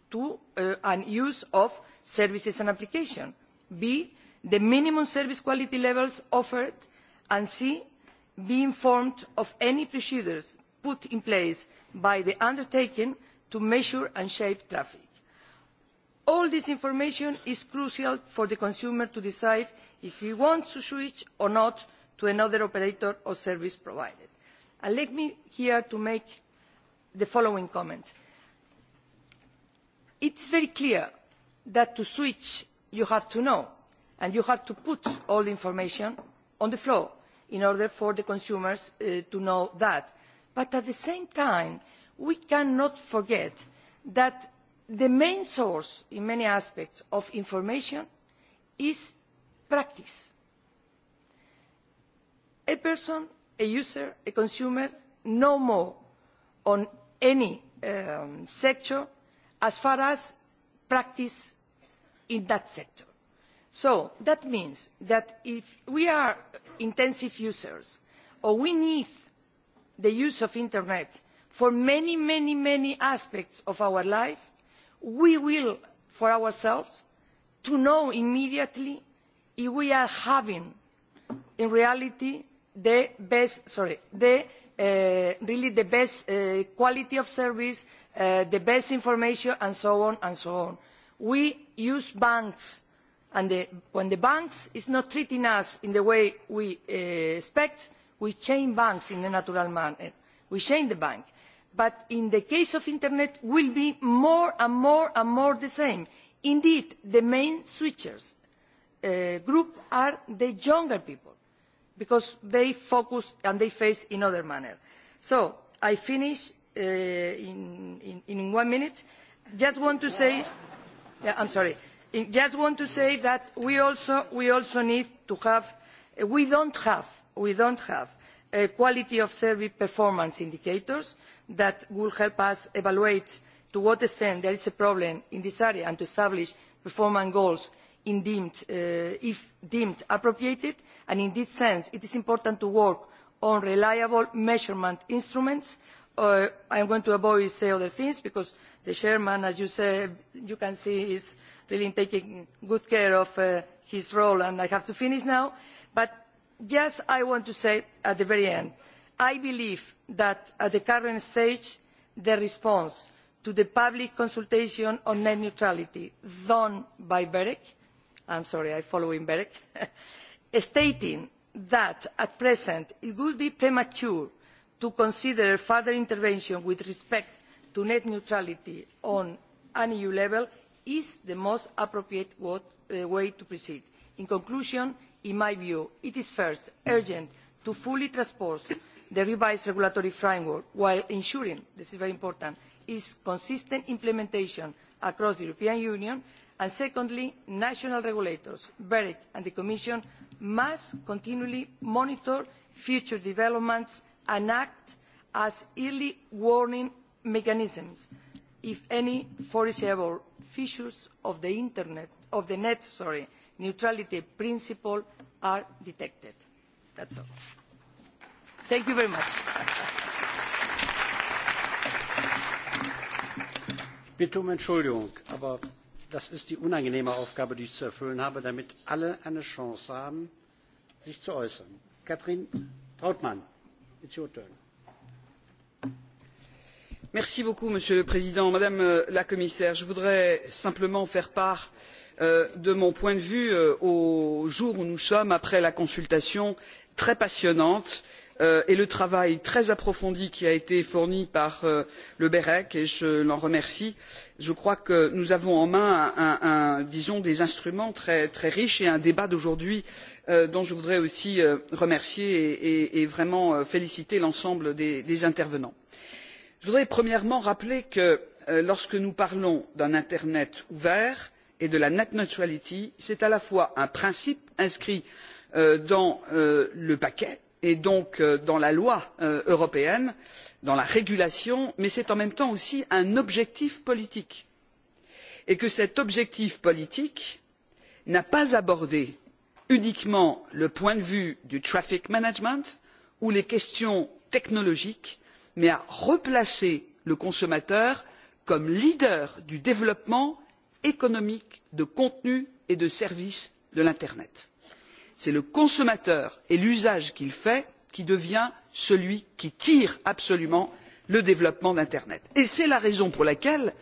to uh, and use of services and applications b the minimum service quality levels offered and c be informed of any procedures put in place by the undertaking to measure and shape traffic. all this information is crucial for the consumer to decide if he wants to switch or not to another operator or service provider. And let me here to make the following comment. It's very clear that to switch you have to know and you have to put all the information on the floor in order for the consumers uh, to know that. But at the same time, we cannot forget that the main source in many aspects of information is practice a person a user a consumer no more on any um, sector as far as practice in that sector. so that means that if we are intensive users or we need the use of the internet for many many many aspects of our life we will for ourselves to know immediately if we are having in reality the best, sorry, the, uh, really the best uh, quality of service, uh, the best information, and so on and so on. We use banks, and the, when the banks is not treating us in the way we uh, expect, we change banks in a natural manner. We change the bank. But in the case of Internet, will be more and more and more the same. Indeed, the main switchers uh, group are the younger people because they focus and they face in other manner. So I finish uh, in, in, in one minute. Just want to say, yeah, I'm sorry. Just want to say that we also, we also need to have, uh, we don't have, we don't have uh, quality of service performance indicators that will help us evaluate to what extent there is a problem in this area and to establish performance goals deemed, uh, if deemed appropriate and in this sense it is important to work on reliable measurement instruments. Uh, i am going to avoid saying other things because the chairman as you, say, you can see is really taking good care of uh, his role and i have to finish now but just yes, i want to say at the very end i believe that at the current stage the response to the public consultation on net neutrality done by berec I'm sorry, I follow him back, <laughs> stating that at present it would be premature to consider further intervention with respect to net neutrality on an EU level is the most appropriate what, uh, way to proceed. In conclusion, in my view, it is first urgent to fully transpose the revised regulatory framework while ensuring this is very important its consistent implementation across the European Union and secondly national regulators berec and the commission must continually monitor future developments and act as early warning mechanisms if any foreseeable fissures of the, internet, of the net sorry, neutrality principle are detected. that is all. thank you very much. bitte um entschuldigung aber das ist die unangenehme Aufgabe, die ich zu erfüllen habe, damit alle eine Chance haben, sich zu äußern. Katrin Trautmann, it's your turn. Merci beaucoup, Monsieur le Président. Madame euh, la Commissaire, je voudrais simplement faire part euh, de mon point de vue euh, au jour où nous sommes après la consultation très passionnante euh, Euh, et le travail très approfondi qui a été fourni par euh, le berec et je l'en remercie je crois que nous avons en main un, un, disons des instruments très, très riches et un débat d'aujourd'hui euh, dont je voudrais aussi euh, remercier et, et, et vraiment euh, féliciter l'ensemble des, des intervenants. je voudrais premièrement rappeler que euh, lorsque nous parlons d'un internet ouvert et de la net neutrality c'est à la fois un principe inscrit dans le paquet et donc euh, dans la loi euh, européenne dans la régulation mais c'est en même temps aussi un objectif politique et que cet objectif politique n'a pas abordé uniquement le point de vue du traffic management ou les questions technologiques mais a replacé le consommateur comme leader du développement économique de contenus et de services de l'internet c'est le consommateur et l'usage qu'il fait qui devient celui qui tire absolument le développement de l'internet. et c'est la raison pour laquelle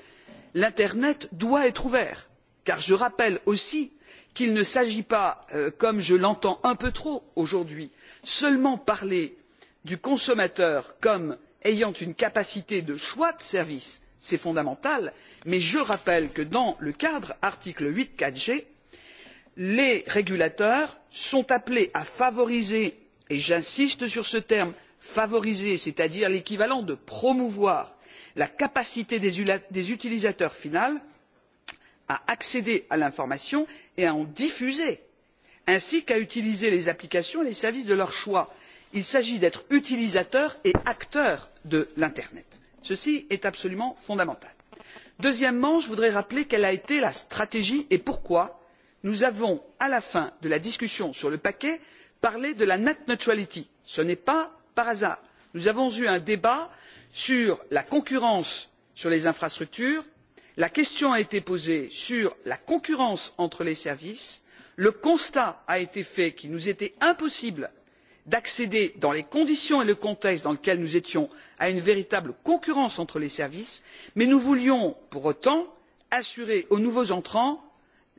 l'internet doit être ouvert car je rappelle aussi qu'il ne s'agit pas euh, comme je l'entends un peu trop aujourd'hui seulement de parler du consommateur comme ayant une capacité de choix de service c'est fondamental mais je rappelle que dans le cadre de l'article huit paragraphe quatre g les régulateurs sont appelés à favoriser et j'insiste sur ce terme favoriser c'est à dire l'équivalent de promouvoir la capacité des utilisateurs finals à accéder à l'information et à en diffuser ainsi qu'à utiliser les applications et les services de leur choix. il s'agit d'être utilisateurs et acteurs de l'internet. ceci est absolument fondamental. deuxièmement je voudrais rappeler quelle a été la stratégie et pourquoi nous avons à la fin de la discussion sur le paquet parlé de la net neutrality. ce n'est pas par hasard. nous avons eu un débat sur la concurrence sur les infrastructures la question a été posée sur la concurrence entre les services le constat a été fait qu'il nous était impossible d'accéder dans les conditions et le contexte dans lesquels nous étions à une véritable concurrence entre les services mais nous voulions pour autant assurer aux nouveaux entrants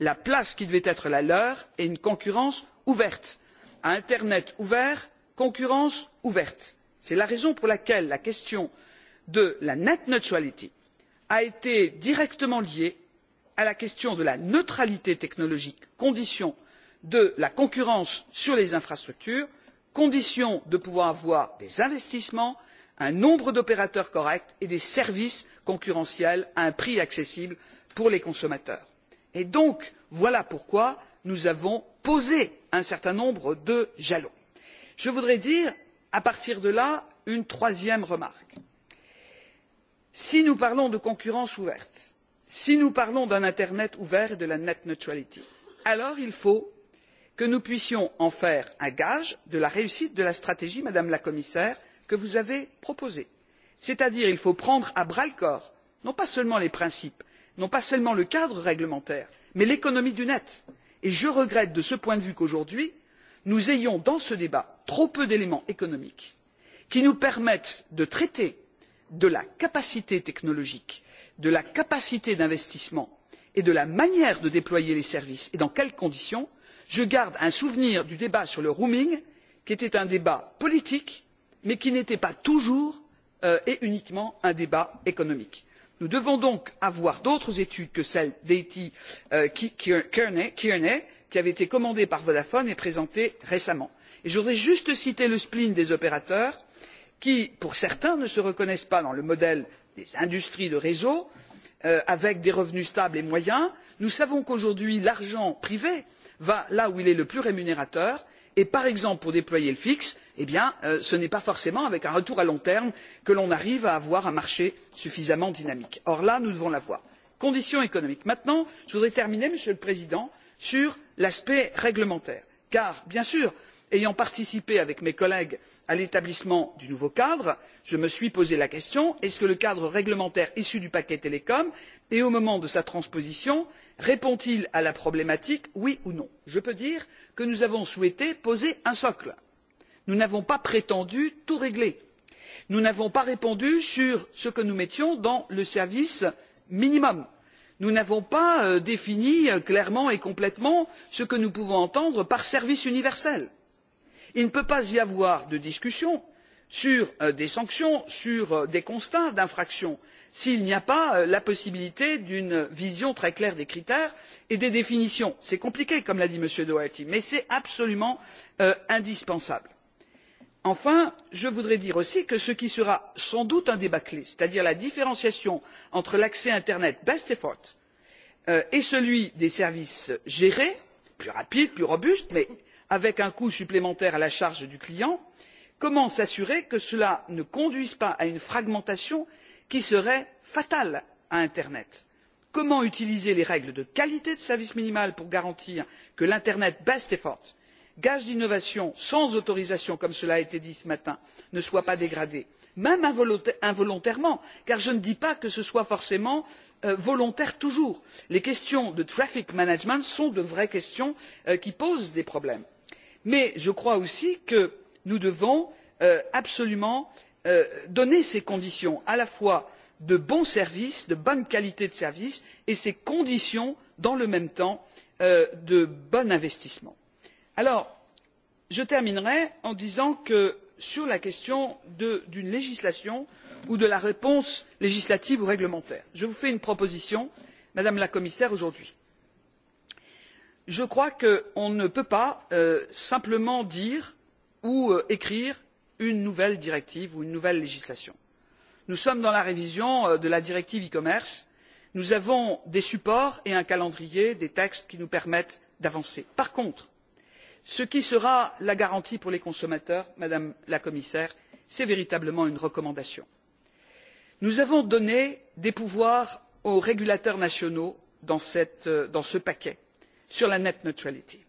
la place qui devait être la leur et une concurrence ouverte internet ouvert concurrence ouverte. c'est la raison pour laquelle la question de la net neutrality a été directement liée à la question de la neutralité technologique condition de la concurrence sur les infrastructures condition de pouvoir avoir des investissements un nombre d'opérateurs correct et des services concurrentiels à un prix accessible pour les consommateurs et donc voilà pourquoi nous avons posé un certain nombre de jalons. je voudrais dire à partir de là une troisième remarque si nous parlons de concurrence ouverte si nous parlons d'un internet ouvert et de la net neutrality alors il faut que nous puissions en faire un gage de la réussite de la stratégie madame la commissaire que vous avez proposée c'est à dire qu'il faut prendre à bras le corps non pas seulement les principes non pas seulement le cadre réglementaire mais l'économie du net et je regrette de ce point de vue qu'aujourd'hui nous ayons dans ce débat trop peu d'éléments économiques qui nous permettent de traiter de la capacité technologique de la capacité d'investissement et de la manière de déployer les services et dans quelles conditions je garde un souvenir du débat sur le roaming qui était un débat politique mais qui n'était pas toujours euh, et uniquement un débat économique nous devons donc avoir d'autres études que celle d'eighty kearney qui avait été commandée par vodafone et présentée récemment. je voudrais juste citer le spleen des opérateurs qui pour certains ne se reconnaissent pas dans le modèle des industries de réseau euh, avec des revenus stables et moyens. nous savons qu'aujourd'hui l'argent privé va là où il est le plus rémunérateur et par exemple pour déployer le fixe eh bien, euh, ce n'est pas forcément avec un retour à long terme que l'on arrive à avoir un marché suffisamment dynamique. or là nous devons l'avoir. conditions économiques. maintenant je voudrais terminer monsieur le président sur l'aspect réglementaire car bien sûr ayant participé avec mes collègues à l'établissement du nouveau cadre je me suis posé la question est ce que le cadre réglementaire issu du paquet télécom et au moment de sa transposition répond il à la problématique oui ou non? je peux dire que nous avons souhaité poser un socle. nous n'avons pas prétendu tout régler. nous n'avons pas répondu sur ce que nous mettions dans le service minimum. nous n'avons pas euh, défini euh, clairement et complètement ce que nous pouvons entendre par service universel. il ne peut pas y avoir de discussion sur euh, des sanctions sur des constats d'infraction s'il n'y a pas euh, la possibilité d'une vision très claire des critères et des définitions. c'est compliqué comme l'a dit m. doherty mais c'est absolument euh, indispensable. enfin je voudrais dire aussi que ce qui sera sans doute un débat clé c'est à dire la différenciation entre l'accès internet best effort euh, et celui des services gérés plus rapide plus robuste mais avec un coût supplémentaire à la charge du client comment s'assurer que cela ne conduise pas à une fragmentation qui serait fatale à internet. comment utiliser les règles de qualité de service minimale pour garantir que l'internet best effort gage d'innovation sans autorisation comme cela a été dit ce matin ne soit pas dégradé même involontairement car je ne dis pas que ce soit forcément euh, volontaire toujours. les questions de traffic management sont de vraies questions euh, qui posent des problèmes. mais je crois aussi que nous devons euh, absolument Euh, donner ces conditions à la fois de bons services de bonne qualité de service et ces conditions dans le même temps euh, de bon investissement. je terminerai en disant que sur la question d'une législation ou de la réponse législative ou réglementaire je vous fais une proposition madame la commissaire aujourd'hui. je crois qu'on ne peut pas euh, simplement dire ou écrire une nouvelle directive ou une nouvelle législation. nous sommes dans la révision euh, de la directive e commerce nous avons des supports et un calendrier des textes qui nous permettent d'avancer. par contre ce qui sera la garantie pour les consommateurs madame la commissaire c'est véritablement une recommandation. nous avons donné des pouvoirs aux régulateurs nationaux dans, cette, euh, dans ce paquet sur la net neutrality.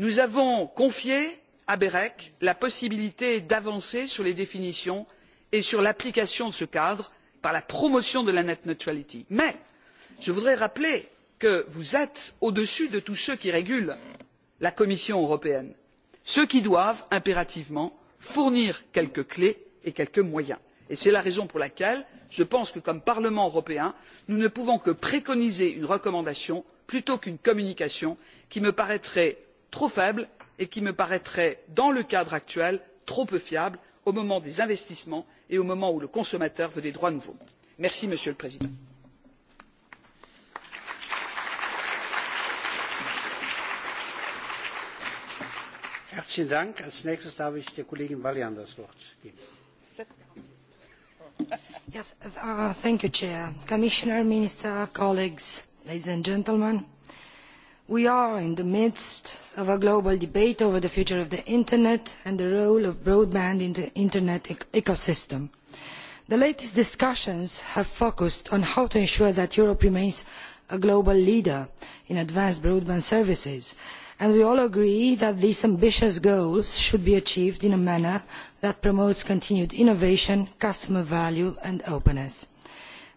nous avons confié à berec la possibilité d'avancer sur les définitions et sur l'application de ce cadre par la promotion de la net neutrality. mais je voudrais rappeler que vous êtes au dessus de tous ceux qui régulent la commission européenne ceux qui doivent impérativement fournir quelques clés et quelques moyens et c'est la raison pour laquelle je pense que comme parlement européen nous ne pouvons que préconiser une recommandation plutôt qu'une communication qui me paraîtrait trop faible et qui me paraîtrait dans le cadre actuel trop peu fiable au moment des investissements et au moment où le consommateur veut des droits nouveaux. merci monsieur le président. Herzlichen Dank. Als nächstes darf ich der Kollegin Valian das Wort geben. Yes, uh, thank you, Chair. Commissioner, Minister, colleagues, ladies and gentlemen we are in the midst of a global debate over the future of the internet and the role of broadband in the internet ec ecosystem. the latest discussions have focused on how to ensure that europe remains a global leader in advanced broadband services and we all agree that these ambitious goals should be achieved in a manner that promotes continued innovation customer value and openness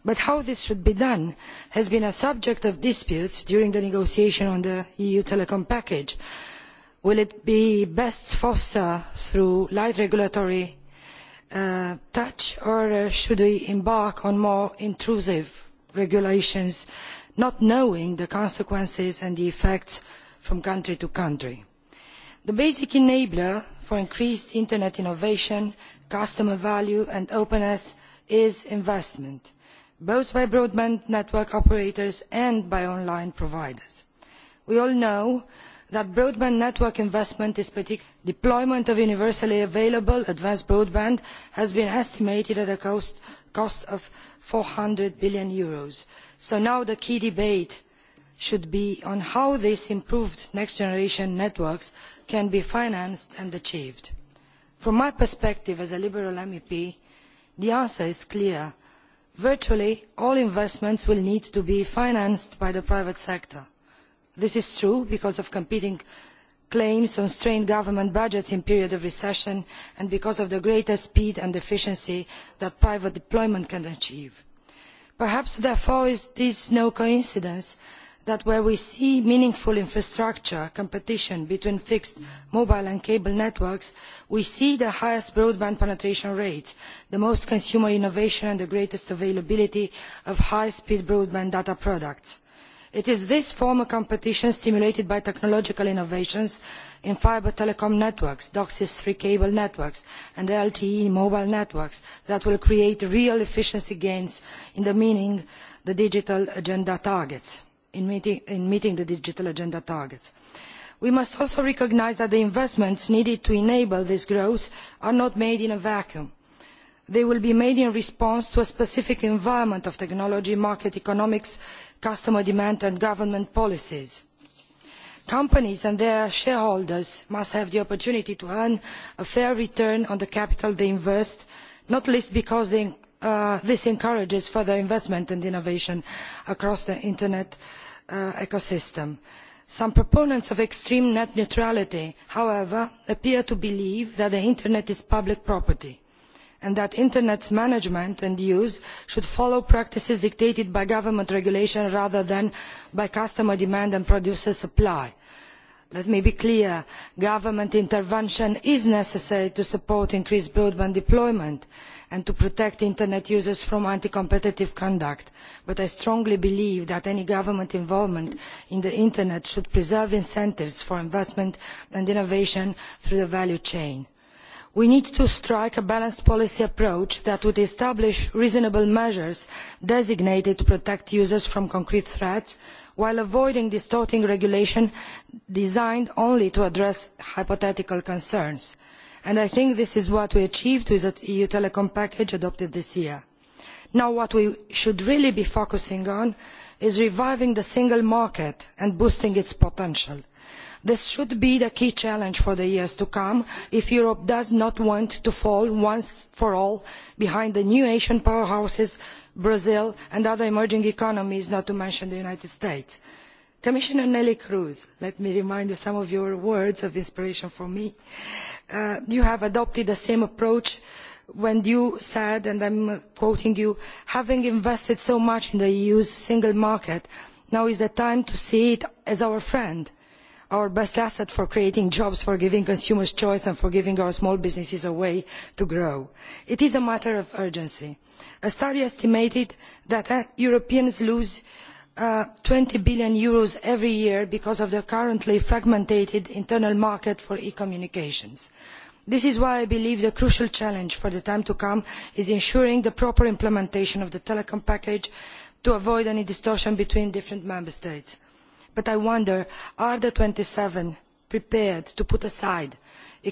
but how this should be done has been a subject of disputes during the negotiation on the eu telecom package. will it be best fostered through light regulatory uh, touch or uh, should we embark on more intrusive regulations not knowing the consequences and the effects from country to country? the basic enabler for increased internet innovation customer value and openness is investment both by broadband network operators and by online providers. we all know that broadband network investment is particularly. deployment of universally available advanced broadband has been estimated at a cost, cost of eur four hundred billion. Euros. so now the key debate should be on how these improved next generation networks can be financed and achieved. from my perspective as a liberal mep the answer is clear virtually all investments will need to be financed by the private sector. this is true because of competing claims on strained government budgets in a period of recession and because of the greater speed and efficiency that private deployment can achieve. perhaps therefore it is no coincidence that that where we see meaningful infrastructure competition between fixed mobile and cable networks we see the highest broadband penetration rates the most consumer innovation and the greatest availability of high speed broadband data products. it is this form of competition stimulated by technological innovations in fibre telecom networks docosis three cable networks and lte mobile networks that will create real efficiency gains in meeting the digital agenda targets in meeting, in meeting the digital agenda targets. We must also recognise that the investments needed to enable this growth are not made in a vacuum. They will be made in response to a specific environment of technology, market economics, customer demand and government policies companies and their shareholders must have the opportunity to earn a fair return on the capital they invest not least because they Uh, this encourages further investment and innovation across the internet uh, ecosystem. some proponents of extreme net neutrality however appear to believe that the internet is public property and that internet management and use should follow practices dictated by government regulation rather than by customer demand and producer supply. let me be clear government intervention is necessary to support increased broadband deployment and and to protect internet users from anti competitive conduct but i strongly believe that any government involvement in the internet should preserve incentives for investment and innovation through the value chain. we need to strike a balanced policy approach that would establish reasonable measures designed to protect users from concrete threats while avoiding distorting regulation designed only to address hypothetical concerns and i think this is what we achieved with the eu telecom package adopted this year. now what we should really be focusing on is reviving the single market and boosting its potential. this should be the key challenge for the years to come if europe does not want to fall once for all behind the new asian powerhouses brazil and other emerging economies not to mention the united states. commissioner neelie kroes let me remind you of some of your words of inspiration for me uh, you have adopted the same approach when you said and i am quoting you having invested so much in the eu's single market now is the time to see it as our friend our best asset for creating jobs for giving consumers choice and for giving our small businesses a way to grow. it is a matter of urgency. a study estimated that uh, europeans lose eur eur uh, twenty billion Euros every year because of the currently fragmented internal market for e communications. this is why i believe the crucial challenge for the time to come is ensuring the proper implementation of the telecom package to avoid any distortion between different member states. but i wonder are the twenty seven prepared to put aside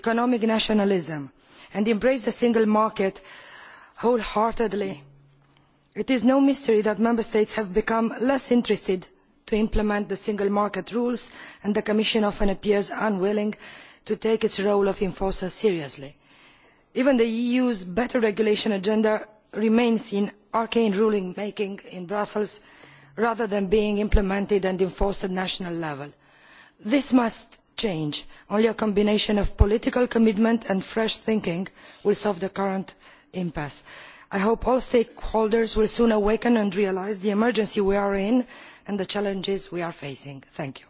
economic nationalism and embrace the single market wholeheartedly? it is no mystery that member states have become less interested in implementing the single market rules and the commission often appears unwilling to take its role of enforcer seriously. even the eu's better regulation agenda remains in arcane ruling making in brussels rather than being implemented and enforced at national level. this must change. only a combination of political commitment and fresh thinking will solve the current impasse i hope all stakeholders will soon awaken and realise the emergency we are in and the challenges we are facing. thank you.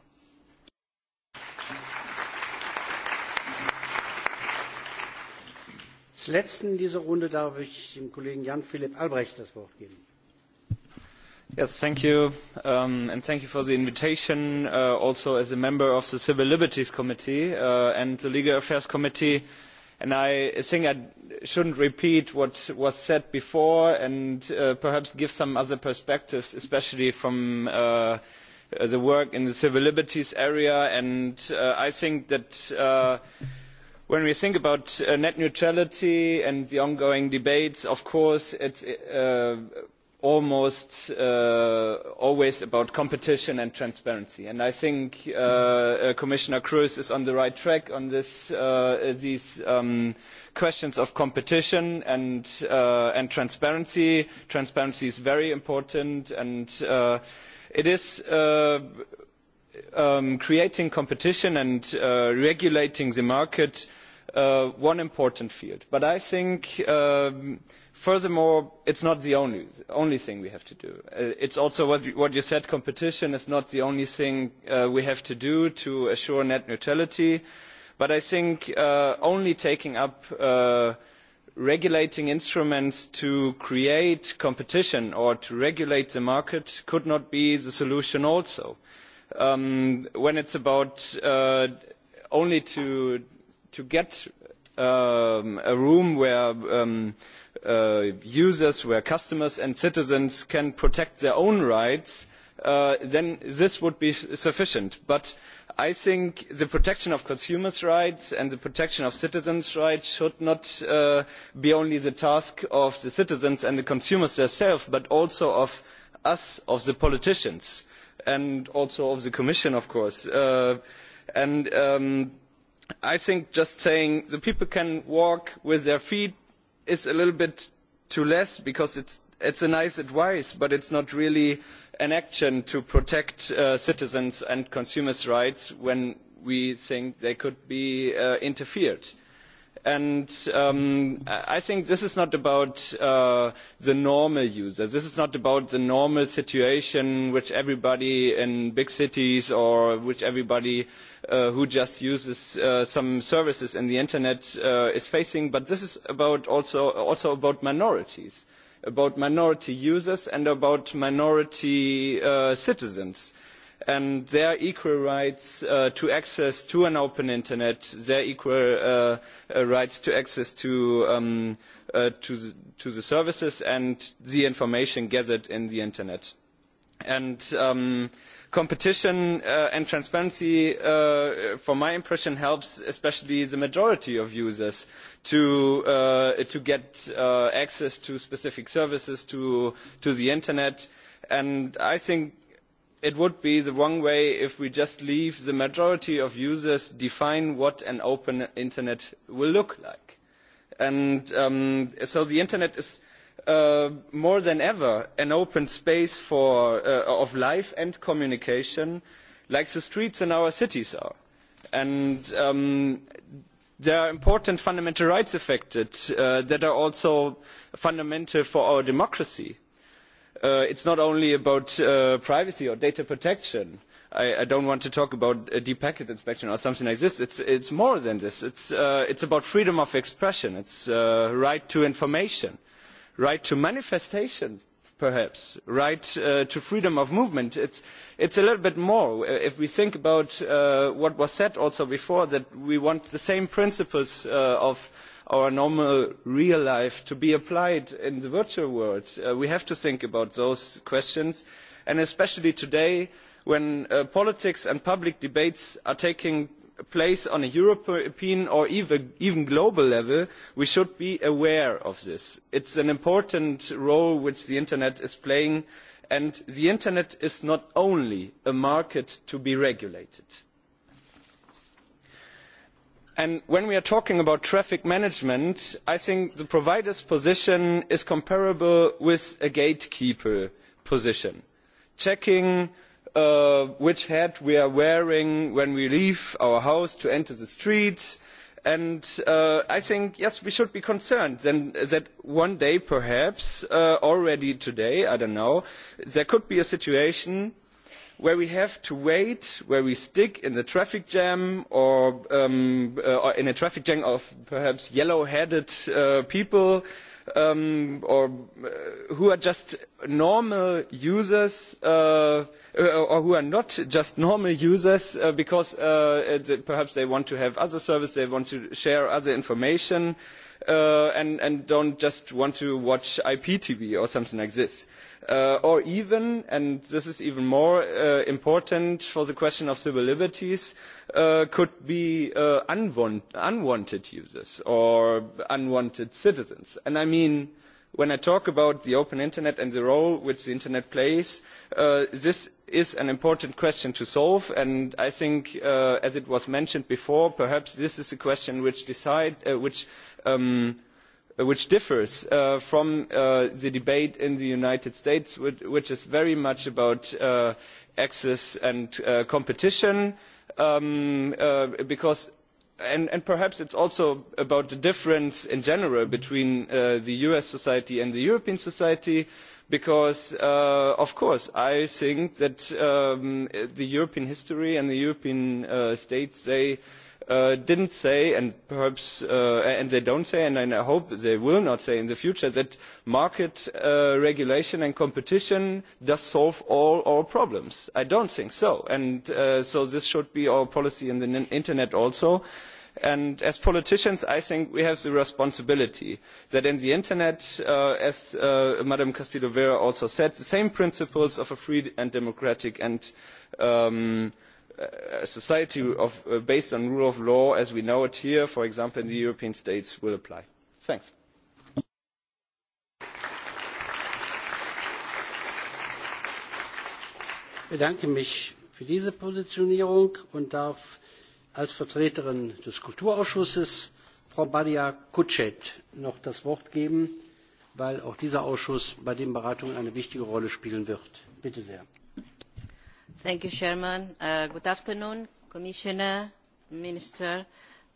als letzten in dieser runde darf ich dem kollegen jan philipp albrecht das wort geben. Yes, thank you, um, and thank you for the invitation. Uh, also, as a member of the Civil Liberties Committee uh, and the Legal Affairs Committee, uh, And I think I shouldn't repeat what was said before and uh, perhaps give some other perspectives, especially from uh, the work in the civil liberties area. And uh, I think that uh, when we think about uh, net neutrality and the ongoing debates, of course, it's, uh, almost uh, always about competition and transparency. And I think uh, uh, Commissioner Cruz is on the right track on this, uh, these um, questions of competition and, uh, and transparency. Transparency is very important, and uh, it is uh, um, creating competition and uh, regulating the market uh, one important field. But I think um, uh, furthermore it is not the only, only thing we have to do. Uh, it is also what you, what you said competition is not the only thing uh, we have to do to assure net neutrality but i think uh, only taking up uh, regulating instruments to create competition or to regulate the market could not be the solution also. Um, when it is about uh, only to, to get um, a room where um, uh, users, where customers and citizens can protect their own rights, uh, then this would be sufficient. But I think the protection of consumers' rights and the protection of citizens' rights should not uh, be only the task of the citizens and the consumers themselves, but also of us, of the politicians, and also of the Commission, of course. Uh, and um, I think just saying the people can walk with their feet is a little bit too less because it's it's a nice advice, but it's not really an action to protect uh, citizens and consumers' rights when we think they could be uh, interfered. Uh, and um, I think this is not about uh, the normal user. This is not about the normal situation which everybody in big cities or which everybody uh, who just uses uh, some services in the internet uh, is facing, but this is about also, also about minorities, about minority users and about minority uh, citizens. Uh, and their equal rights uh, to access to an open internet, their equal uh, uh, rights to access to, um, uh, to, the, to the services and the information gathered in the internet. And um, competition uh, and transparency, uh, from my impression, helps especially the majority of users to, uh, to get uh, access to specific services, to, to the internet. And I think it would be the wrong way if we just leave the majority of users define what an open internet will look like. And um, so the internet is uh, more than ever an open space for, uh, of life and communication like the streets in our cities are. And um, there are important fundamental rights affected uh, that are also fundamental for our democracy uh, it's not only about uh, privacy or data protection. I, I don't want to talk about a deep packet inspection or something like this. It's, it's more than this. It's, uh, it's about freedom of expression. It's uh, right to information, right to manifestation, perhaps, right uh, to freedom of movement. It's, it's a little bit more. If we think about uh, what was said also before, that we want the same principles uh, of our normal real life to be applied in the virtual world? Uh, we have to think about those questions, and especially today when uh, politics and public debates are taking place on a European or even, even global level, we should be aware of this. It's an important role which the Internet is playing, and the Internet is not only a market to be regulated And when we are talking about traffic management i think the provider's position is comparable with a gatekeeper position checking uh, which hat we are wearing when we leave our house to enter the streets and uh, i think yes we should be concerned then, that one day perhaps uh, already today i don't know there could be a situation where where we have to wait, where we stick in the traffic jam or, um, uh, or in a traffic jam of perhaps yellow-headed uh, people um, or uh, who are just normal users uh, uh or who are not just normal users uh, because uh, it, perhaps they want to have other service, they want to share other information uh, and, and don't just want to watch IPTV or something like this uh, or even, and this is even more uh, important for the question of civil liberties, uh, could be uh, unwant- unwanted users or unwanted citizens. And I mean, when I talk about the open internet and the role which the internet plays, uh, this is an important question to solve, and I think, uh, as it was mentioned before, perhaps this is a question which decide, uh, which um, Uh, which differs uh, from uh, the debate in the United States, which, which is very much about uh, access and uh, competition, um, uh, because and, and perhaps it's also about the difference in general between uh, the US society and the European society, because, uh, of course, I think that um, the European history and the European uh, states, they uh, uh, didn't say, and perhaps uh, and they don't say, and I hope they will not say in the future that market uh, regulation and competition does solve all our problems. I don't think so, and uh, so this should be our policy in the internet also. And as politicians, I think we have the responsibility that in the internet, uh, as uh, Madam Castillo Vera also said, the same principles of a free and democratic and um, uh, a society of, uh, based on rule of law as we know it here, for example, in the European states, will apply. Thanks. Ich bedanke mich für diese Positionierung und darf als Vertreterin des Kulturausschusses Frau Badia Kutschet noch das Wort geben, weil auch dieser Ausschuss bei den Beratungen eine wichtige Rolle spielen wird. Bitte sehr. Thank you, Chairman. Uh, good afternoon, Commissioner, Minister,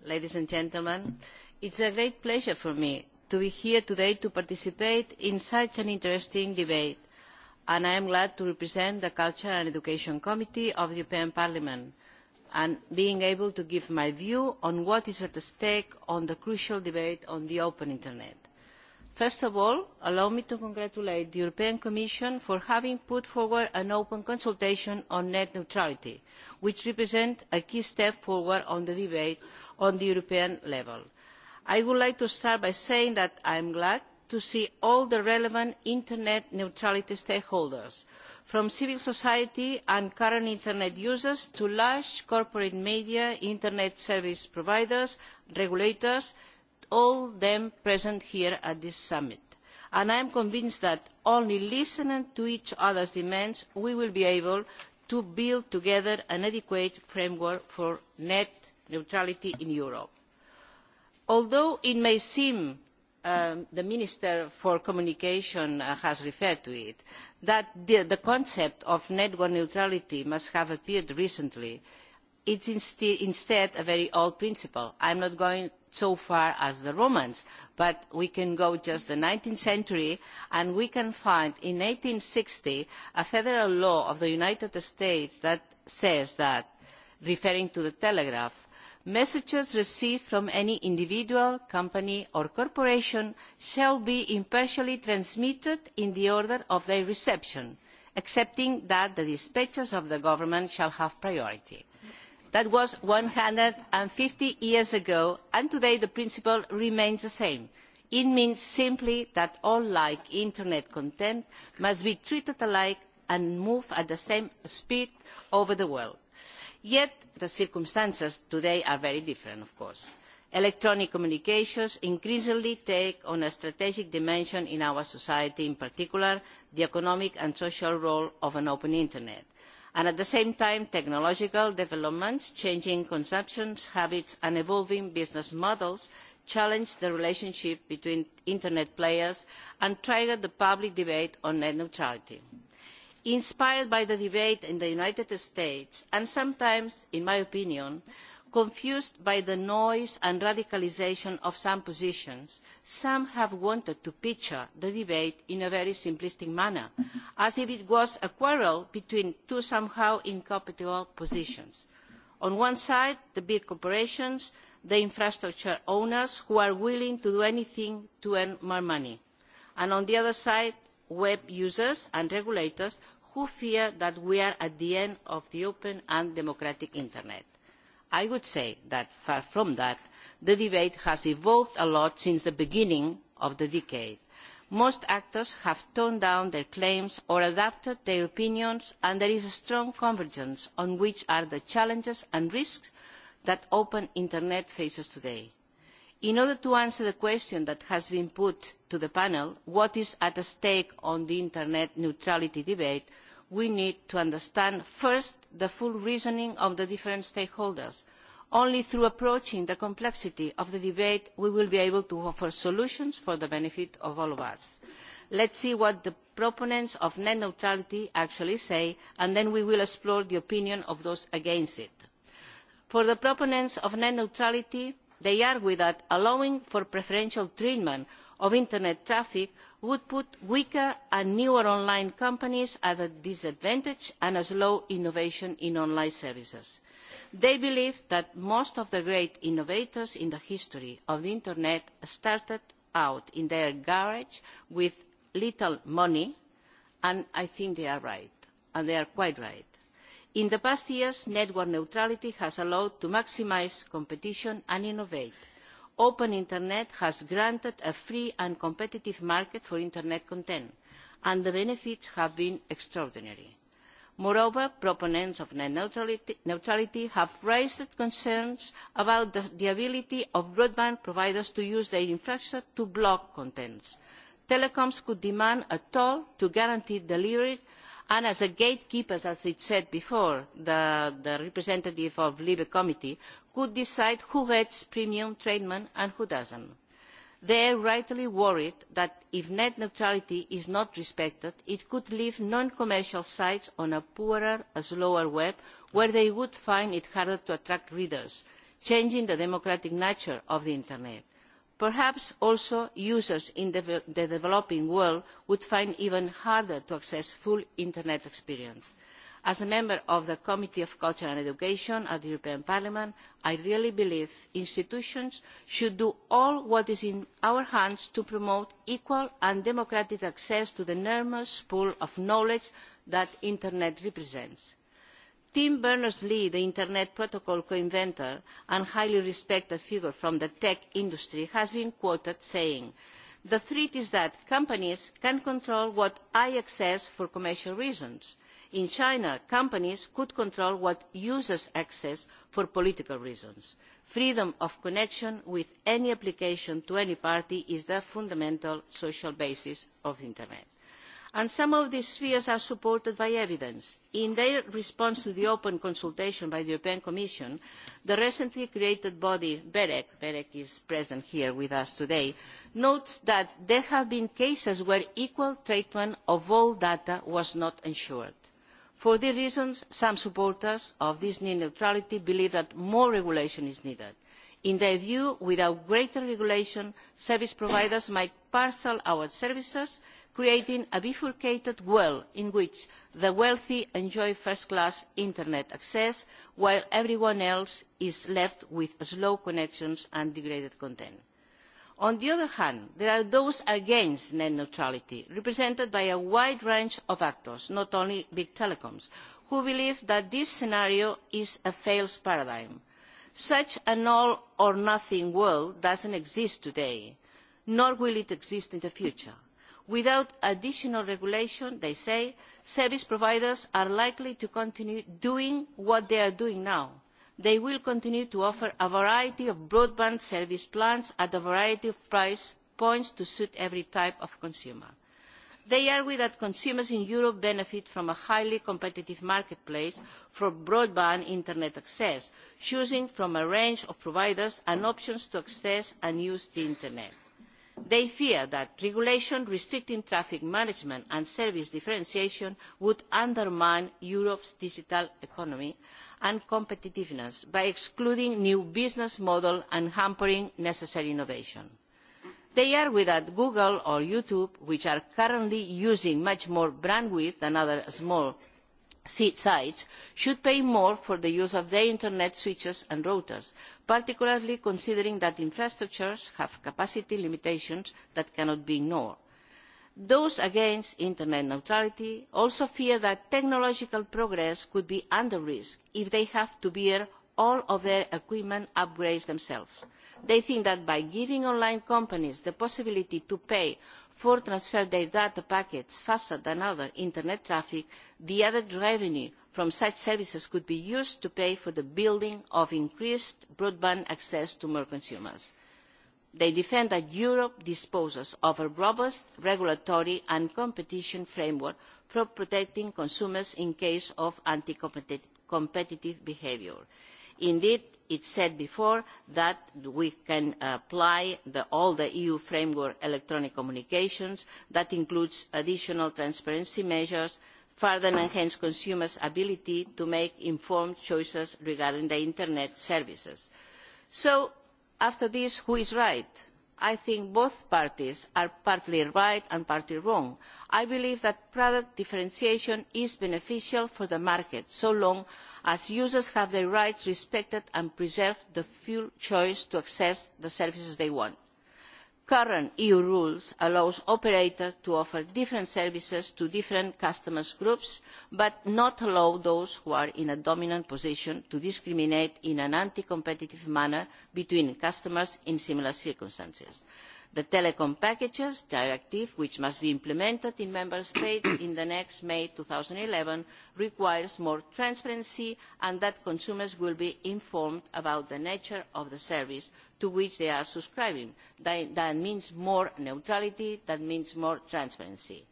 ladies and gentlemen. It's a great pleasure for me to be here today to participate in such an interesting debate, and I am glad to represent the Culture and Education Committee of the European Parliament and being able to give my view on what is at stake on the crucial debate on the open internet first of all allow me to congratulate the european commission for having put forward an open consultation on net neutrality which represents a key step forward on the debate on the european level. i would like to start by saying that i am glad to see all the relevant internet neutrality stakeholders from civil society and current internet users to large corporate media internet service providers regulators all of them present here at this summit and i am convinced that only listening to each other's demands we will be able to build together an adequate framework for net neutrality in europe. although it may seem um, the minister for communication uh, has referred to it that the, the concept of network neutrality must have appeared recently it's instead a very old principle. i'm not going so far as the Romans, but we can go just the 19th century and we can find in 1860 a federal law of the United States that says that, referring to the telegraph, messages received from any individual, company or corporation shall be impartially transmitted in the order of their reception, excepting that the dispatches of the government shall have priority that was one hundred and fifty years ago and today the principle remains the same. it means simply that all like internet content must be treated alike and move at the same speed over the world. yet the circumstances today are very different of course. electronic communications increasingly take on a strategic dimension in our society in particular the economic and social role of an open internet and at the same time technological developments changing consumption habits and evolving business models challenged the relationship between internet players and triggered the public debate on net neutrality. inspired by the debate in the united states and sometimes in my opinion confused by the noise and radicalisation of some positions, some have wanted to picture the debate in a very simplistic manner, as if it was a quarrel between two somehow incompatible positions. On one side, the big corporations, the infrastructure owners who are willing to do anything to earn more money. And on the other side, web users and regulators who fear that we are at the end of the open and democratic internet. I would say that far from that, the debate has evolved a lot since the beginning of the decade. Most actors have toned down their claims or adapted their opinions, and there is a strong convergence on which are the challenges and risks that open Internet faces today. In order to answer the question that has been put to the panel, what is at stake on the Internet neutrality debate, we need to understand first the full reasoning of the different stakeholders. only through approaching the complexity of the debate will we be able to offer solutions for the benefit of all of us. let us see what the proponents of net neutrality actually say and then we will explore the opinion of those against it. for the proponents of net neutrality they argue that allowing for preferential treatment of internet traffic would put weaker and newer online companies at a disadvantage and slow innovation in online services. They believe that most of the great innovators in the history of the internet started out in their garage with little money, and I think they are right, and they are quite right. In the past years, network neutrality has allowed to maximize competition and innovate open internet has granted a free and competitive market for internet content and the benefits have been extraordinary. Moreover, proponents of net neutrality, neutrality have raised concerns about the, the ability of broadband providers to use their infrastructure to block contents. Telecoms could demand a toll to guarantee delivery and as a gatekeeper as it said before the, the representative of the libe committee could decide who gets premium treatment and who does not. they are rightly worried that if net neutrality is not respected it could leave non commercial sites on a poorer and slower web where they would find it harder to attract readers changing the democratic nature of the internet perhaps also users in the developing world would find it even harder to access full internet experience. as a member of the committee on culture and education at the european parliament i really believe institutions should do all that is in our hands to promote equal and democratic access to the enormous pool of knowledge that the internet represents. Tim Berners-Lee, the Internet Protocol co-inventor and highly respected figure from the tech industry, has been quoted saying, the threat is that companies can control what I access for commercial reasons. In China, companies could control what users access for political reasons. Freedom of connection with any application to any party is the fundamental social basis of the Internet and some of these fears are supported by evidence. in their response to the open consultation by the european commission the recently created body berec berec is present here with us today notes that there have been cases where equal treatment of all data was not ensured. for these reasons some supporters of this net neutrality believe that more regulation is needed. in their view without greater regulation service providers might parcel out services creating a bifurcated world in which the wealthy enjoy first class internet access while everyone else is left with slow connections and degraded content. on the other hand there are those against net neutrality represented by a wide range of actors not only big telecoms who believe that this scenario is a failed paradigm. such an all or nothing world does not exist today nor will it exist in the future without additional regulation they say service providers are likely to continue doing what they are doing now they will continue to offer a variety of broadband service plans at a variety of price points to suit every type of consumer. They argue that consumers in Europe benefit from a highly competitive marketplace for broadband internet access, choosing from a range of providers and options to access and use the internet. They fear that regulation restricting traffic management and service differentiation would undermine Europe's digital economy and competitiveness by excluding new business models and hampering necessary innovation. They argue that Google or YouTube, which are currently using much more bandwidth than other small sites should pay more for the use of their internet switches and routers, particularly considering that infrastructures have capacity limitations that cannot be ignored. Those against internet neutrality also fear that technological progress could be under risk if they have to bear all of their equipment upgrades themselves. They think that by giving online companies the possibility to pay for transfer their data packets faster than other internet traffic, the added revenue from such services could be used to pay for the building of increased broadband access to more consumers. They defend that Europe disposes of a robust regulatory and competition framework for protecting consumers in case of anti-competitive behaviour. Indeed, it said before that we can apply the, all the EU framework electronic communications. That includes additional transparency measures, further enhance consumers' ability to make informed choices regarding the Internet services. So after this, who is right? I think both parties are partly right and partly wrong. I believe that product differentiation is beneficial for the market so long as users have their rights respected and preserve the full choice to access the services they want current eu rules allow operators to offer different services to different customer groups but does not allow those who are in a dominant position to discriminate in an anti competitive manner between customers in similar circumstances. the telecom packages directive which must be implemented in member states in the next may two thousand and eleven requires more transparency and that consumers will be informed about the nature of the service to which they are subscribing. That, that means more neutrality, that means more transparency.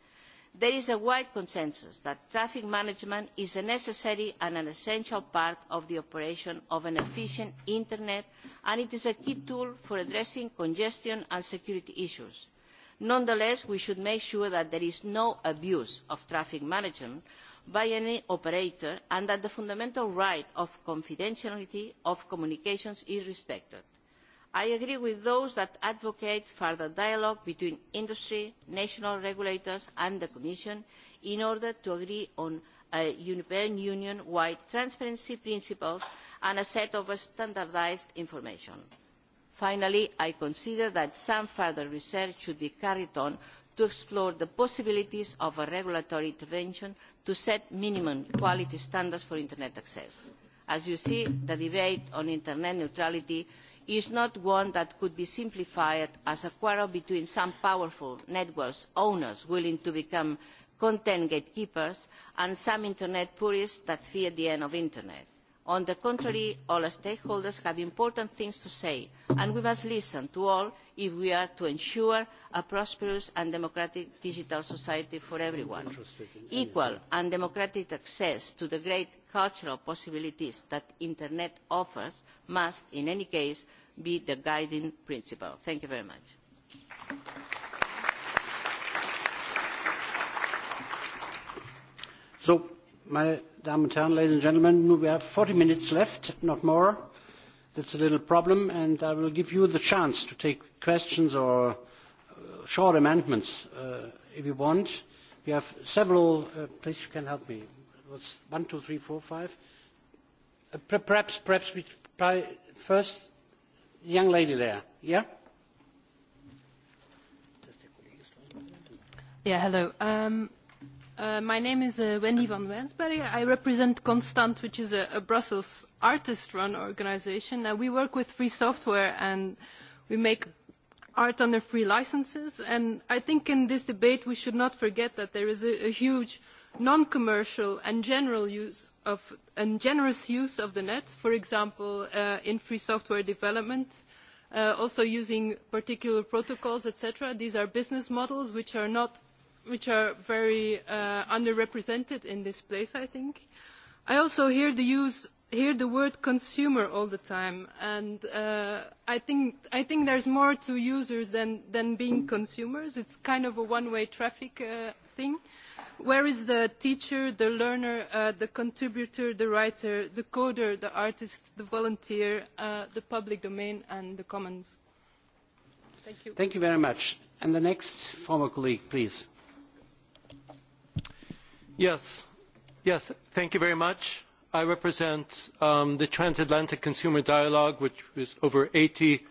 There is a wide consensus that traffic management is a necessary and an essential part of the operation of an efficient Internet and it is a key tool for addressing congestion and security issues. Nonetheless, we should make sure that there is no abuse of traffic management by any operator and that the fundamental right of confidentiality of communications is respected I agree with those that advocate further dialogue between industry, national regulators and the Commission in order to agree on uh, European Union-wide transparency principles and a set of standardized information. Finally, I consider that some further research should be carried on to explore the possibilities of a regulatory intervention to set minimum quality standards for Internet access. As you see, the debate on Internet neutrality uh, is not one that could be simplified as a quarrel between some powerful network owners willing to become content gatekeepers and some internet purists that fear the end of internet. On the contrary, all stakeholders have important things to say, and we must listen to all if we are to ensure a prosperous and democratic digital society for everyone. In Equal and democratic access to the great cultural possibilities that Internet offers must, in any case, be the guiding principle. Thank you very much. So Meine Damen und Herren, ladies and gentlemen, nu, we have 40 minutes left, not more. That's a little problem, and I will give you the chance to take questions or uh, short amendments uh, if you want. We have several, uh, please you can help me. It was one, two, three, four, five. Uh, perhaps, perhaps we try first, the young lady there, yeah? Yeah, hello. Um, Uh, my name is uh, Wendy van Wensberg. I represent Constant, which is a, a Brussels artist-run organization. Uh, we work with free software and we make art under free licenses. And I think in this debate we should not forget that there is a, a huge non-commercial and general use of and generous use of the net, for example, uh, in free software development, uh, also using particular protocols, etc. These are business models which are not which are very uh, underrepresented in this place, I think. I also hear the use hear the word consumer all the time, and uh, I think I think there's more to users than than being consumers. It's kind of a one-way traffic uh, thing. Where is the teacher, the learner, uh, the contributor, the writer, the coder, the artist, the volunteer, uh, the public domain, and the commons? Thank you. Thank you very much. And the next former colleague, please. Yes. Yes, thank you very much. I represent um, the Transatlantic Consumer Dialogue, which is over 80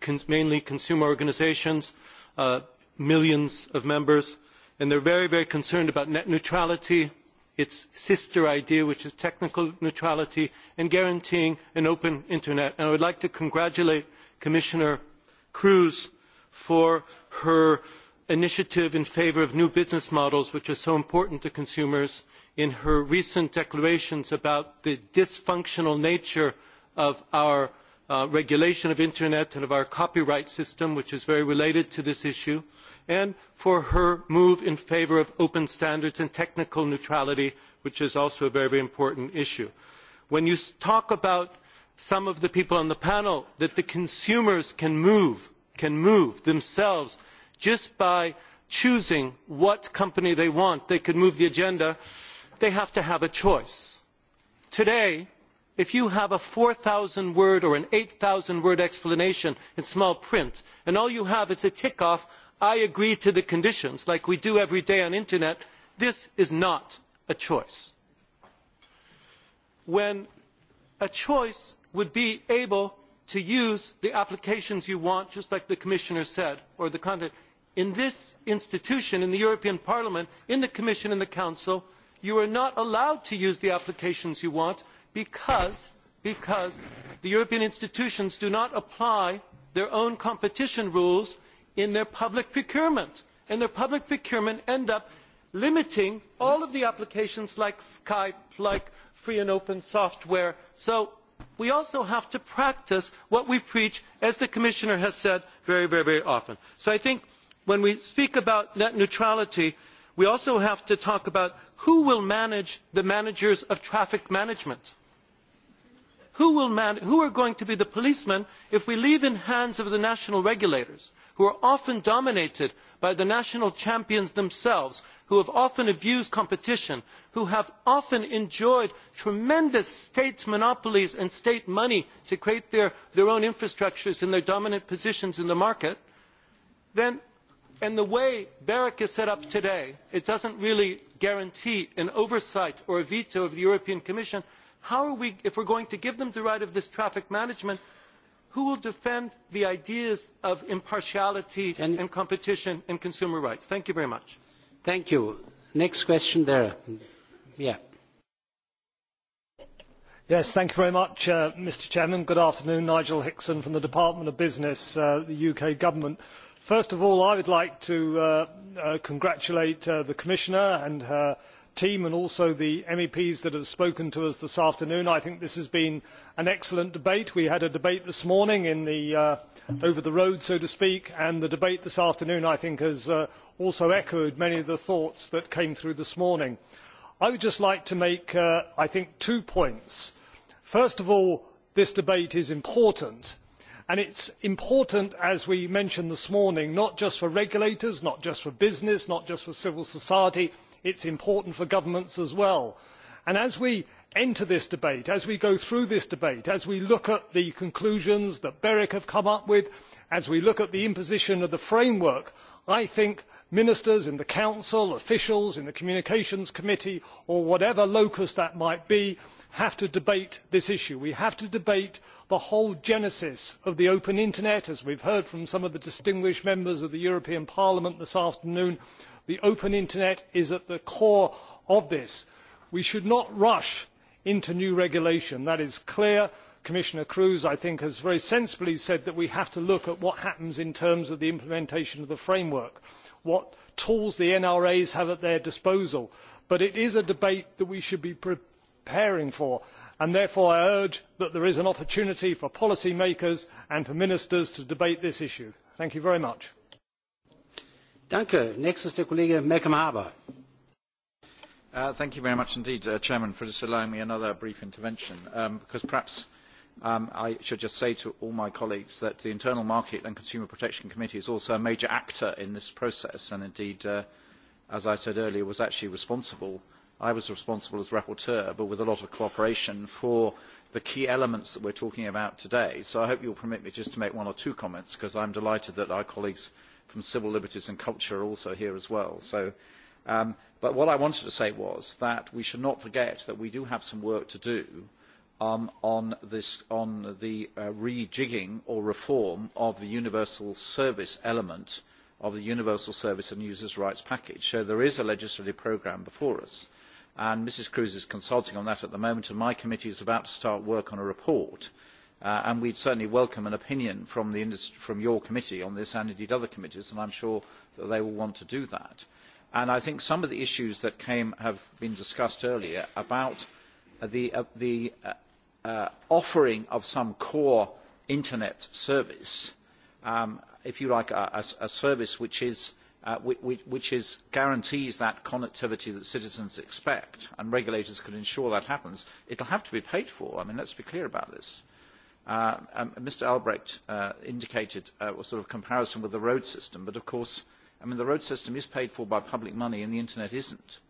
cons mainly consumer organizations, uh, millions of members, and they're very, very concerned about net neutrality, its sister idea, which is technical neutrality, and guaranteeing an open internet. And I would like to congratulate Commissioner Cruz for her initiative in favour of new business models which is so important to consumers in her recent declarations about the dysfunctional nature of our uh, regulation of the internet and of our copyright system which is very related to this issue and for her move in favour of open standards and technical neutrality which is also a very, very important issue. when you talk about some of the people on the panel that the consumers can move can move themselves just by choosing what company they want they could move the agenda they have to have a choice today if you have a four thousand word or an eight thousand word explanation in small print and all you have is a tick off i agree to the conditions like we do every day on the internet this is not a choice when a choice would be able to use the applications you want just like the commissioner said or the content in this institution in the european parliament in the commission in the council you are not allowed to use the applications you want because, because the european institutions do not apply their own competition rules in their public procurement and their public procurement end up limiting all of the applications like skype like free and open software so we also have to practice what we preach as the commissioner has said very very often so i think when we speak about net neutrality, we also have to talk about who will manage the managers of traffic management. Who, will man who are going to be the policemen if we leave in hands of the national regulators, who are often dominated by the national champions themselves, who have often abused competition, who have often enjoyed tremendous state monopolies and state money to create their, their own infrastructures and their dominant positions in the market, then and the way berec is set up today it does not really guarantee an oversight or a veto of the european commission how are we if we are going to give them the right of this traffic management who will defend the ideas of impartiality Can and competition and consumer rights? Thank you very much. Thank you. Next question there. Yeah. Yes, thank you very much, uh, Mr. Chairman. Good afternoon. Nigel Hickson from the Department of Business, uh, the UK government. Uh, first of all i would like to uh, uh, congratulate uh, the commissioner and her team and also the meps that have spoken to us this afternoon. i think this has been an excellent debate. we had a debate this morning the, uh, over the road so to speak and the debate this afternoon i think has uh, also echoed many of the thoughts that came through this morning. i would just like to make uh, i think two points. first of all this debate is important and it is important as we mentioned this morning not just for regulators not just for business not just for civil society it is important for governments as well. as we enter this debate as we go through this debate as we look at the conclusions that berec has come up with as we look at the imposition of the framework i think ministers in the council officials in the communications committee or whatever locus that might be have to debate this issue. we have to debate the whole genesis of the open internet as we have heard from some of the distinguished members of the european parliament this afternoon. the open internet is at the core of this. we should not rush into new regulation that is clear. commissioner kroes i think has very sensibly said that we have to look at what happens in terms of the implementation of the framework what tools the nras have at their disposal but it is a debate that we should be preparing for and therefore i urge that there is an opportunity for policy makers and for ministers to debate this issue. thank you very much. Uh, thank you very much indeed uh, chairman for just allowing me another brief intervention um, because perhaps um, I should just say to all my colleagues that the Internal Market and Consumer Protection Committee is also a major actor in this process and indeed, uh, as I said earlier, was actually responsible. I was responsible as rapporteur, but with a lot of cooperation for the key elements that we're talking about today. So I hope you'll permit me just to make one or two comments because I'm delighted that our colleagues from Civil Liberties and Culture are also here as well. So, um, but what I wanted to say was that we should not forget that we do have some work to do uh, um, on, this, on the uh, rejigging or reform of the universal service element of the universal service and users' rights package. So there is a legislative programme before us, and Mrs Cruz is consulting on that at the moment, and my committee is about to start work on a report. Uh, and we'd certainly welcome an opinion from, the industry, from your committee on this and indeed other committees, and I'm sure that they will want to do that. And I think some of the issues that came, have been discussed earlier about the, uh, the uh, uh, offering of some core internet service, um, if you like, a, a, a service which is uh, which, which is guarantees that connectivity that citizens expect, and regulators can ensure that happens. It'll have to be paid for. I mean, let's be clear about this. Uh, um, Mr. Albrecht uh, indicated uh, a sort of comparison with the road system, but of course, I mean, the road system is paid for by public money, and the internet isn't. Uh,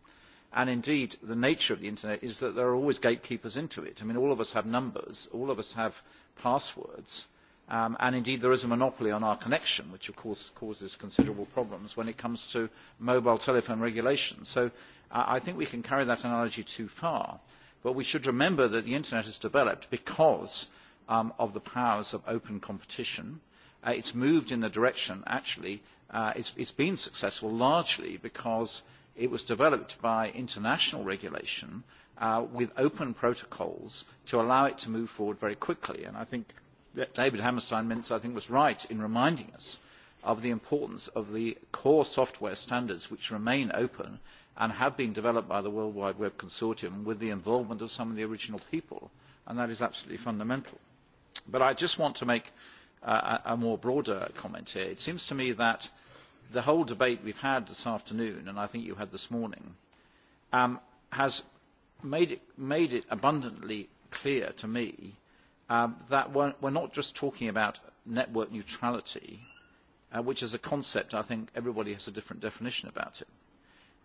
and indeed the nature of the internet is that there are always gatekeepers into it. I mean, all of us have numbers, all of us have passwords, um, and indeed there is a monopoly on our connection, which of course causes considerable problems when it comes to mobile telephone regulation. So uh, I think we can carry that analogy too far, but we should remember that the internet has developed because um, of the powers of open competition. Uh, it's moved in the direction, actually, uh, it's, it's been successful largely because It was developed by international regulation uh, with open protocols to allow it to move forward very quickly. And I think that David Hammerstein Mintz, I think, was right in reminding us of the importance of the core software standards which remain open and have been developed by the World Wide Web Consortium with the involvement of some of the original people. And that is absolutely fundamental. But I just want to make uh, a, a more broader comment here. It seems to me that the whole debate we've had this afternoon, and I think you had this morning, um, has made it, made it abundantly clear to me um, that we're, we're not just talking about network neutrality, uh, which is a concept I think everybody has a different definition about it.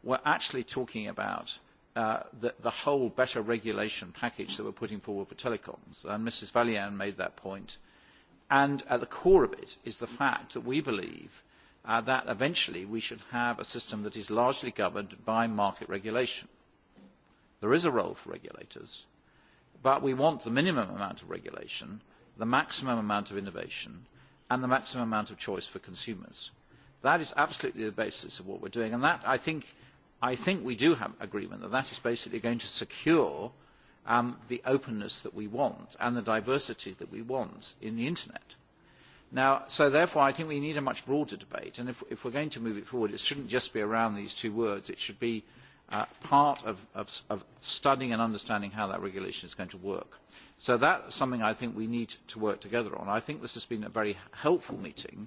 We're actually talking about uh, the, the whole better regulation package that we're putting forward for telecoms. And Mrs. Valian made that point. And at the core of it is the fact that we believe – uh, that eventually we should have a system that is largely governed by market regulation. There is a role for regulators, but we want the minimum amount of regulation, the maximum amount of innovation, and the maximum amount of choice for consumers. That is absolutely the basis of what we're doing, and that, I think, I think we do have agreement that that is basically going to secure um, the openness that we want and the diversity that we want in the internet. Now, so therefore, I think we need a much broader debate, and if, if we're going to move it forward, it shouldn't just be around these two words. It should be uh, part of, of, of studying and understanding how that regulation is going to work. So that's something I think we need to work together on. I think this has been a very helpful meeting,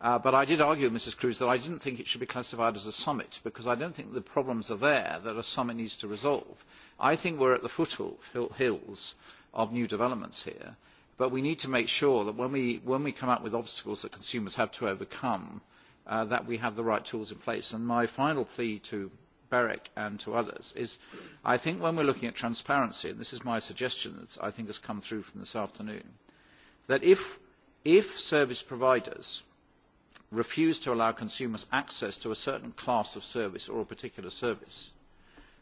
uh, but I did argue with Mrs. Cruz that I didn't think it should be classified as a summit, because I don't think the problems are there that a summit needs to resolve. I think we're at the foothills of new developments here, but we need to make sure that when we, when we come up with obstacles that consumers have to overcome, uh, that we have the right tools in place. And my final plea to Berec and to others is I think when we're looking at transparency, and this is my suggestion that I think has come through from this afternoon, that if, if service providers refuse to allow consumers access to a certain class of service or a particular service,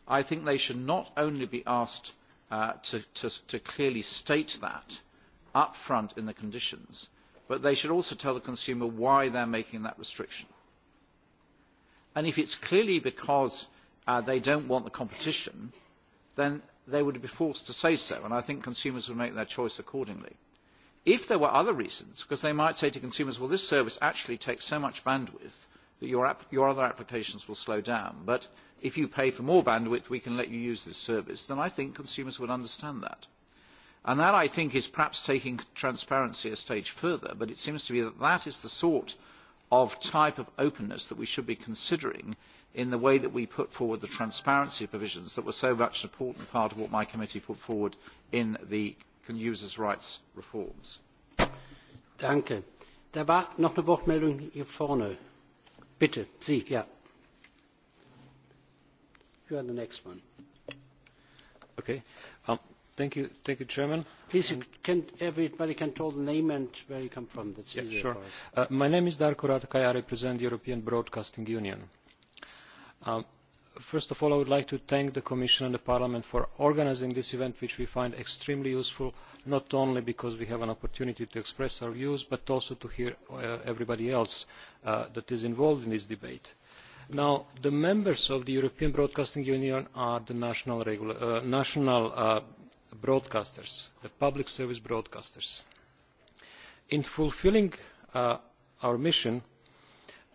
I think they should not only be asked uh, to, to, to clearly state that, up front in the conditions, but they should also tell the consumer why they're making that restriction. And if it's clearly because uh, they don't want the competition, then they would be forced to say so, and I think consumers would make their choice accordingly. If there were other reasons, because they might say to consumers, well, this service actually takes so much bandwidth that your, app your other applications will slow down, but if you pay for more bandwidth, we can let you use this service, then I think consumers would understand that. And that, I think, is perhaps taking transparency a stage further, but it seems to me that that is the sort of type of openness that we should be considering in the way that we put forward the transparency provisions that were so much an important part of what my committee put forward in the users' rights reforms. Danke. Da war noch eine Wortmeldung hier vorne. Bitte, Sie, ja. You are the next one. Okay. Thank you, thank you, Chairman. Please, you can, everybody can tell the name and where you come from. That's yeah, easier sure. for us. Uh, my name is Darko Ratkai. I represent the European Broadcasting Union. Um, first of all, I would like to thank the Commission and the Parliament for organizing this event, which we find extremely useful, not only because we have an opportunity to express our views, but also to hear uh, everybody else uh, that is involved in this debate. Now, the members of the European Broadcasting Union are the national, regula uh, national uh, broadcasters, the public service broadcasters. In fulfilling uh, our mission,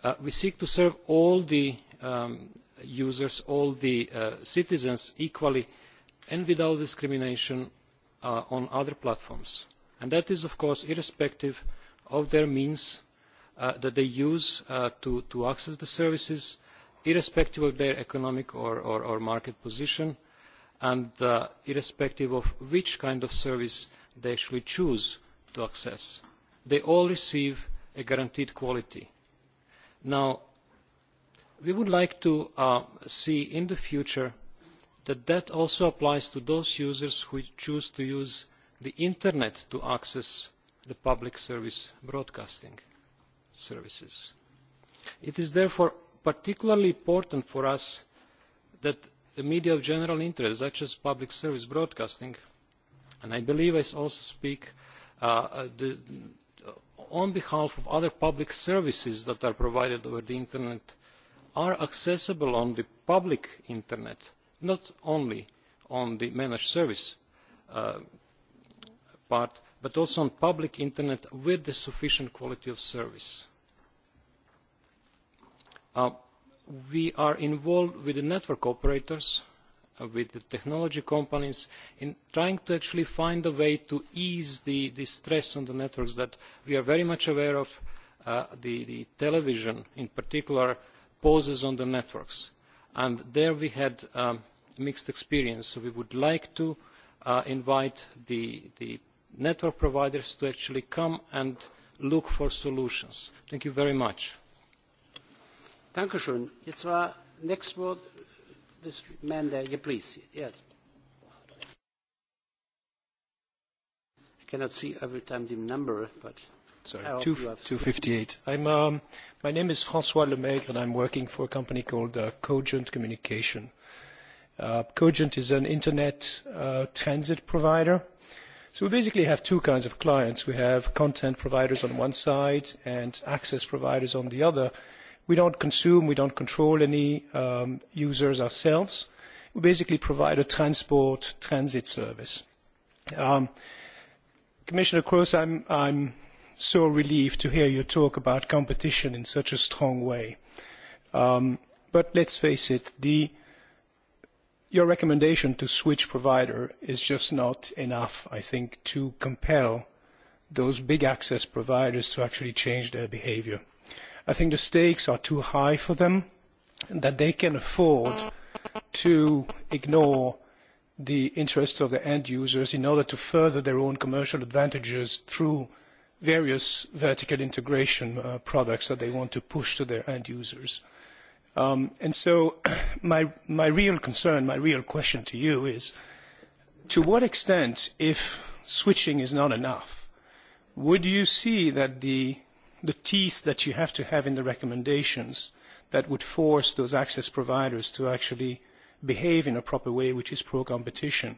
uh, we seek to serve all the um, users, all the uh, citizens equally and without discrimination uh, on other platforms. And that is, of course, irrespective of their means uh, that they use uh, to, to access the services, irrespective of their economic or, or, or market position, and uh, irrespective of which kind of service they actually choose to access. They all receive a guaranteed quality. Now, we would like to uh, see in the future that that also applies to those users who choose to use the internet to access the public service broadcasting services. It is therefore particularly important for us that the media of general interest, such as public service broadcasting, and I believe I also speak uh, uh, the, on behalf of other public services that are provided over the Internet, are accessible on the public Internet, not only on the managed service uh, part, but also on public Internet with the sufficient quality of service. Uh, we are involved with the network operators, uh, with the technology companies, in trying to actually find a way to ease the, the stress on the networks that we are very much aware of. Uh, the, the television, in particular, poses on the networks. And there we had um, mixed experience. So we would like to uh, invite the, the network providers to actually come and look for solutions. Thank you very much. Dankeschön. Jetzt war next word this man there. Yeah, please. Yes. I cannot see every time the number, but. Sorry, two, 258. I'm, um, my name is François Lemaigre, and I'm working for a company called uh, Cogent Communication. Uh, Cogent is an internet uh, transit provider. So we basically have two kinds of clients. We have content providers on one side and access providers on the other. Uh, We don't consume, we don't control any um, users ourselves. We basically provide a transport transit service. Um, Commissioner Kroes, I'm, I'm so relieved to hear you talk about competition in such a strong way. Um, but let's face it, the, your recommendation to switch provider is just not enough, I think, to compel those big access providers to actually change their behavior I think the stakes are too high for them, and that they can afford to ignore the interests of the end users in order to further their own commercial advantages through various vertical integration uh, products that they want to push to their end users. Um, and so <clears throat> my, my real concern, my real question to you is, to what extent, if switching is not enough, would you see that the the teeth that you have to have in the recommendations that would force those access providers to actually behave in a proper way, which is pro-competition.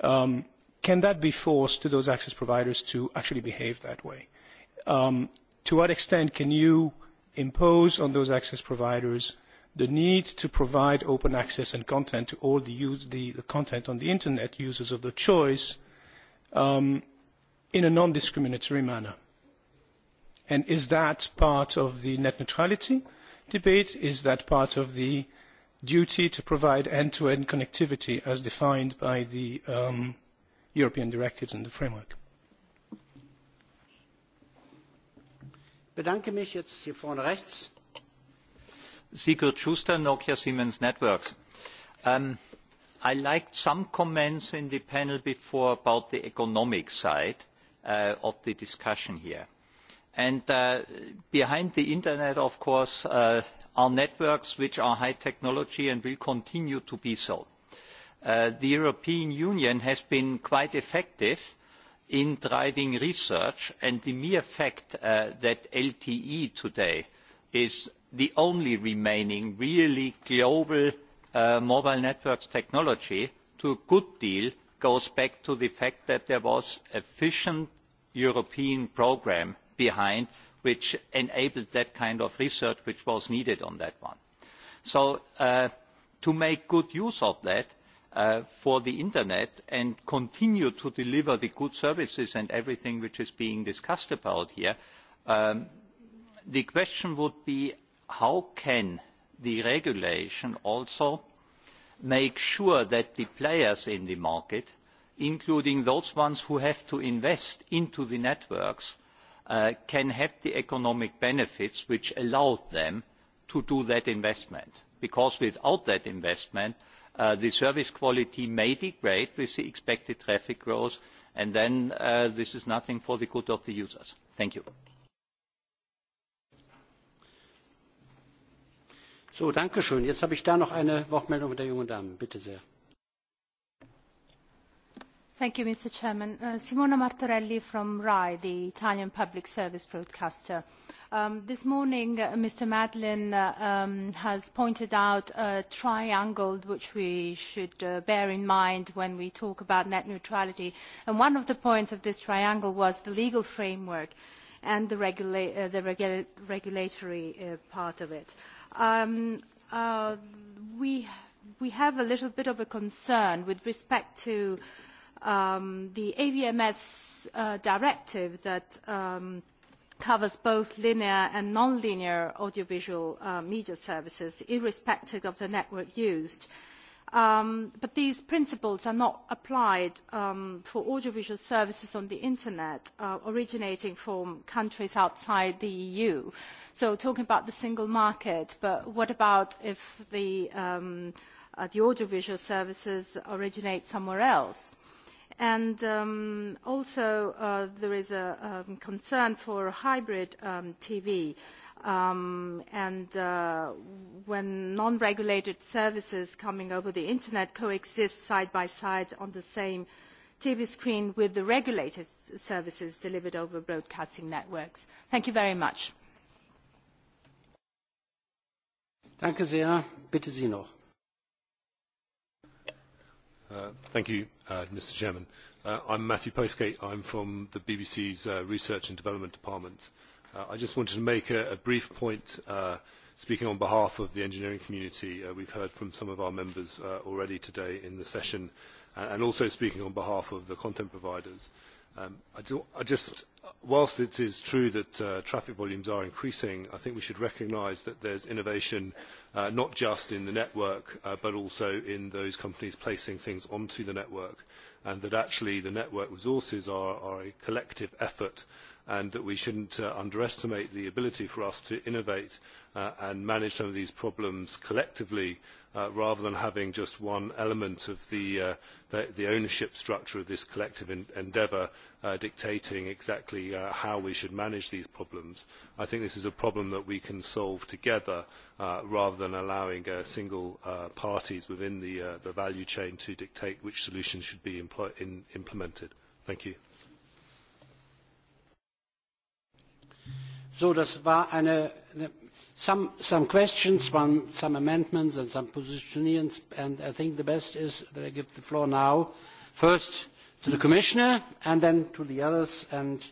Um, can that be forced to those access providers to actually behave that way? Um, to what extent can you impose on those access providers the need to provide open access and content to all the, use, the, the content on the internet users of the choice um, in a non-discriminatory manner? And is that part of the net neutrality debate? Is that part of the duty to provide end-to-end -end connectivity as defined by the um, European directives and the framework? Bedanke mich jetzt hier vorne rechts. Sigurd Schuster, Nokia Siemens Networks. Um, I liked some comments in the panel before about the economic side uh, of the discussion here And uh, behind the internet, of course, uh, are networks which are high technology and will continue to be so. Uh, the European Union has been quite effective in driving research, and the mere fact uh, that LTE today is the only remaining really global uh, mobile networks technology to a good deal goes back to the fact that there was efficient European program behind which enabled that kind of research which was needed on that one. So uh, to make good use of that uh, for the internet and continue to deliver the good services and everything which is being discussed about here, um, the question would be how can the regulation also make sure that the players in the market, including those ones who have to invest into the networks, uh, uh, can have the economic benefits which allow them to do that investment. Because without that investment, uh, the service quality may degrade with the expected traffic growth, and then uh, this is nothing for the good of the users. Thank you. So, danke schön. Jetzt habe ich da noch eine Wortmeldung der jungen Dame. Bitte sehr. Thank you, Mr. Chairman. Uh, Simona Martorelli from RAI, the Italian public service broadcaster. Um, this morning, uh, Mr. Madlin uh, um, has pointed out a triangle which we should uh, bear in mind when we talk about net neutrality. And one of the points of this triangle was the legal framework and the, regula uh, the regu regulatory uh, part of it. Um, uh, we, we have a little bit of a concern with respect to uh, um, the AVMS uh, directive that um, covers both linear and non-linear audiovisual uh, media services, irrespective of the network used. Um, but these principles are not applied um, for audiovisual services on the internet uh, originating from countries outside the EU. So talking about the single market, but what about if the, um, uh, the audiovisual services originate somewhere else? And um, also uh, there is a um, concern for hybrid um, TV. Um, and uh, when non-regulated services coming over the internet coexist side by side on the same TV screen with the regulated services delivered over broadcasting networks. Thank you very much. Danke sehr. Bitte Sie noch. Uh, thank you, uh, Mr. Chairman. Uh, I'm Matthew Postgate. I'm from the BBC's uh, Research and Development Department. Uh, I just wanted to make a, a brief point, uh, speaking on behalf of the engineering community. Uh, we've heard from some of our members uh, already today in the session, uh, and also speaking on behalf of the content providers. Uh, Um, I, do, I just, whilst it is true that uh, traffic volumes are increasing, I think we should recognise that there's innovation uh, not just in the network, uh, but also in those companies placing things onto the network, and that actually the network resources are, are a collective effort and that we shouldn't uh, underestimate the ability for us to innovate uh, and manage some of these problems collectively uh, rather than having just one element of the, uh, the, the ownership structure of this collective en endeavour uh, dictating exactly uh, how we should manage these problems. I think this is a problem that we can solve together uh, rather than allowing uh, single uh, parties within the, uh, the value chain to dictate which solutions should be impl in implemented. Thank you. So, das war eine, eine some some questions, one, some amendments, and some positionings, and I think the best is that I give the floor now. First, to the Commissioner and then to the others, and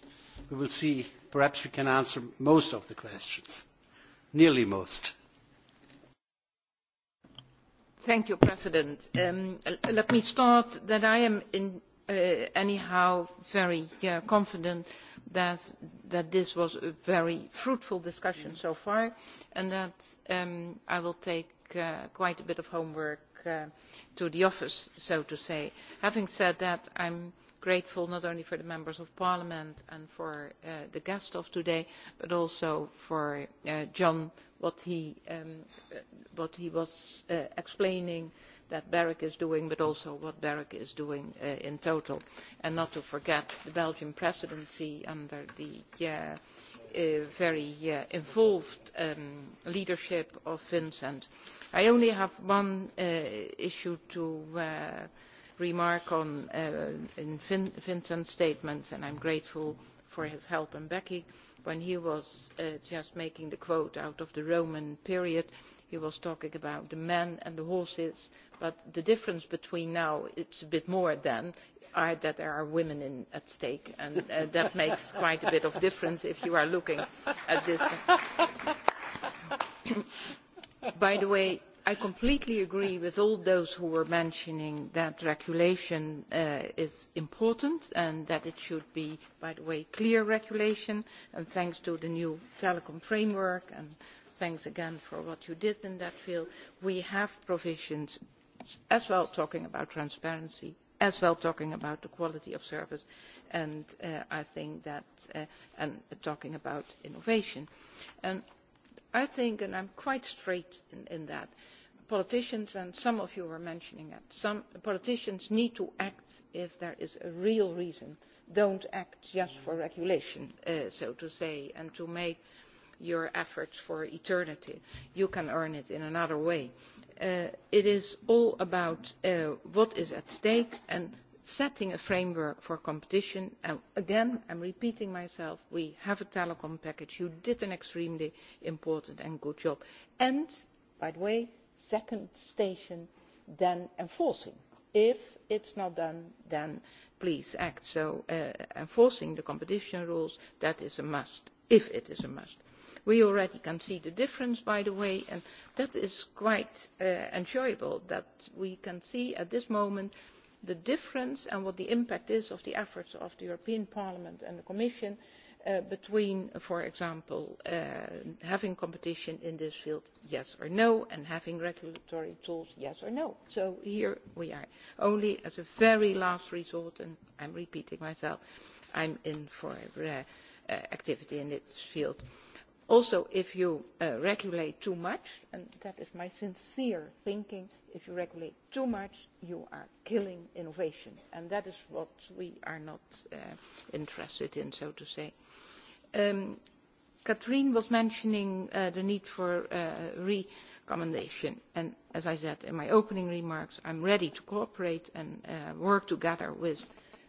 we will see. Perhaps we can answer most of the questions, nearly most. Thank you, President. Um, let me start that I am in, uh, anyhow very uh, confident that, that this was a very fruitful discussion so far and that um, I will take uh, quite a bit of homework uh, to the office, so to say. Having said that, I'm grateful not only for the members of parliament and for uh, the guest of today, but also for uh, John, what he, um, uh, what he was uh, explaining that BEREC is doing, but also what BEREC is doing uh, in total. And not to forget the Belgian presidency under the uh, uh, very uh, involved um, leadership of Vincent. I only have one uh, issue to uh, remark on uh, in Vin Vincent's statements, and I'm grateful for his help and Becky when he was uh, just making the quote out of the Roman period. He was talking about the men and the horses, but the difference between now, it's a bit more than, are that there are women in, at stake, and uh, that makes quite a bit of difference if you are looking at this. <coughs> By the way, I completely agree with all those who were mentioning that regulation uh, is important and that it should be, by the way, clear regulation. And thanks to the new telecom framework, and thanks again for what you did in that field, we have provisions as well talking about transparency as well talking about the quality of service and uh, I think that uh, and talking about innovation. And I think, and I'm quite straight in, in that, politicians, and some of you were mentioning that, some politicians need to act if there is a real reason. Don't act just for regulation, uh, so to say, and to make your efforts for eternity. You can earn it in another way uh, it is all about uh, what is at stake and setting a framework for competition. And again, I'm repeating myself, we have a telecom package. You did an extremely important and good job. And, by the way, second station, then enforcing. If it's not done, then please act. So uh, enforcing the competition rules, that is a must, if it is a must. Uh, We already can see the difference, by the way, and that is quite uh, enjoyable that we can see at this moment the difference and what the impact is of the efforts of the European Parliament and the Commission uh, between, for example, uh, having competition in this field, yes or no, and having regulatory tools, yes or no. So here we are, only as a very last resort, and I'm repeating myself, I'm in for uh, uh, activity in this field. Uh, also if you uh, regulate too much and that is my sincere thinking if you regulate too much you are killing innovation and that is what we are not uh, interested in so to say. Um, Katrien was mentioning uh, the need for uh, recommendation and as I said in my opening remarks I'm ready to cooperate and uh, work together with uh,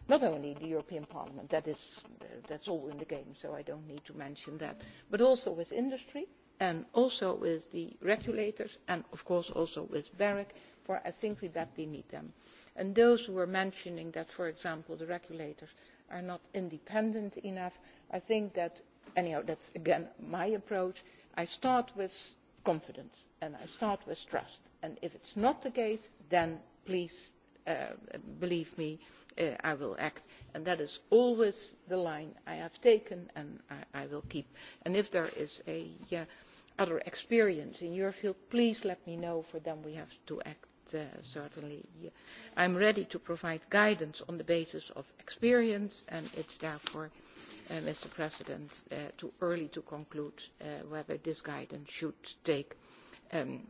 not only the european parliament that is that's all in the game so i don't need to mention that but also with industry and also with the regulators and of course also with berec for i think we badly need them and those who were mentioning that for example the regulators are not independent enough i think that anyhow that's again my approach i start with confidence and i start with trust and if it's not the case then please Uh, believe me uh, i will act and that is always the line i have taken and i, I will keep and if there is a uh, other experience in your field please let me know for then we have to act uh, certainly i am ready to provide guidance on the basis of experience and it is therefore uh, mr president uh, too early to conclude whether this guidance should take um,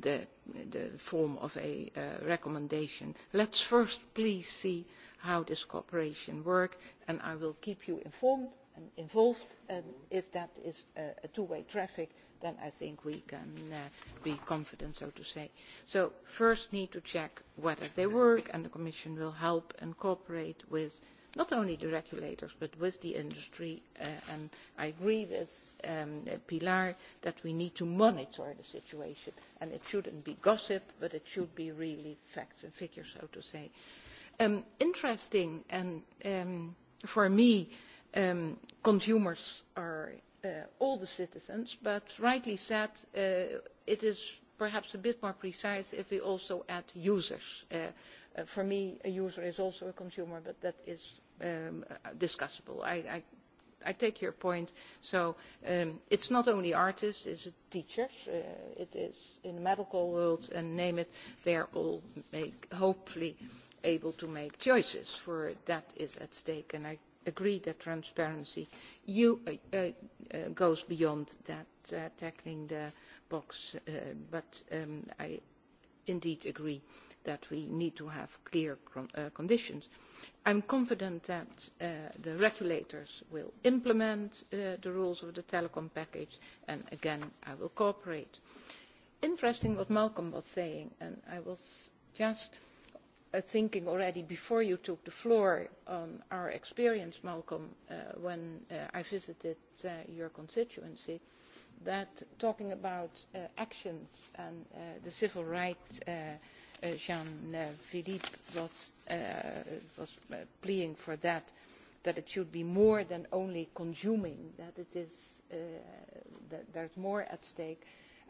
the, the form of a uh, recommendation. Let's first please see how this cooperation works, and I will keep you informed and involved, and if that is uh, a two-way traffic, then I think we can uh, be confident, so to say. So first need to check whether they work, and the Commission will help and cooperate with uh, not only the regulators but with the industry uh, and I agree with um, Pilar that we need to monitor the situation and it shouldn't be gossip but it should be really facts and figures so to say. Um, interesting and um, for me um, consumers are uh, all the citizens but rightly said uh, it is perhaps a bit more precise if we also add users. Uh, uh, for me, a user is also a consumer, but that is um, discussable. I, I, I take your point. So um, it's not only artists, it's teachers, uh, it is in the medical world and name it, they are all make, hopefully able to make choices for that is at stake. And I agree that transparency you, uh, uh, uh goes beyond that uh, tackling the box, uh, but um, I indeed agree uh, that we need to have clear con uh, conditions. I'm confident that uh, the regulators will implement uh, the rules of the telecom package, and again, I will cooperate. Interesting what Malcolm was saying, and I was just uh, thinking already before you took the floor on our experience, Malcolm, uh, when uh, I visited uh, your constituency, that talking about uh, actions and uh, the civil rights uh, Uh, Jean-Philippe uh, was, uh, was pleading for that, that it should be more than only consuming, that it is, that there's more at stake,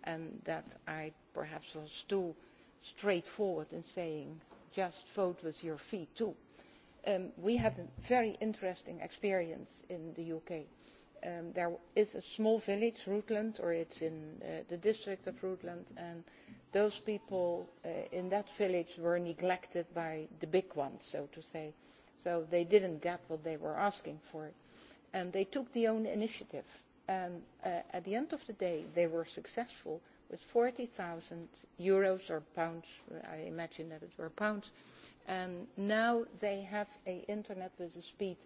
and that I perhaps was too straightforward in saying just vote with your feet too. Um, we had a very interesting experience in the UK. Um, there is a small village, Rutland, or it's in uh, the district of Rutland, and those people uh, in that village were neglected by the big ones, so to say. So they didn't get what they were asking for. And they took the own initiative. And uh, at the end of the day, they were successful with 40,000 euros or pounds. I imagine that it were pounds. And now they have an internet with a speed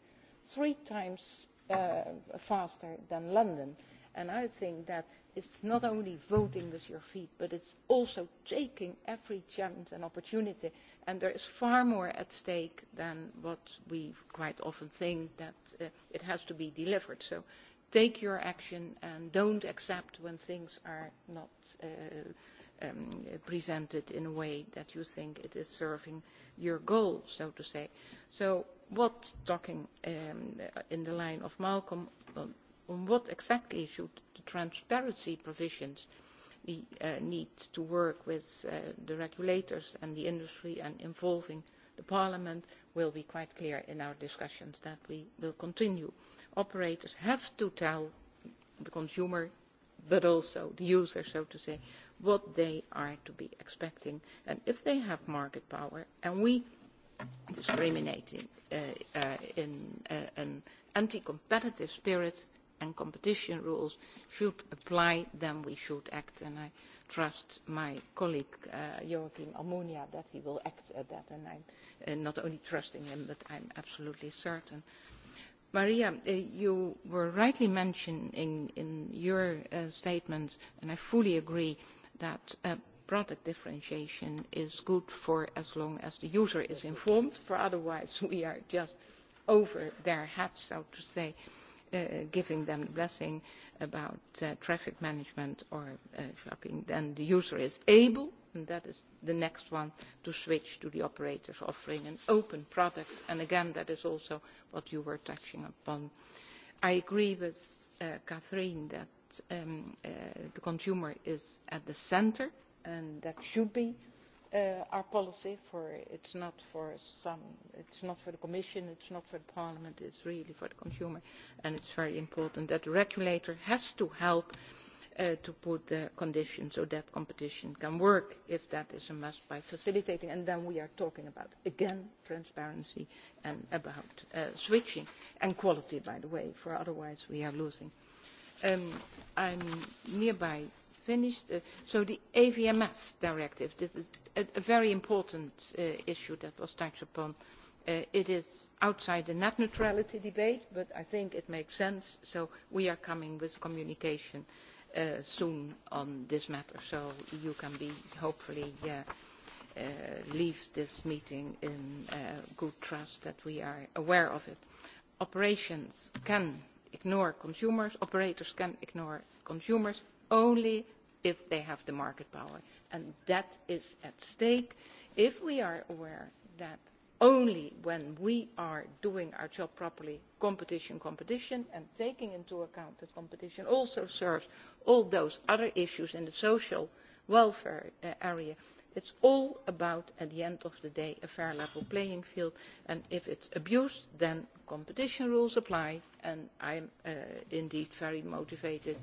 three times uh, faster than London. Uh, And I think that it's not only voting with your feet, but it's also taking every chance and opportunity. And there is far more at stake than what we quite often think that uh, it has to be delivered. So take your action and don't accept when things are not uh, um, presented in a way that you think it is serving your goal, so to say. So what, talking um, in the line of Malcolm, on what exactly should the transparency provisions be, uh, need to work with uh, the regulators and the industry and involving the parliament will be quite clear in our discussions that we will continue. Operators have to tell the consumer but also the user, so to say, what they are to be expecting. And if they have market power and we discriminating uh, uh, in uh, an anti-competitive spirit, and competition rules should apply, then we should act. And I trust my colleague uh, Joachim Almunia that he will act at that. And I'm uh, not only trusting him, but I'm absolutely certain. Maria, uh, you were rightly mentioning in your uh, statement, and I fully agree, that uh, product differentiation is good for as long as the user is informed, for otherwise we are just over their heads, so to say. Uh, uh, giving them the blessing about uh, traffic management or uh, shopping, then the user is able, and that is the next one, to switch to the operators offering an open product. And again, that is also what you were touching upon. I agree with uh, Catherine that um, uh, the consumer is at the center, and that should be uh, our policy for it's not for some it's not for the commission it's not for the parliament it's really for the consumer and it's very important that the regulator has to help uh, to put the conditions so that competition can work if that is a must by facilitating and then we are talking about again transparency and about uh, switching and quality by the way for otherwise we are losing um, I'm nearby finished. Uh, so the AVMS directive, this is a, a very important uh, issue that was touched upon. Uh, it is outside the net neutrality debate, but I think it makes sense. So we are coming with communication uh, soon on this matter. So you can be hopefully uh, uh, leave this meeting in uh, good trust that we are aware of it. Operations can ignore consumers, operators can ignore consumers, only if they have the market power. And that is at stake if we are aware that only when we are doing our job properly, competition, competition, and taking into account that competition also serves all those other issues in the social welfare uh, area. It's all about, at the end of the day, a fair level playing field. And if it's abused, then competition rules apply. And I'm uh, indeed very motivated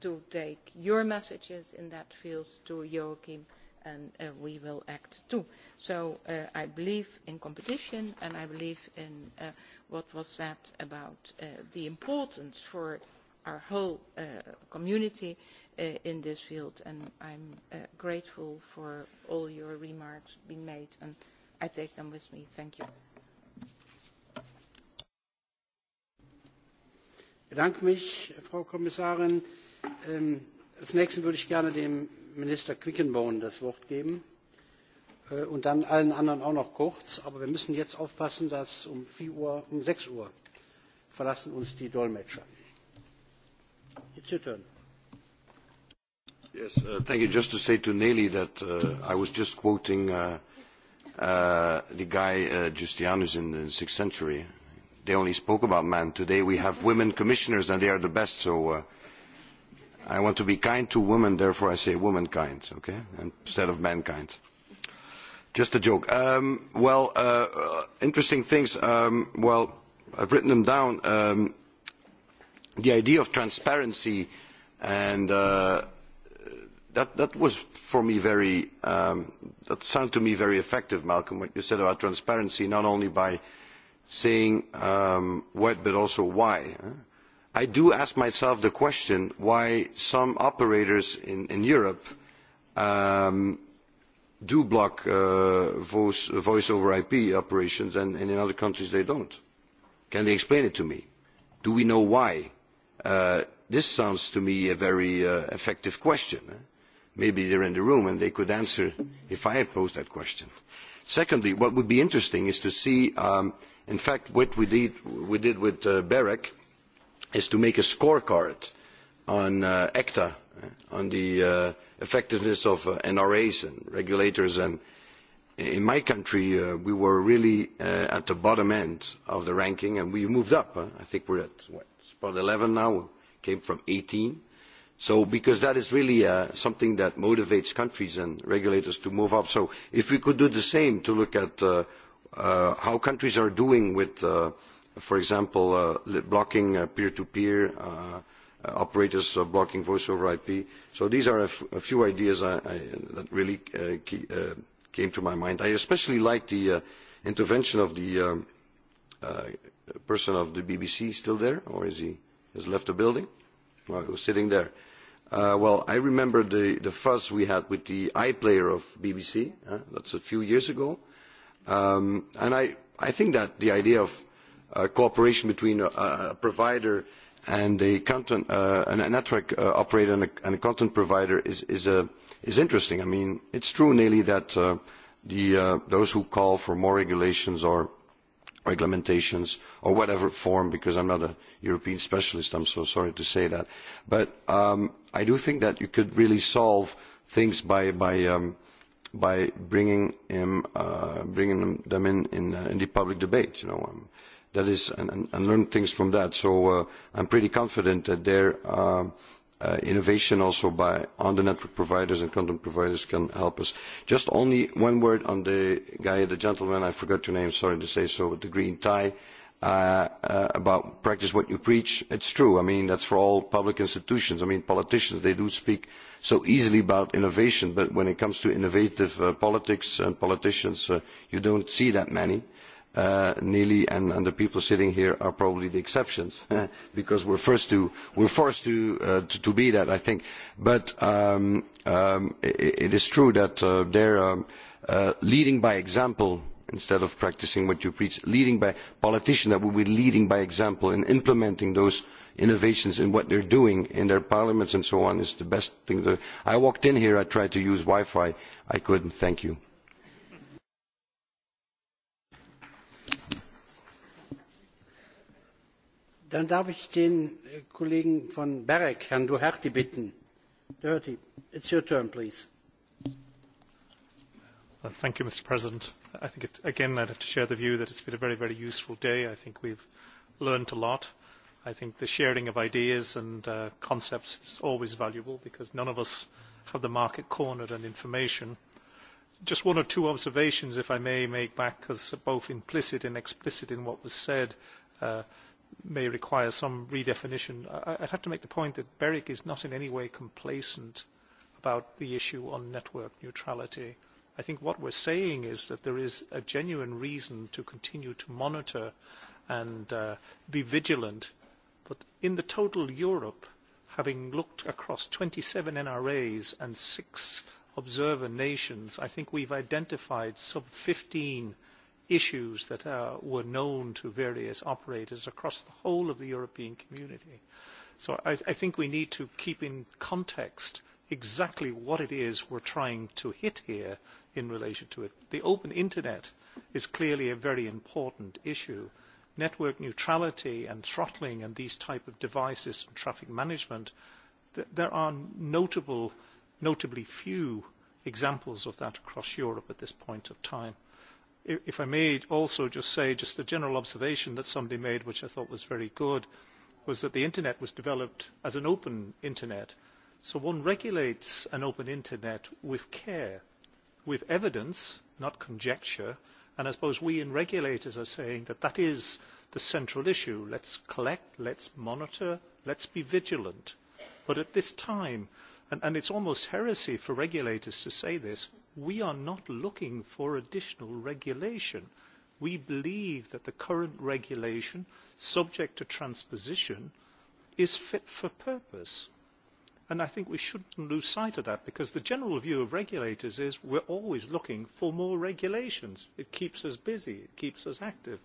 to take your messages in that field to Joachim and uh, we will act too. So uh, I believe in competition and I believe in uh, what was said about uh, the importance for our whole uh, community uh, in this field and I'm uh, grateful for all your remarks being made and I take them with me. Thank you. Ich bedanke mich, Frau Kommissarin. Ähm, als nächsten würde ich gerne dem Minister Quickenbone das Wort geben äh, und dann allen anderen auch noch kurz. Aber wir müssen jetzt aufpassen, dass um, 4 Uhr, um 6 Uhr verlassen uns die Dolmetscher. It's your turn. Yes, uh, thank you. Just to say to Nelly that uh, I was just quoting uh, uh, the guy uh, Justianus in the 6th century. They only spoke about men. Today we have women commissioners and they are the best, so... Uh, I want to be kind to women, therefore I say womankind, okay, instead of mankind. Just a joke. Um, well, uh, uh, interesting things. Um, well, I've written them down. Um, the idea of transparency and uh, that that was for me very um, that sounded to me very effective, Malcolm, what you said about transparency, not only by saying um, what but also why. Huh? I do ask myself the question why some operators in, in Europe um, do block uh, voice, voice over IP operations and, and in other countries they don't. Can they explain it to me? Do we know why? Uh, this sounds to me a very uh, effective question. Eh? Maybe they're in the room and they could answer if I had posed that question. Secondly, what would be interesting is to see, um, in fact, what we did, we did with uh, BEREC, is to make a scorecard on uh, ECTA, uh, on the uh, effectiveness of uh, NRAs and regulators. And in my country, uh, we were really uh, at the bottom end of the ranking, and we moved up. Huh? I think we're at what, spot 11 now, came from 18. So because that is really uh, something that motivates countries and regulators to move up. So if we could do the same to look at uh, uh, how countries are doing with uh, for example, uh, blocking uh, peer-to-peer, uh, -peer, uh, operators uh, blocking voice over IP. So these are a, a few ideas I, I, that really uh, key, uh, came to my mind. I especially like the uh, intervention of the um, uh, person of the BBC still there, or is he has left the building? Well, he was sitting there. Uh, well, I remember the, the fuss we had with the iPlayer of BBC. Uh, that's a few years ago. Um, and I, I think that the idea of uh, cooperation between a, a provider and a content uh, a network uh, operator and a, and a content provider is is a uh, is interesting. I mean, it's true nearly that uh, the uh, those who call for more regulations or regulations or whatever form, because I'm not a European specialist, I'm so sorry to say that, but um, I do think that you could really solve things by by um, by bringing him, uh, bringing them in in, uh, in the public debate. You know. Um, that is, and, and learn things from that. So uh, I'm pretty confident that their uh, uh, innovation also by on-the-network providers and content providers can help us. Just only one word on the guy, the gentleman, I forgot your name, sorry to say so, with the green tie. Uh, uh, about practice what you preach, it's true. I mean, that's for all public institutions. I mean, politicians, they do speak so easily about innovation, but when it comes to innovative uh, politics and politicians, uh, you don't see that many. Uh, uh, Neely and, and the people sitting here are probably the exceptions <laughs> because we're first to we're forced to, uh, to to be that I think. But um, um, it, it is true that uh, they're um, uh, leading by example instead of practicing what you preach. Leading by politicians that will be leading by example and implementing those innovations in what they're doing in their parliaments and so on is the best thing. That, I walked in here. I tried to use Wi-Fi. I couldn't. Thank you. Dann darf ich den äh, Kollegen von Berek, Herrn Duherty, bitten. Duherty, it's your turn, please. Well, thank you, Mr. President. I think, it, again, I'd have to share the view that it's been a very, very useful day. I think we've learned a lot. I think the sharing of ideas and uh, concepts is always valuable because none of us have the market cornered on information. Just one or two observations, if I may, make back, because both implicit and explicit in what was said. Uh, may require some redefinition. I, I'd have to make the point that BEREC is not in any way complacent about the issue on network neutrality. I think what we're saying is that there is a genuine reason to continue to monitor and uh, be vigilant. But in the total Europe, having looked across 27 NRAs and six observer nations, I think we've identified sub 15 issues that uh, were known to various operators across the whole of the European community. So I, I think we need to keep in context exactly what it is we're trying to hit here in relation to it. The open internet is clearly a very important issue. Network neutrality and throttling and these type of devices and traffic management, th there are notable, notably few examples of that across Europe at this point of time if I may also just say just a general observation that somebody made which I thought was very good was that the internet was developed as an open internet so one regulates an open internet with care with evidence not conjecture and I suppose we in regulators are saying that that is the central issue let's collect let's monitor let's be vigilant but at this time and, and it's almost heresy for regulators to say this we are not looking for additional regulation. We believe that the current regulation, subject to transposition, is fit for purpose. And I think we shouldn't lose sight of that because the general view of regulators is we're always looking for more regulations. It keeps us busy. It keeps us active.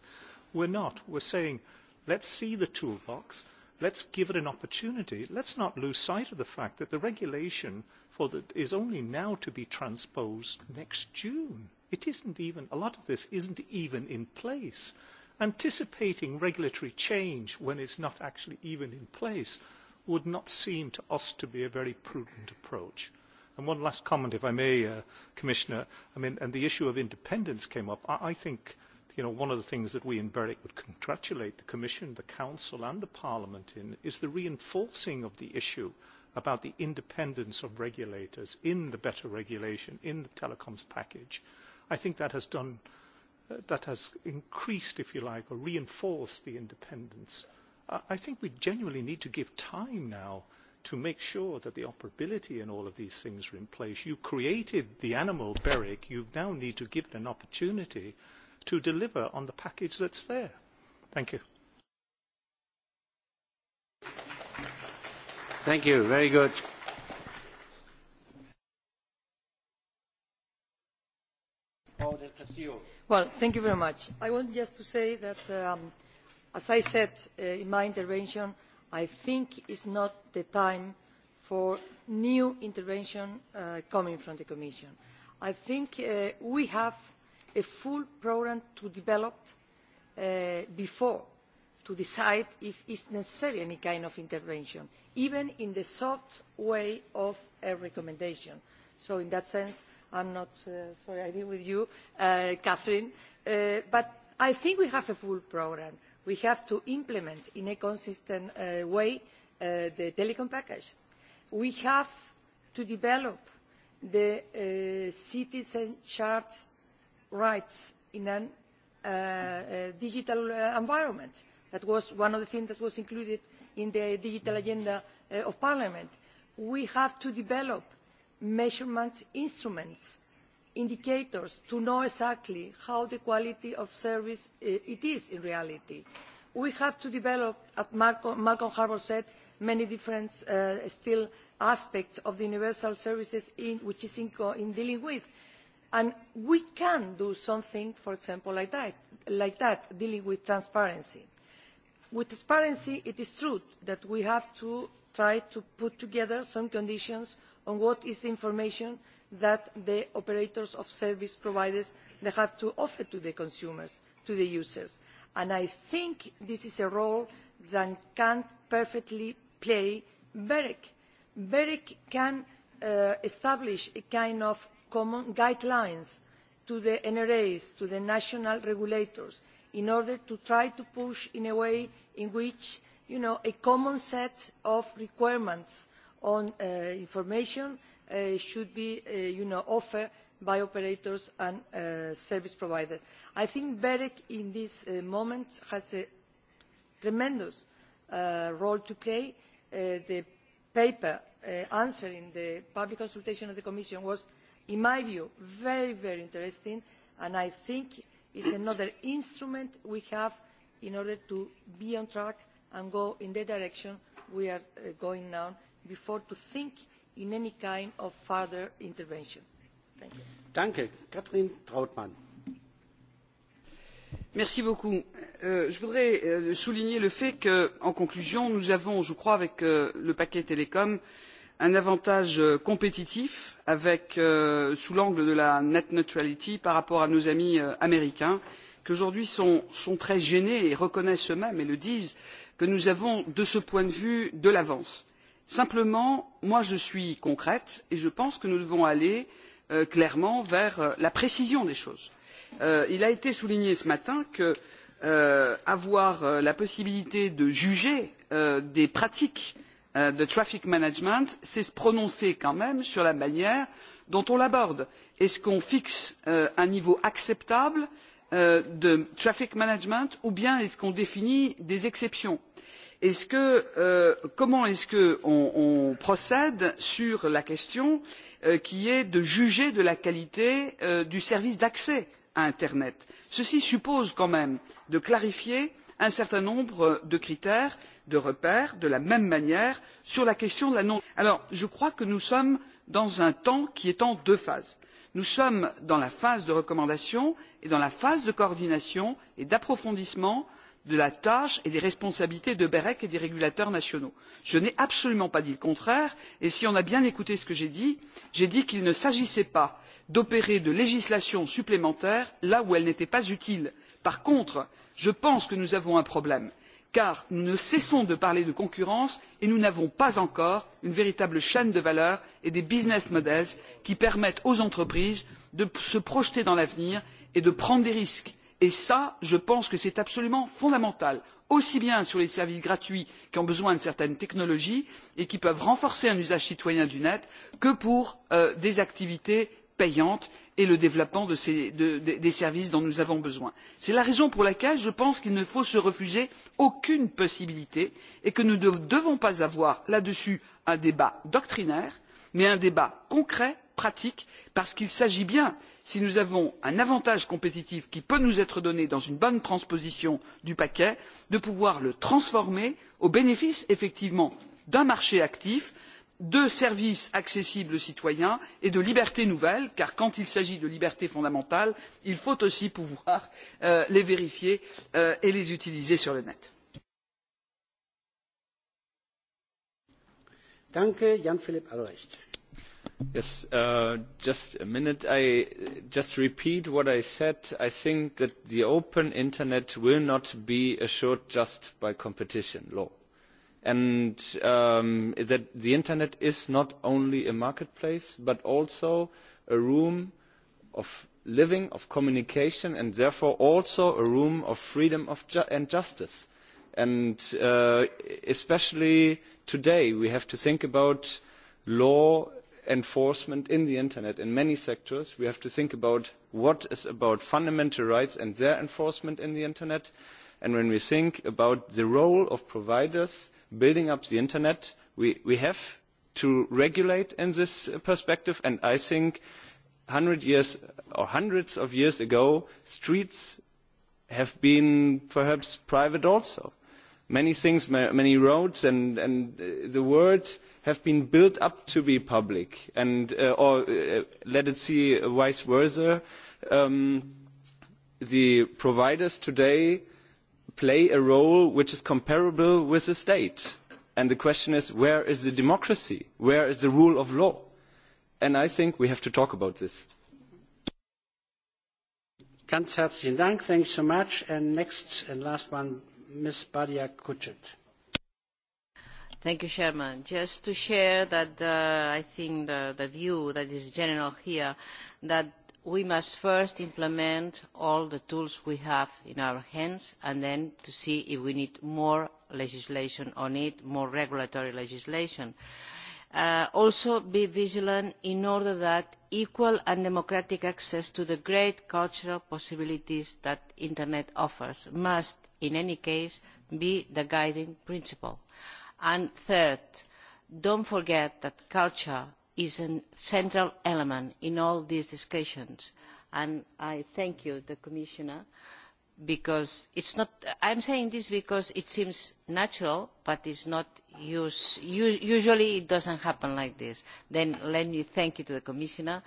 We're not. We're saying, let's see the toolbox. Let's give it an opportunity. Let's not lose sight of the fact that the regulation – for that is only now to be transposed next June. It isn't even, a lot of this isn't even in place. Anticipating regulatory change when it's not actually even in place would not seem to us to be a very prudent approach. And one last comment, if I may, uh, Commissioner. I mean, and the issue of independence came up. I, I think, you know, one of the things that we in BEREC would congratulate the Commission, the Council and the Parliament in is the reinforcing of the issue uh, about the independence of regulators in the better regulation, in the telecoms package, I think that has done uh, that has increased, if you like, or reinforced the independence. Uh, I think we genuinely need to give time now to make sure that the operability and all of these things are in place. You created the animal, Beric. You now need to give it an opportunity to deliver on the package that's there. Thank you. Thank you. Very good. Well, thank you very much. I want just to say that, um, as I said uh, in my intervention, I think it's not the time for new intervention uh, coming from the Commission. I think uh, we have a full program to develop uh, before to decide if is necessary any kind of intervention, even in the soft way of a recommendation. So in that sense, I'm not, uh, sorry, I deal with you, uh, Catherine, uh, but I think we have a full program. We have to implement in a consistent uh, way uh, the telecom package. We have to develop the uh, citizen chart rights in a uh, uh, digital uh, environment. Uh, That was one of the things that was included in the digital agenda uh, of Parliament. We have to develop measurement instruments, indicators, to know exactly how the quality of service uh, it is in reality. We have to develop, as Malcolm, Malcolm Harbour said, many different uh, still aspects of the universal services in, which is in, in dealing with. And we can do something, for example, like that, like that dealing with transparency with transparency it is true that we have to try to put together some conditions on what is the information that the operators of service providers have to offer to the consumers to the users and i think this is a role that can perfectly play berec. berec can uh, establish a kind of common guidelines to the nras to the national regulators in order to try to push in a way in which you know, a common set of requirements on uh, information uh, should be uh, you know, offered by operators and uh, service providers. I think BEREC in this uh, moment has a tremendous uh, role to play. Uh, the paper uh, answering the public consultation of the Commission was, in my view, very, very interesting, and I think is another instrument we have in order to be on track and go in the direction we are uh, going now before to think in any kind of further intervention. Thank you. Danke. Katrin Trautmann. Merci beaucoup. Euh, je voudrais euh, souligner le fait que, en conclusion, nous avons, je crois, avec euh, le paquet télécom, euh, un avantage euh, compétitif avec, euh, sous l'angle de la net neutrality par rapport à nos amis euh, américains qui aujourd'hui sont, sont très gênés et reconnaissent eux mêmes et le disent que nous avons de ce point de vue de l'avance. simplement moi je suis concrète et je pense que nous devons aller euh, clairement vers euh, la précision des choses. Euh, il a été souligné ce matin que avoir la possibilité de juger des pratiques Euh, de traffic management c'est se prononcer quand même sur la manière dont on l'aborde. est ce qu'on fixe euh, un niveau acceptable euh, de traffic management ou bien est ce qu'on définit des exceptions? Est -ce que, euh, comment est ce qu'on on procède sur la question euh, qui est de juger de la qualité euh, du service d'accès à internet? ceci suppose quand même de clarifier un certain nombre de critères de repère de la même manière sur la question de la non. alors je crois que nous sommes dans un temps qui est en deux phases. nous sommes dans la phase de recommandation et dans la phase de coordination et d'approfondissement de la tâche et des responsabilités du berec et des régulateurs nationaux. je n'ai absolument pas dit le contraire et si on a bien écouté ce que j'ai dit j'ai dit qu'il ne s'agissait pas d'opérer de législation supplémentaire là où elle n'était pas utile. par contre je pense que nous avons un problème car nous ne cessons de parler de concurrence et nous n'avons pas encore une véritable chaîne de valeur et des business models qui permettent aux entreprises de se projeter dans l'avenir et de prendre des risques et ça je pense que c'est absolument fondamental aussi bien sur les services gratuits qui ont besoin de certaines technologies et qui peuvent renforcer un usage citoyen du net que pour euh, des activités payante et le développement de ces, de, de, des services dont nous avons besoin. c'est la raison pour laquelle je pense qu'il ne faut se refuser aucune possibilité et que nous ne devons pas avoir là dessus un débat doctrinaire mais un débat concret pratique parce qu'il s'agit bien si nous avons un avantage compétitif qui peut nous être donné dans une bonne transposition du paquet de pouvoir le transformer au bénéfice effectivement d'un marché actif de services accessibles aux citoyens et de libertés nouvelles car quand il s'agit de libertés fondamentales il faut aussi pouvoir euh, les vérifier euh, et les utiliser sur le net. Danke, Jan Philipp Albrecht. Yes, uh, just a minute. I just repeat what I said. I think that the open internet will not be assured just by competition law and um, that the internet is not only a marketplace but also a room of living of communication and therefore also a room of freedom of ju and justice and uh, especially today we have to think about law enforcement in the internet in many sectors we have to think about what is about fundamental rights and their enforcement in the internet and when we think about the role of providers building up the internet, we, we have to regulate in this uh, perspective. And I think 100 years or hundreds of years ago, streets have been perhaps private also. Many things, many roads and, and uh, the world have been built up to be public and uh, or uh, let it see uh, vice versa. Um, the providers today uh, play a role which is comparable with the state. And the question is, where is the democracy? Where is the rule of law? And I think we have to talk about this. Ganz herzlichen Dank. Thanks so much. And next and last one, Ms. Badia Kuchet. Thank you, Chairman. Just to share that uh, I think the, the view that is general here, that we must first implement all the tools we have in our hands and then to see if we need more legislation on it, more regulatory legislation. Uh, also be vigilant in order that equal and democratic access to the great cultural possibilities that internet offers must in any case be the guiding principle. And third, don't forget that culture is a central element in all these discussions. And I thank you, the Commissioner, because it's not, I'm saying this because it seems natural, but it's not use, usually it doesn't happen like this. Then let me thank you to the Commissioner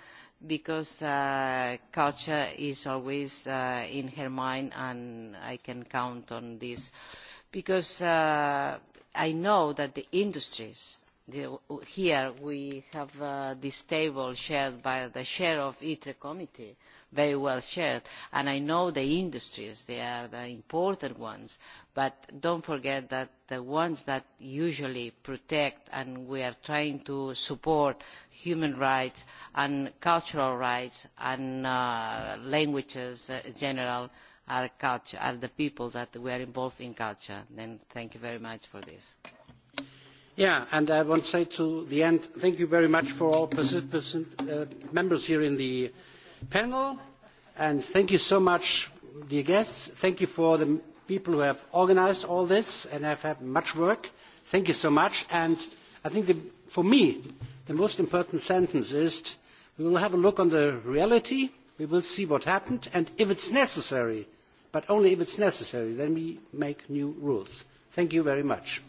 because uh, culture is always uh, in her mind and I can count on this because uh, I know that the industries The, here we have uh, this table shared by the chair of ITRE committee, very well shared, and I know the industries, they are the important ones, but don't forget that the ones that usually protect and we are trying to support human rights and cultural rights and uh, languages in general are, culture, are the people that we are involved in culture. Then thank you very much for this. Yeah, and I want to say to the end, thank you very much for all participants, uh, members here in the panel, and thank you so much, dear guests. Thank you for the people who have organized all this and have had much work. Thank you so much. And I think the, for me, the most important sentence is we will have a look on the reality, we will see what happened, and if it's necessary, but only if it's necessary, then we make new rules. Thank you very much.